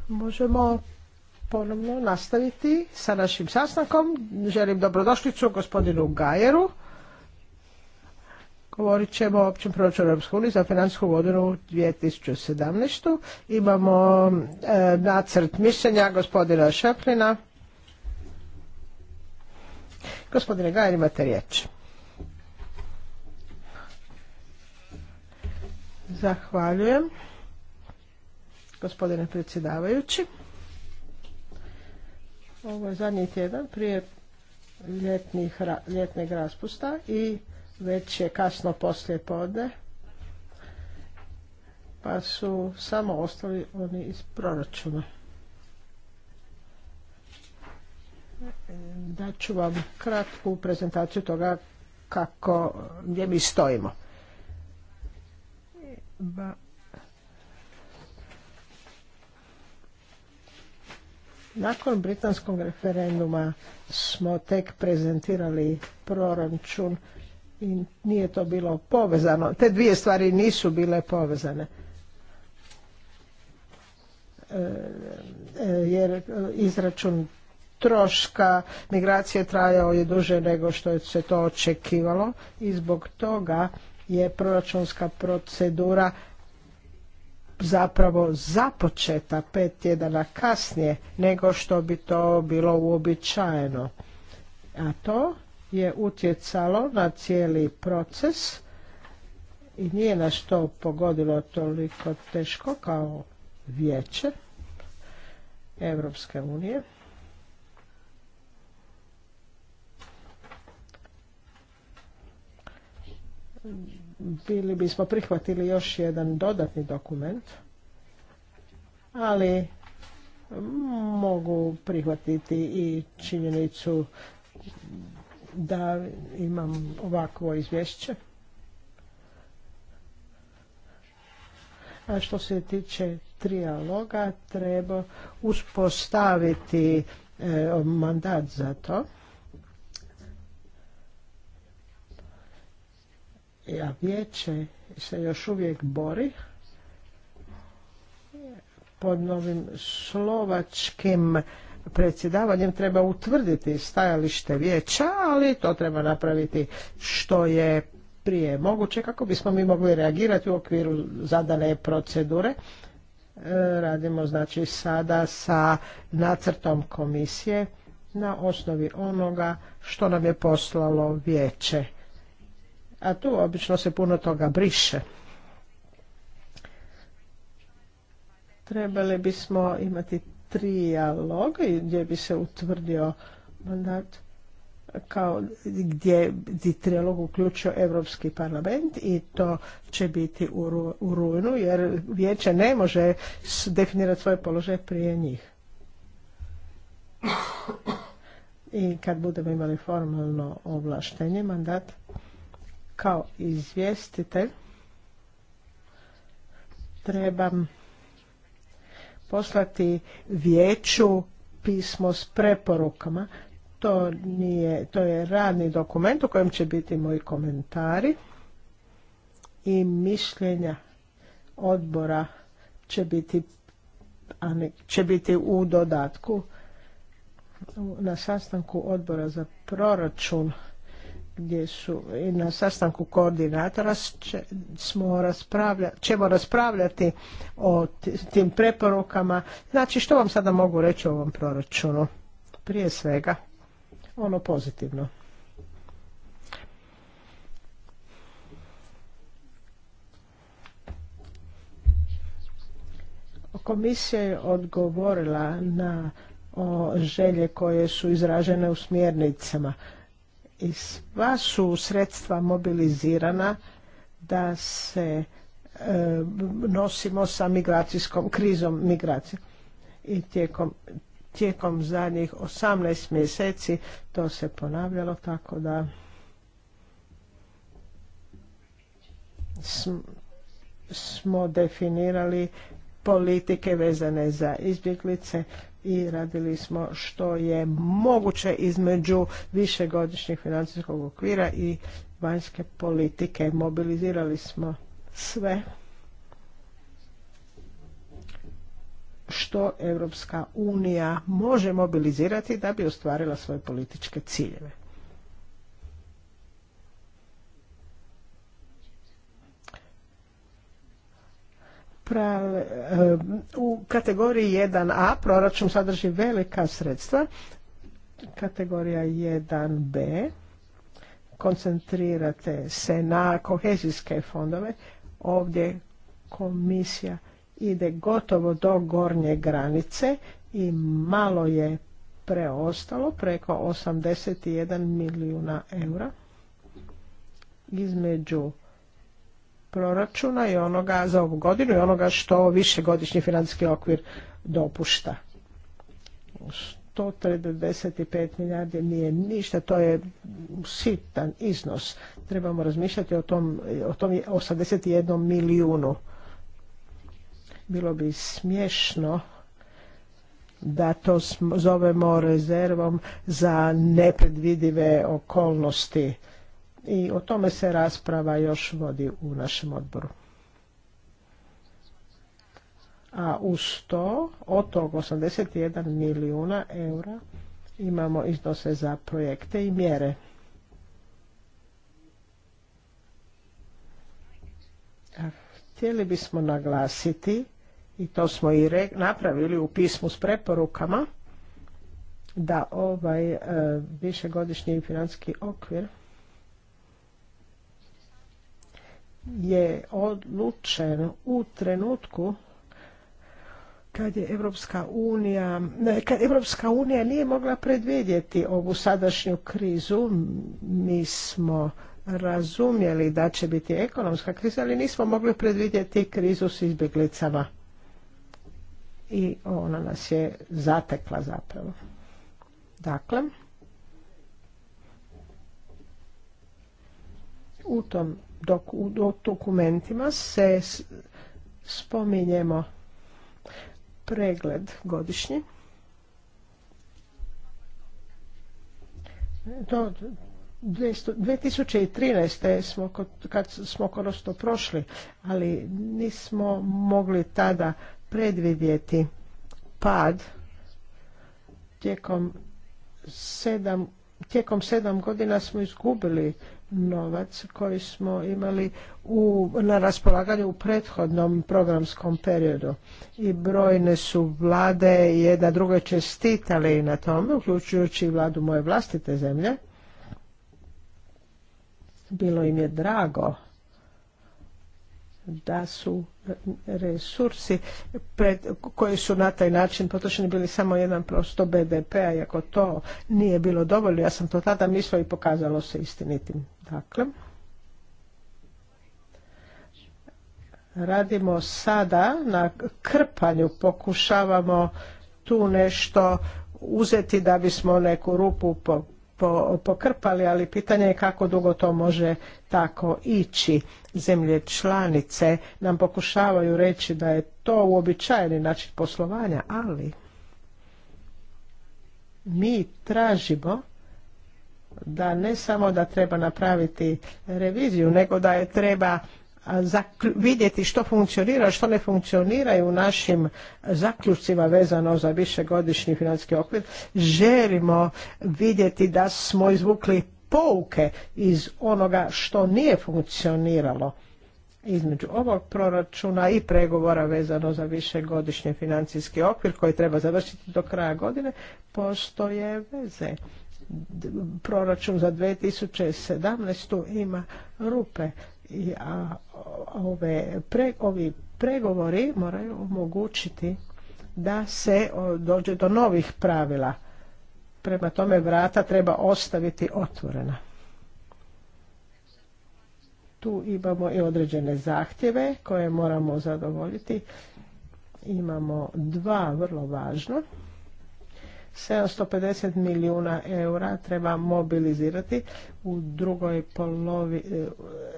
Možemo ponovno nastaviti sa našim sastankom. Želim dobrodošlicu gospodinu Gajeru. Govorit ćemo o općem proračunu Europske za financijsku godinu 2017. Imamo e, nacrt mišljenja gospodina Šeplina. Gospodine Gajer, imate riječ. Zahvaljujem. Gospodine predsjedavajući. Ovo je zadnji tjedan prije ljetnih, raspusta i već je kasno poslije podne pa su samo ostali oni iz proračuna. Daću vam kratku prezentaciju toga kako, gdje mi stojimo. Nakon britanskog referenduma smo tek prezentirali proračun i nije to bilo povezano. Te dvije stvari nisu bile povezane. E, e, jer izračun troška migracije trajao je duže nego što se to očekivalo i zbog toga je proračunska procedura zapravo započeta pet tjedana kasnije nego što bi to bilo uobičajeno. A to je utjecalo na cijeli proces i nije nas to pogodilo toliko teško kao vijeće Evropske unije. bili bismo prihvatili još jedan dodatni dokument, ali mogu prihvatiti i činjenicu da imam ovakvo izvješće. A što se tiče trijaloga, treba uspostaviti e, mandat za to. a vijeće se još uvijek bori pod novim slovačkim predsjedavanjem treba utvrditi stajalište vijeća, ali to treba napraviti što je prije moguće kako bismo mi mogli reagirati u okviru zadane procedure. E, radimo znači sada sa nacrtom komisije na osnovi onoga što nam je poslalo vijeće a tu obično se puno toga briše. Trebali bismo imati trijalog gdje bi se utvrdio mandat kao gdje bi trijalog uključio Europski parlament i to će biti u, ru, u rujnu jer vijeće ne može definirati svoj položaj prije njih. I kad budemo imali formalno ovlaštenje mandat, kao izvjestitelj trebam poslati vijeću pismo s preporukama. To, nije, to je radni dokument u kojem će biti moji komentari i mišljenja odbora će biti, će biti u dodatku na sastanku odbora za proračun gdje su i na sastanku koordinatora smo raspravlja, ćemo raspravljati o tim preporukama. Znači što vam sada mogu reći o ovom proračunu? Prije svega ono pozitivno. Komisija je odgovorila na o želje koje su izražene u smjernicama i sva su sredstva mobilizirana da se e, nosimo sa migracijskom krizom migracije i tijekom tijekom zadnjih 18 mjeseci to se ponavljalo tako da smo definirali politike vezane za izbjeglice i radili smo što je moguće između višegodišnjeg financijskog okvira i vanjske politike. Mobilizirali smo sve što Europska unija može mobilizirati da bi ostvarila svoje političke ciljeve. prave, eh, u kategoriji 1a proračun sadrži velika sredstva, kategorija 1b koncentrirate se na kohezijske fondove, ovdje komisija ide gotovo do gornje granice i malo je preostalo, preko 81 milijuna eura između proračuna i onoga za ovu godinu i onoga što višegodišnji financijski okvir dopušta. 135 milijardi nije ništa, to je sitan iznos. Trebamo razmišljati o tom, o tom 81 milijunu. Bilo bi smiješno da to zovemo rezervom za nepredvidive okolnosti i o tome se rasprava još vodi u našem odboru. A uz to, od tog 81 milijuna eura imamo iznose za projekte i mjere. Htjeli bismo naglasiti, i to smo i napravili u pismu s preporukama, da ovaj e, višegodišnji financijski okvir je odlučen u trenutku kad je Evropska unija, ne, kad Evropska unija nije mogla predvidjeti ovu sadašnju krizu, mi smo razumjeli da će biti ekonomska kriza, ali nismo mogli predvidjeti krizu s izbjeglicama. I ona nas je zatekla zapravo. Dakle, u tom u dokumentima se spominjemo pregled godišnji. Do 2013. smo kad smo konačno prošli, ali nismo mogli tada predvidjeti pad tijekom sedam, tijekom sedam godina smo izgubili novac koji smo imali u, na raspolaganju u prethodnom programskom periodu i brojne su vlade jedna druga čestitali na tome, uključujući i vladu moje vlastite zemlje. Bilo im je drago da su resursi koji su na taj način potrošeni bili samo jedan prosto BDP-a, iako to nije bilo dovoljno, ja sam to tada mislila i pokazalo se istinitim. Dakle, radimo sada na krpanju, pokušavamo tu nešto uzeti da bismo neku rupu po, pokrpali, ali pitanje je kako dugo to može tako ići. Zemlje članice nam pokušavaju reći da je to uobičajeni način poslovanja, ali mi tražimo da ne samo da treba napraviti reviziju, nego da je treba vidjeti što funkcionira, što ne funkcionira u našim zaključcima vezano za višegodišnji financijski okvir želimo vidjeti da smo izvukli pouke iz onoga što nije funkcioniralo između ovog proračuna i pregovora vezano za višegodišnji financijski okvir koji treba završiti do kraja godine, postoje veze proračun za 2017. ima rupe a ove pre, ovi pregovori moraju omogućiti da se dođe do novih pravila. Prema tome vrata treba ostaviti otvorena. Tu imamo i određene zahtjeve koje moramo zadovoljiti. Imamo dva vrlo važna. 750 milijuna eura treba mobilizirati u drugoj polovi e,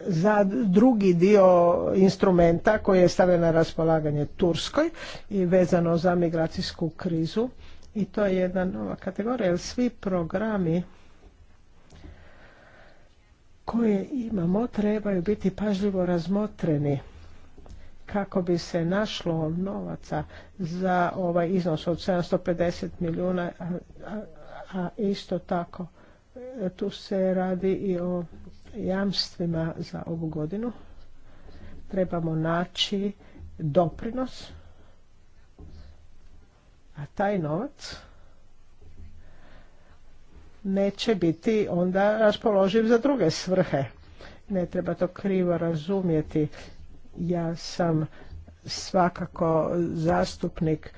za drugi dio instrumenta koji je stavljen na raspolaganje Turskoj i vezano za migracijsku krizu i to je jedna nova kategorija jer svi programi koje imamo trebaju biti pažljivo razmotreni kako bi se našlo novaca za ovaj iznos od 750 milijuna, a, a isto tako e, tu se radi i o jamstvima za ovu godinu. Trebamo naći doprinos, a taj novac neće biti onda raspoloživ za druge svrhe. Ne treba to krivo razumjeti. Ja sam svakako zastupnik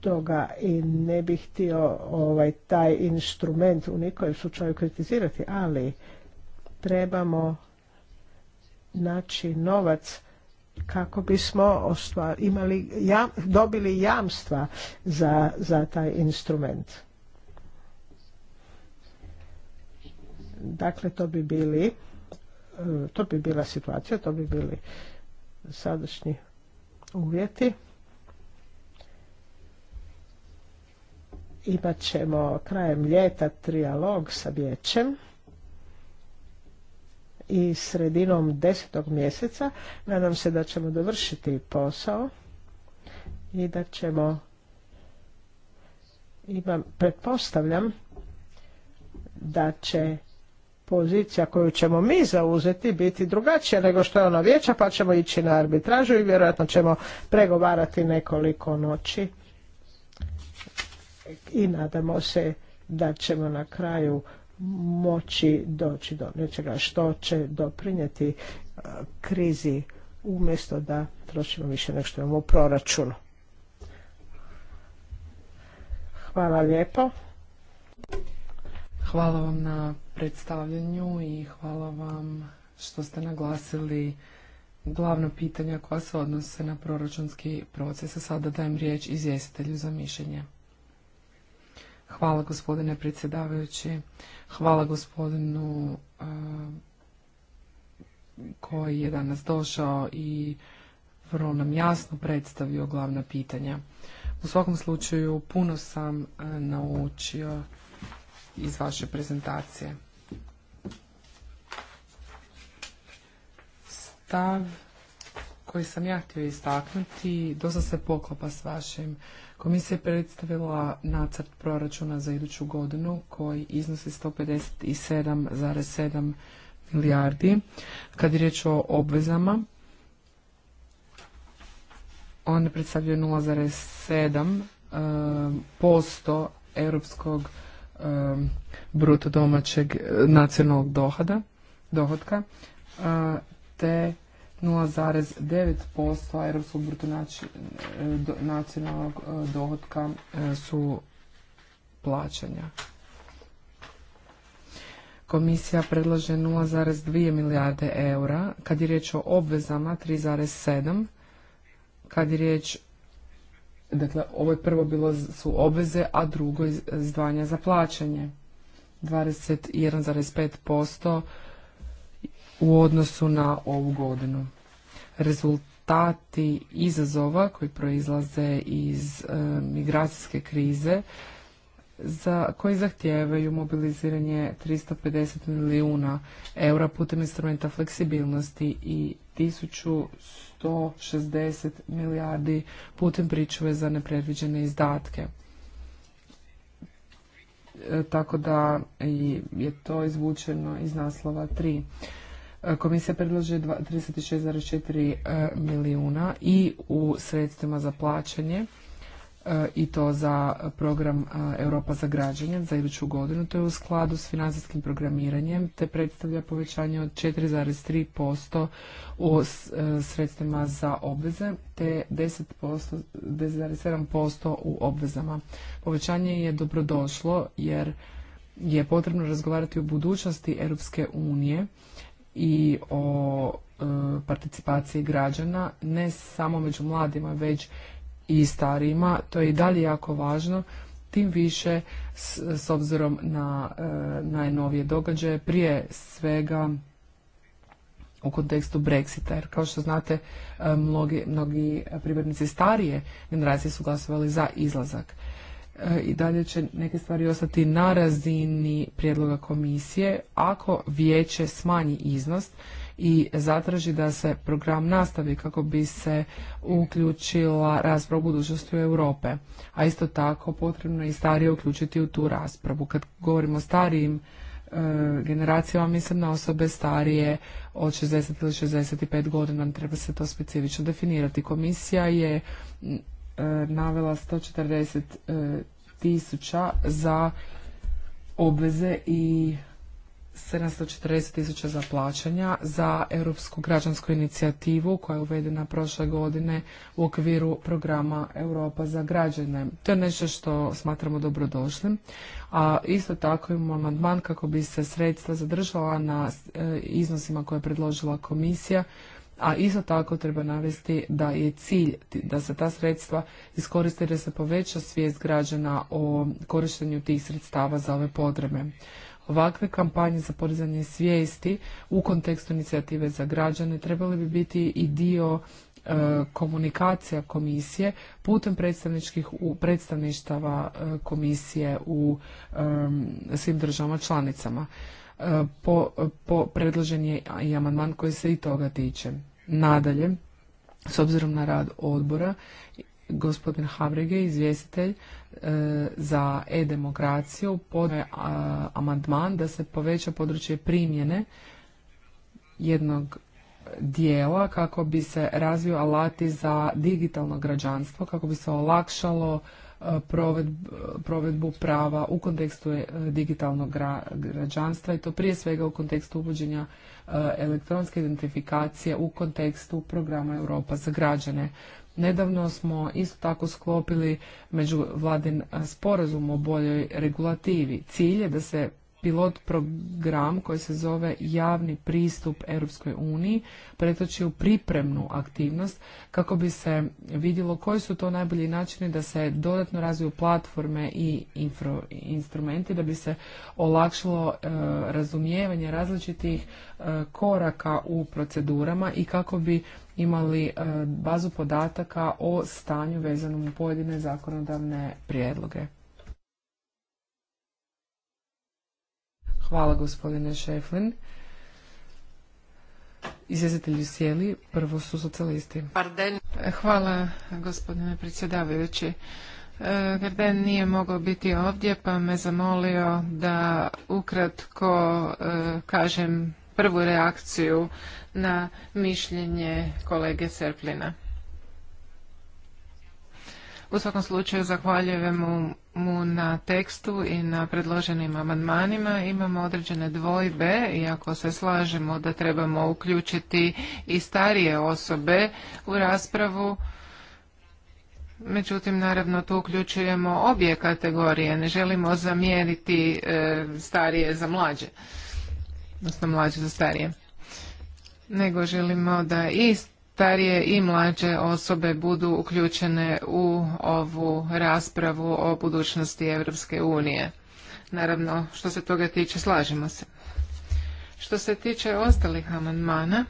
toga i ne bih htio ovaj, taj instrument u nikojem slučaju kritizirati, ali trebamo naći novac kako bismo ostvar, imali dobili jamstva za, za taj instrument. Dakle, to bi bili to bi bila situacija, to bi bili sadašnji uvjeti. Imat ćemo krajem ljeta trijalog sa vijećem i sredinom desetog mjeseca. Nadam se da ćemo dovršiti posao i da ćemo imam, pretpostavljam da će pozicija koju ćemo mi zauzeti biti drugačija nego što je ona vijeća pa ćemo ići na arbitražu i vjerojatno ćemo pregovarati nekoliko noći i nadamo se da ćemo na kraju moći doći do nečega što će doprinijeti e, krizi umjesto da trošimo više nego što imamo u proračunu. Hvala lijepo. Hvala vam na predstavljanju i hvala vam što ste naglasili glavno pitanja koja se odnose na proračunski proces. A sada dajem riječ izvjestitelju za mišljenje. Hvala gospodine predsjedavajući. Hvala gospodinu koji je danas došao i vrlo nam jasno predstavio glavna pitanja. U svakom slučaju puno sam naučio iz vaše prezentacije. Stav koji sam ja htio istaknuti dosta se poklopa s vašim. Komisija je predstavila nacrt proračuna za iduću godinu koji iznosi 157,7 milijardi. Kad je riječ o obvezama, one predstavljaju 0,7 eh, posto europskog Um, bruto domaćeg eh, nacionalnog dohoda, dohodka, eh, te 0,9% europskog bruto eh, nacionalnog dohodka su plaćanja. Komisija predlaže 0,2 milijarde eura, kad je riječ o obvezama 3,7, kad je riječ Dakle, ovo je prvo bilo su obveze, a drugo izdvajanja za plaćanje. 21,5% u odnosu na ovu godinu. Rezultati izazova koji proizlaze iz e, migracijske krize za koji zahtijevaju mobiliziranje 350 milijuna eura putem instrumenta fleksibilnosti i 160 milijardi putem pričuve za nepredviđene izdatke. E, tako da je to izvučeno iz naslova 3. E, komisija predlaže 36,4 e, milijuna i u sredstvima za plaćanje E, i to za program e, Europa za građanje za iduću godinu. To je u skladu s financijskim programiranjem te predstavlja povećanje od 4,3% u e, sredstvima za obveze te 10%, 10,7% u obvezama. Povećanje je dobrodošlo jer je potrebno razgovarati o budućnosti Europske unije i o participaciji građana, ne samo među mladima, već i starijima, to je i dalje jako važno, tim više s, obzirom na e, najnovije događaje, prije svega u kontekstu Brexita, jer kao što znate, e, mnogi, mnogi pripadnici starije generacije su glasovali za izlazak. E, I dalje će neke stvari ostati na razini prijedloga komisije. Ako vijeće smanji iznos, i zatraži da se program nastavi kako bi se uključila rasprava o budućnosti Europe. A isto tako potrebno je i starije uključiti u tu raspravu. Kad govorimo o starijim e, generacijama, mislim na osobe starije od 60 ili 65 godina. Treba se to specifično definirati. Komisija je e, navela 140 e, tisuća za obveze i 740 tisuća za plaćanja za Europsku građansku inicijativu koja je uvedena prošle godine u okviru programa Europa za građane. To je nešto što smatramo dobrodošlim. A isto tako imamo amandman kako bi se sredstva zadržala na e, iznosima koje je predložila komisija a isto tako treba navesti da je cilj da se ta sredstva iskoriste da se poveća svijest građana o korištenju tih sredstava za ove potrebe. Ovakve kampanje za podizanje svijesti u kontekstu inicijative za građane trebali bi biti i dio e, komunikacija komisije putem predstavničkih predstavništava e, komisije u e, svim državama članicama. po, po predložen je i amandman koji se i toga tiče. Nadalje, s obzirom na rad odbora gospodin Havrege, izvjestitelj e, za e-demokraciju, pod amandman da se poveća područje primjene jednog dijela kako bi se razvio alati za digitalno građanstvo, kako bi se olakšalo e, provedbu prava u kontekstu e, digitalnog građanstva i to prije svega u kontekstu uvođenja elektronske identifikacije u kontekstu programa Europa za građane. Nedavno smo isto tako sklopili međuvladin sporazum o boljoj regulativi. Cilj je da se pilot program koji se zove javni pristup Europskoj uniji pretoči u pripremnu aktivnost kako bi se vidjelo koji su to najbolji načini da se dodatno razviju platforme i infro, instrumenti da bi se olakšalo e, razumijevanje različitih e, koraka u procedurama i kako bi imali e, bazu podataka o stanju vezanom u pojedine zakonodavne prijedloge. Hvala gospodine Šeflin. Izvjezitelji sjeli, prvo su socijalisti. Hvala gospodine predsjedavajući. E, Garden nije mogao biti ovdje pa me zamolio da ukratko e, kažem prvu reakciju na mišljenje kolege Serplina. U svakom slučaju zahvaljujem mu mu na tekstu i na predloženim amandmanima imamo određene dvojbe i ako se slažemo da trebamo uključiti i starije osobe u raspravu, Međutim, naravno, tu uključujemo obje kategorije. Ne želimo zamijeniti e, starije za mlađe, odnosno mlađe za starije. Nego želimo da i starije i mlađe osobe budu uključene u ovu raspravu o budućnosti Europske unije. Naravno, što se toga tiče, slažemo se. Što se tiče ostalih amandmana,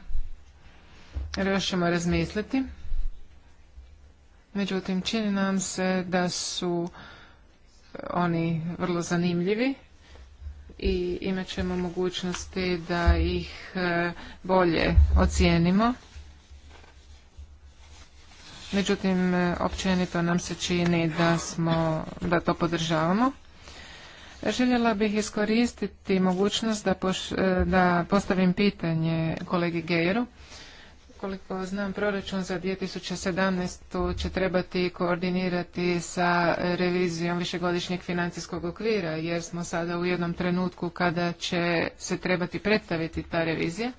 još ćemo razmisliti. Međutim, čini nam se da su oni vrlo zanimljivi i imat ćemo mogućnosti da ih e, bolje ocijenimo međutim e, općenito nam se čini da, smo, da to podržavamo. Željela bih iskoristiti mogućnost da, e, da postavim pitanje kolegi Gejeru. Koliko znam, proračun za 2017. će trebati koordinirati sa revizijom višegodišnjeg financijskog okvira, jer smo sada u jednom trenutku kada će se trebati predstaviti ta revizija.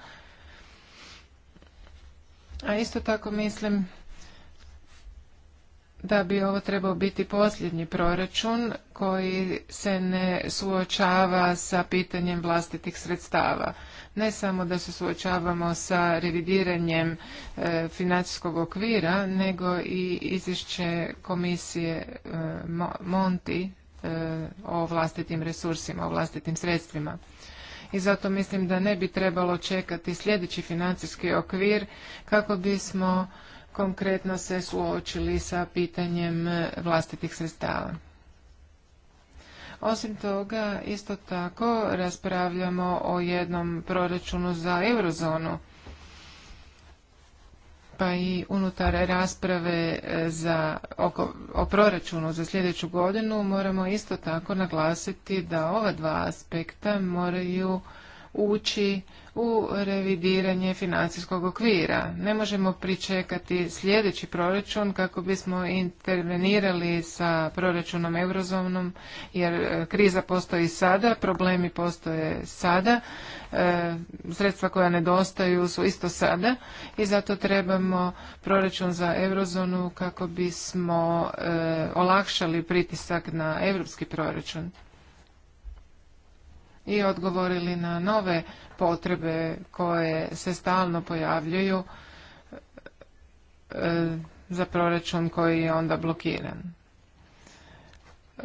A isto tako mislim da bi ovo trebao biti posljednji proračun koji se ne suočava sa pitanjem vlastitih sredstava. Ne samo da se suočavamo sa revidiranjem e, financijskog okvira, nego i izvješće komisije e, Monti e, o vlastitim resursima, o vlastitim sredstvima i zato mislim da ne bi trebalo čekati sljedeći financijski okvir kako bismo konkretno se suočili sa pitanjem e, vlastitih sredstava. Osim toga, isto tako raspravljamo o jednom proračunu za eurozonu, pa i unutar rasprave e, za, oko, o proračunu za sljedeću godinu moramo isto tako naglasiti da ova dva aspekta moraju ući u revidiranje financijskog okvira. Ne možemo pričekati sljedeći proračun kako bismo intervenirali sa proračunom eurozonom jer e, kriza postoji sada, problemi postoje sada, e, sredstva koja nedostaju su isto sada i zato trebamo proračun za eurozonu kako bismo e, olakšali pritisak na europski proračun i odgovorili na nove potrebe koje se stalno pojavljuju e, za proračun koji je onda blokiran.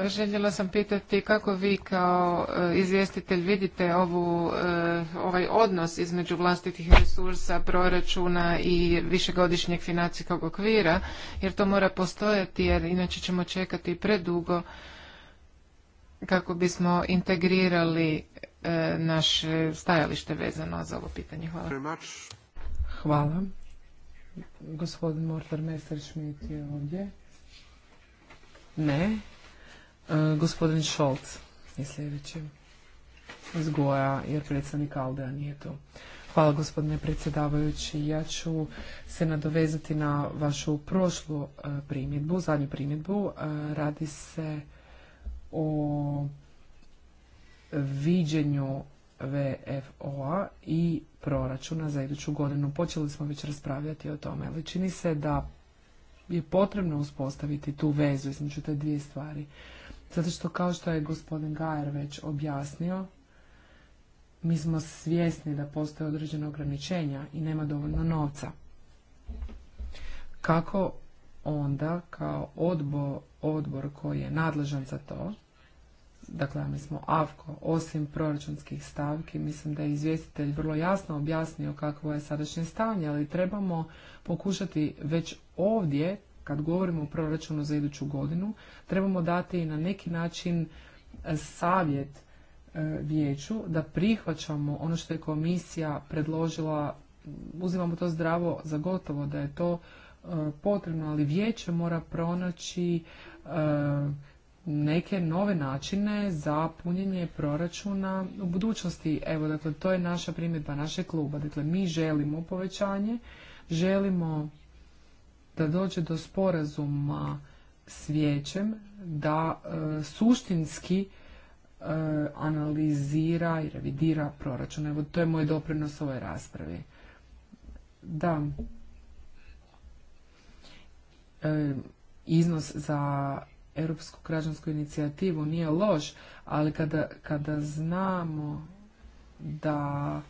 Željela sam pitati kako vi kao e, izvjestitelj vidite ovu, e, ovaj odnos između vlastitih resursa, proračuna i višegodišnjeg financijskog okvira, jer to mora postojati, jer inače ćemo čekati predugo kako bismo integrirali E, naše stajalište vezano za ovo pitanje. Hvala. Hvala. Gospodin Mortar Messerschmidt je ovdje. Ne. E, gospodin Šolc je sljedeći. Goja, jer predsjednik Aldea nije tu. Hvala gospodine predsjedavajući. Ja ću se nadovezati na vašu prošlu e, primjedbu, zadnju primjedbu. Radi se o viđenju VFO-a i proračuna za iduću godinu. Počeli smo već raspravljati o tome, ali čini se da je potrebno uspostaviti tu vezu između te dvije stvari. Zato što, kao što je gospodin Gajer već objasnio, mi smo svjesni da postoje određene ograničenja i nema dovoljno novca. Kako onda, kao odbor, odbor koji je nadležan za to, dakle mi smo AVKO, osim proračunskih stavki, mislim da je izvjestitelj vrlo jasno objasnio kakvo je sadašnje stanje, ali trebamo pokušati već ovdje, kad govorimo o proračunu za iduću godinu, trebamo dati na neki način e, savjet e, vijeću da prihvaćamo ono što je komisija predložila, uzimamo to zdravo za gotovo da je to e, potrebno, ali vijeće mora pronaći neke nove načine za punjenje proračuna u budućnosti. Evo, dakle, to je naša primjedba naše kluba. Dakle, mi želimo povećanje, želimo da dođe do sporazuma s vijećem, da e, suštinski e, analizira i revidira proračun. Evo, to je moj doprinos ovoj raspravi. Da. E, iznos za europsku građansku inicijativu nije loš, ali kada, kada znamo da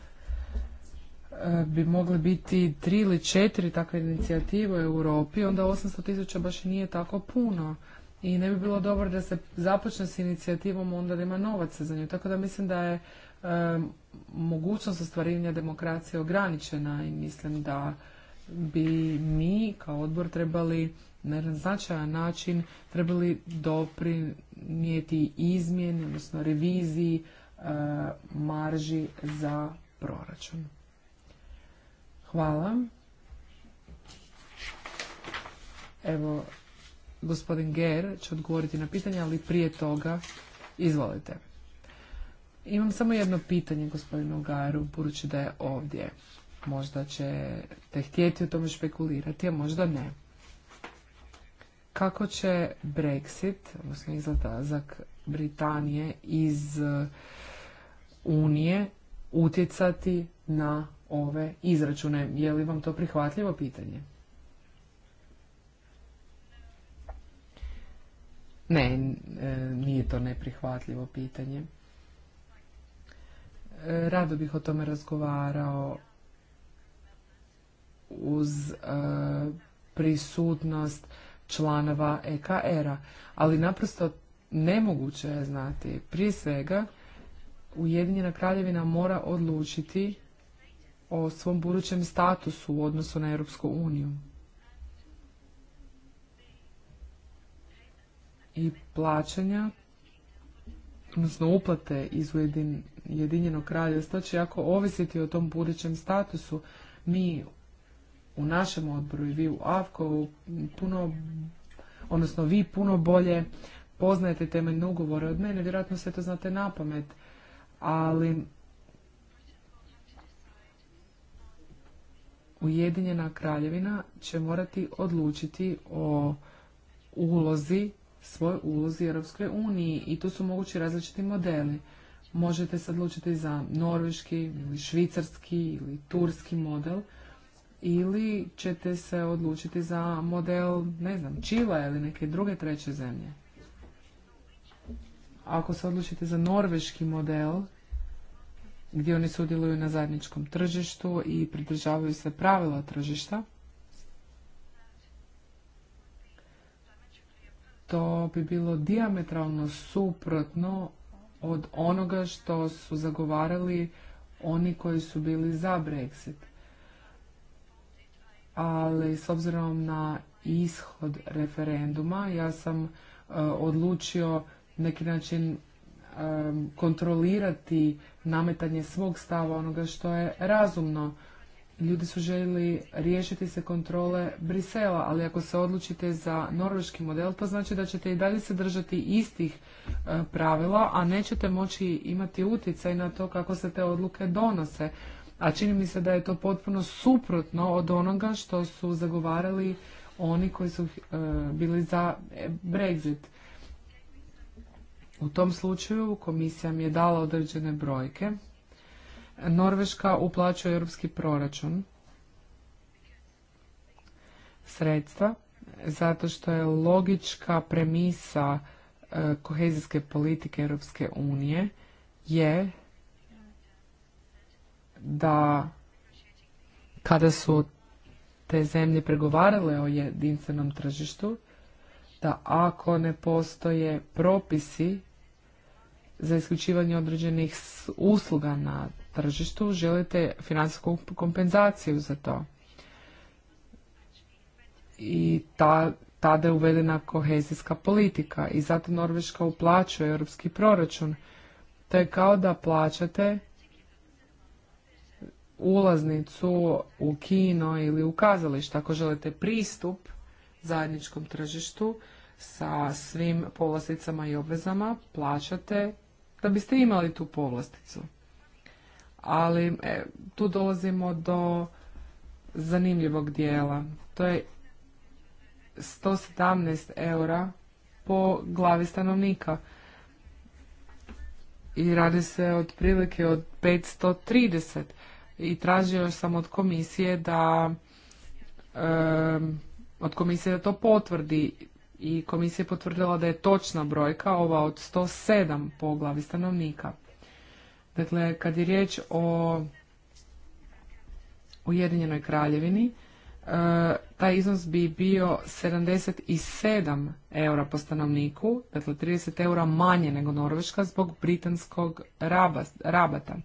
e, bi mogle biti tri ili četiri takve inicijative u Europi, onda 800 tisuća baš nije tako puno. I ne bi bilo dobro da se započne s inicijativom, onda da ima novaca za nju. Tako da mislim da je e, mogućnost ostvarivanja demokracije ograničena i mislim da bi mi kao odbor trebali na jedan značajan način trebali doprinijeti izmjeni, odnosno reviziji e, marži za proračun. Hvala. Evo, gospodin Ger će odgovoriti na pitanje, ali prije toga izvolite. Imam samo jedno pitanje gospodinu Garu, budući da je ovdje. Možda će htjeti u tome špekulirati, a možda ne. Kako će Brexit, odnosno izlazak Britanije iz uh, Unije, utjecati na ove izračune? Je li vam to prihvatljivo pitanje? Ne, e, nije to neprihvatljivo pitanje. E, rado bih o tome razgovarao uz e, prisutnost članova EKR-a, ali naprosto nemoguće je znati. Prije svega, Ujedinjena kraljevina mora odlučiti o svom budućem statusu u odnosu na Europsku uniju. I plaćanja, odnosno uplate iz Ujedinjenog kraljevstva će jako ovisiti o tom budućem statusu. Mi u našem odboru i vi u Avkovu puno, odnosno vi puno bolje poznajete temeljne ugovore od mene, vjerojatno sve to znate na pamet, ali Ujedinjena kraljevina će morati odlučiti o ulozi, svoj ulozi Europskoj uniji i tu su mogući različiti modeli. Možete se odlučiti za norveški ili švicarski ili turski model, ili ćete se odlučiti za model, ne znam, Čila ili neke druge treće zemlje? Ako se odlučite za norveški model, gdje oni sudjeluju na zajedničkom tržištu i pridržavaju se pravila tržišta, to bi bilo diametralno suprotno od onoga što su zagovarali oni koji su bili za Brexit ali s obzirom na ishod referenduma ja sam e, odlučio neki način e, kontrolirati nametanje svog stava onoga što je razumno. Ljudi su željeli riješiti se kontrole Brisela, ali ako se odlučite za norveški model, to znači da ćete i dalje se držati istih e, pravila, a nećete moći imati utjecaj na to kako se te odluke donose a čini mi se da je to potpuno suprotno od onoga što su zagovarali oni koji su eh, bili za eh, Brexit. U tom slučaju komisija mi je dala određene brojke. Norveška uplaćuje europski proračun sredstva zato što je logička premisa eh, kohezijske politike Europske unije je da kada su te zemlje pregovarale o jedinstvenom tržištu, da ako ne postoje propisi za isključivanje određenih usluga na tržištu, želite financijsku kompenzaciju za to. I ta, tada je uvedena kohezijska politika i zato Norveška uplaćuje europski proračun. To je kao da plaćate ulaznicu u kino ili u kazalište, ako želite pristup zajedničkom tržištu sa svim povlasticama i obvezama, plaćate da biste imali tu povlasticu. Ali e, tu dolazimo do zanimljivog dijela. To je 117 eura po glavi stanovnika. I radi se otprilike od 530 eura i tražio sam od komisije da od komisije da to potvrdi i komisija je potvrdila da je točna brojka ova od 107 po glavi stanovnika. Dakle, kad je riječ o Ujedinjenoj kraljevini, e, taj iznos bi bio 77 eura po stanovniku, dakle 30 eura manje nego Norveška zbog britanskog rabata.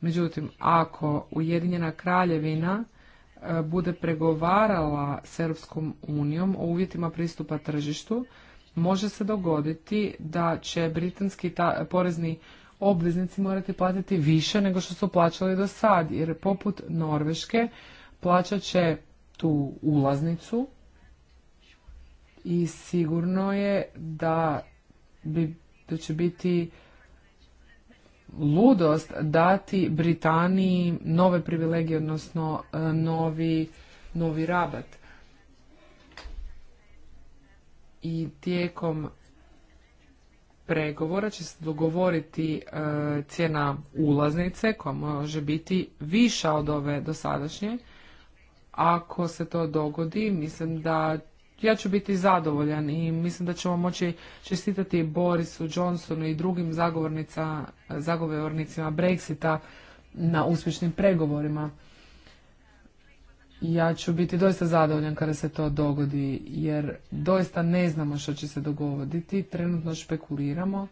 Međutim, ako Ujedinjena kraljevina e, bude pregovarala s Europskom unijom o uvjetima pristupa tržištu, može se dogoditi da će britanski porezni obveznici morati platiti više nego što su plaćali do sad, jer poput Norveške plaćat će tu ulaznicu i sigurno je da, bi, da će biti ludost dati Britaniji nove privilegije, odnosno e, novi, novi rabat. I tijekom pregovora će se dogovoriti e, cijena ulaznice koja može biti viša od ove dosadašnje. Ako se to dogodi, mislim da ja ću biti zadovoljan i mislim da ćemo moći čestitati Borisu, Johnsonu i drugim zagovornicima Brexita na uspješnim pregovorima. Ja ću biti doista zadovoljan kada se to dogodi, jer doista ne znamo što će se dogoditi, trenutno špekuliramo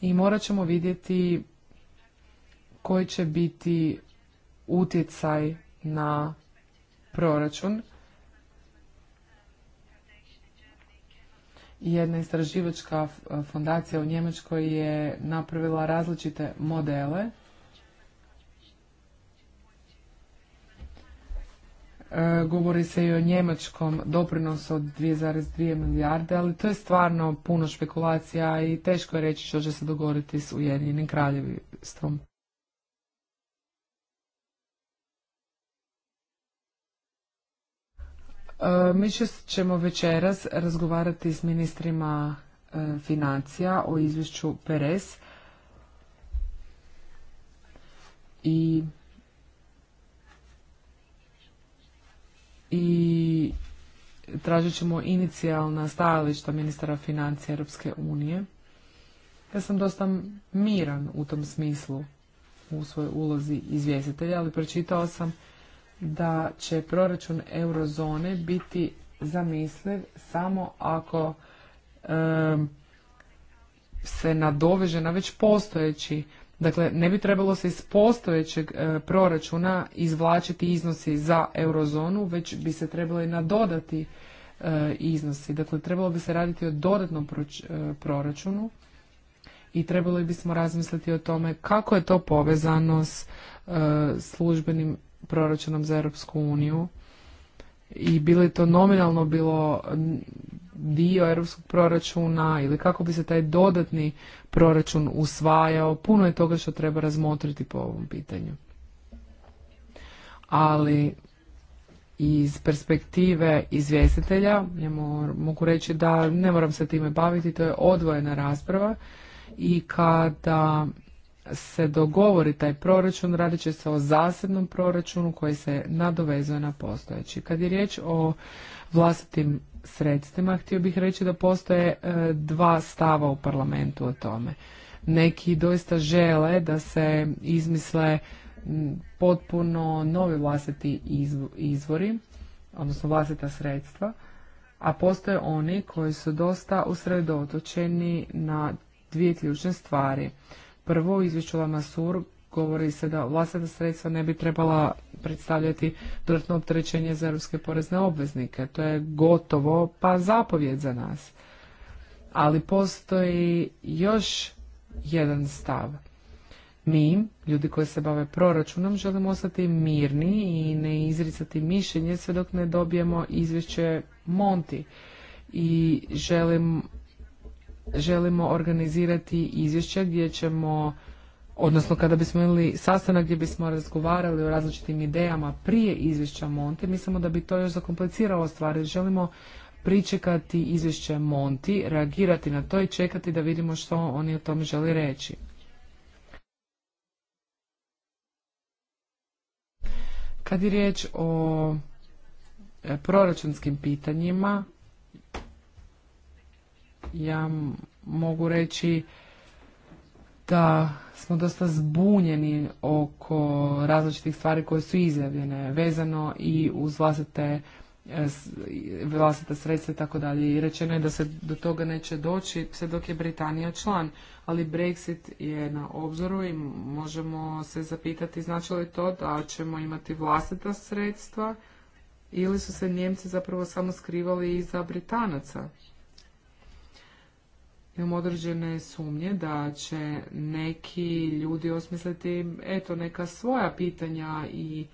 i morat ćemo vidjeti koji će biti utjecaj na proračun jedna istraživačka uh, fondacija u Njemačkoj je napravila različite modele uh, govori se i o njemačkom doprinosu od 2,2 milijarde, ali to je stvarno puno špekulacija i teško je reći što će se dogoditi s Ujedinjenim kraljevstvom. E, mi ćemo večeras razgovarati s ministrima e, financija o izvješću Peres i i tražit ćemo inicijalna stajališta ministara financija Europske unije. Ja sam dosta miran u tom smislu u svojoj ulozi izvjestitelja, ali pročitao sam da će proračun eurozone biti zamisliv samo ako se nadoveže na već postojeći Dakle, ne bi trebalo se iz postojećeg e, proračuna izvlačiti iznosi za eurozonu, već bi se trebalo i nadodati e, iznosi. Dakle, trebalo bi se raditi o dodatnom e, proračunu i trebalo bismo razmisliti o tome kako je to povezano s službenim proračunom za Europsku uniju i bilo je to nominalno bilo dio europskog proračuna ili kako bi se taj dodatni proračun usvajao. Puno je toga što treba razmotriti po ovom pitanju. Ali iz perspektive izvjestitelja, ja mogu reći da ne moram se time baviti, to je odvojena rasprava i kada se dogovori taj proračun, radit će se o zasebnom proračunu koji se nadovezuje na postojeći. Kad je riječ o vlastitim sredstvima, htio bih reći da postoje e, dva stava u parlamentu o tome. Neki doista žele da se izmisle potpuno novi vlastiti izvori, odnosno vlastita sredstva, a postoje oni koji su dosta usredotočeni na dvije ključne stvari – Prvo, izvješću sur govori se da vlastita sredstva ne bi trebala predstavljati dodatno opterećenje za europske porezne obveznike. To je gotovo pa zapovjed za nas. Ali postoji još jedan stav. Mi, ljudi koji se bave proračunom, želimo ostati mirni i ne izricati mišljenje sve dok ne dobijemo izvješće Monti. I želim želimo organizirati izvješće gdje ćemo, odnosno kada bismo imali sastanak gdje bismo razgovarali o različitim idejama prije izvješća Monti, mislimo da bi to još zakompliciralo stvari. Želimo pričekati izvješće Monti, reagirati na to i čekati da vidimo što oni o tome želi reći. Kad je riječ o e, proračunskim pitanjima, ja mogu reći da smo dosta zbunjeni oko različitih stvari koje su izjavljene, vezano i uz vlastite e, vlastita sredstva i tako dalje. I rečeno je da se do toga neće doći sve dok je Britanija član, ali Brexit je na obzoru i možemo se zapitati znači li to da ćemo imati vlastita sredstva ili su se Njemci zapravo samo skrivali iza Britanaca imam određene sumnje da će neki ljudi osmisliti eto neka svoja pitanja i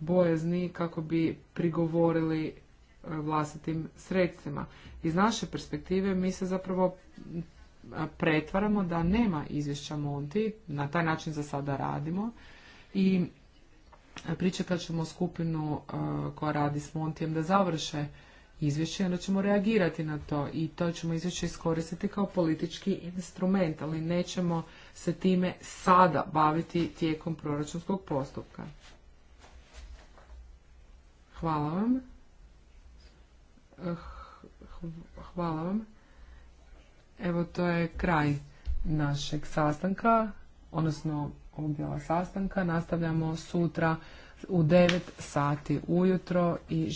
bojazni kako bi prigovorili e, vlastitim sredstvima. Iz naše perspektive mi se zapravo pretvaramo da nema izvješća Monti, na taj način za sada radimo i e, pričekat ćemo skupinu e, koja radi s Montijem da završe izvješće, onda ćemo reagirati na to i to ćemo izvješće iskoristiti kao politički instrument, ali nećemo se time sada baviti tijekom proračunskog postupka. Hvala vam. Eh, hvala vam. Evo to je kraj našeg sastanka, odnosno objava sastanka. Nastavljamo sutra u 9 sati ujutro i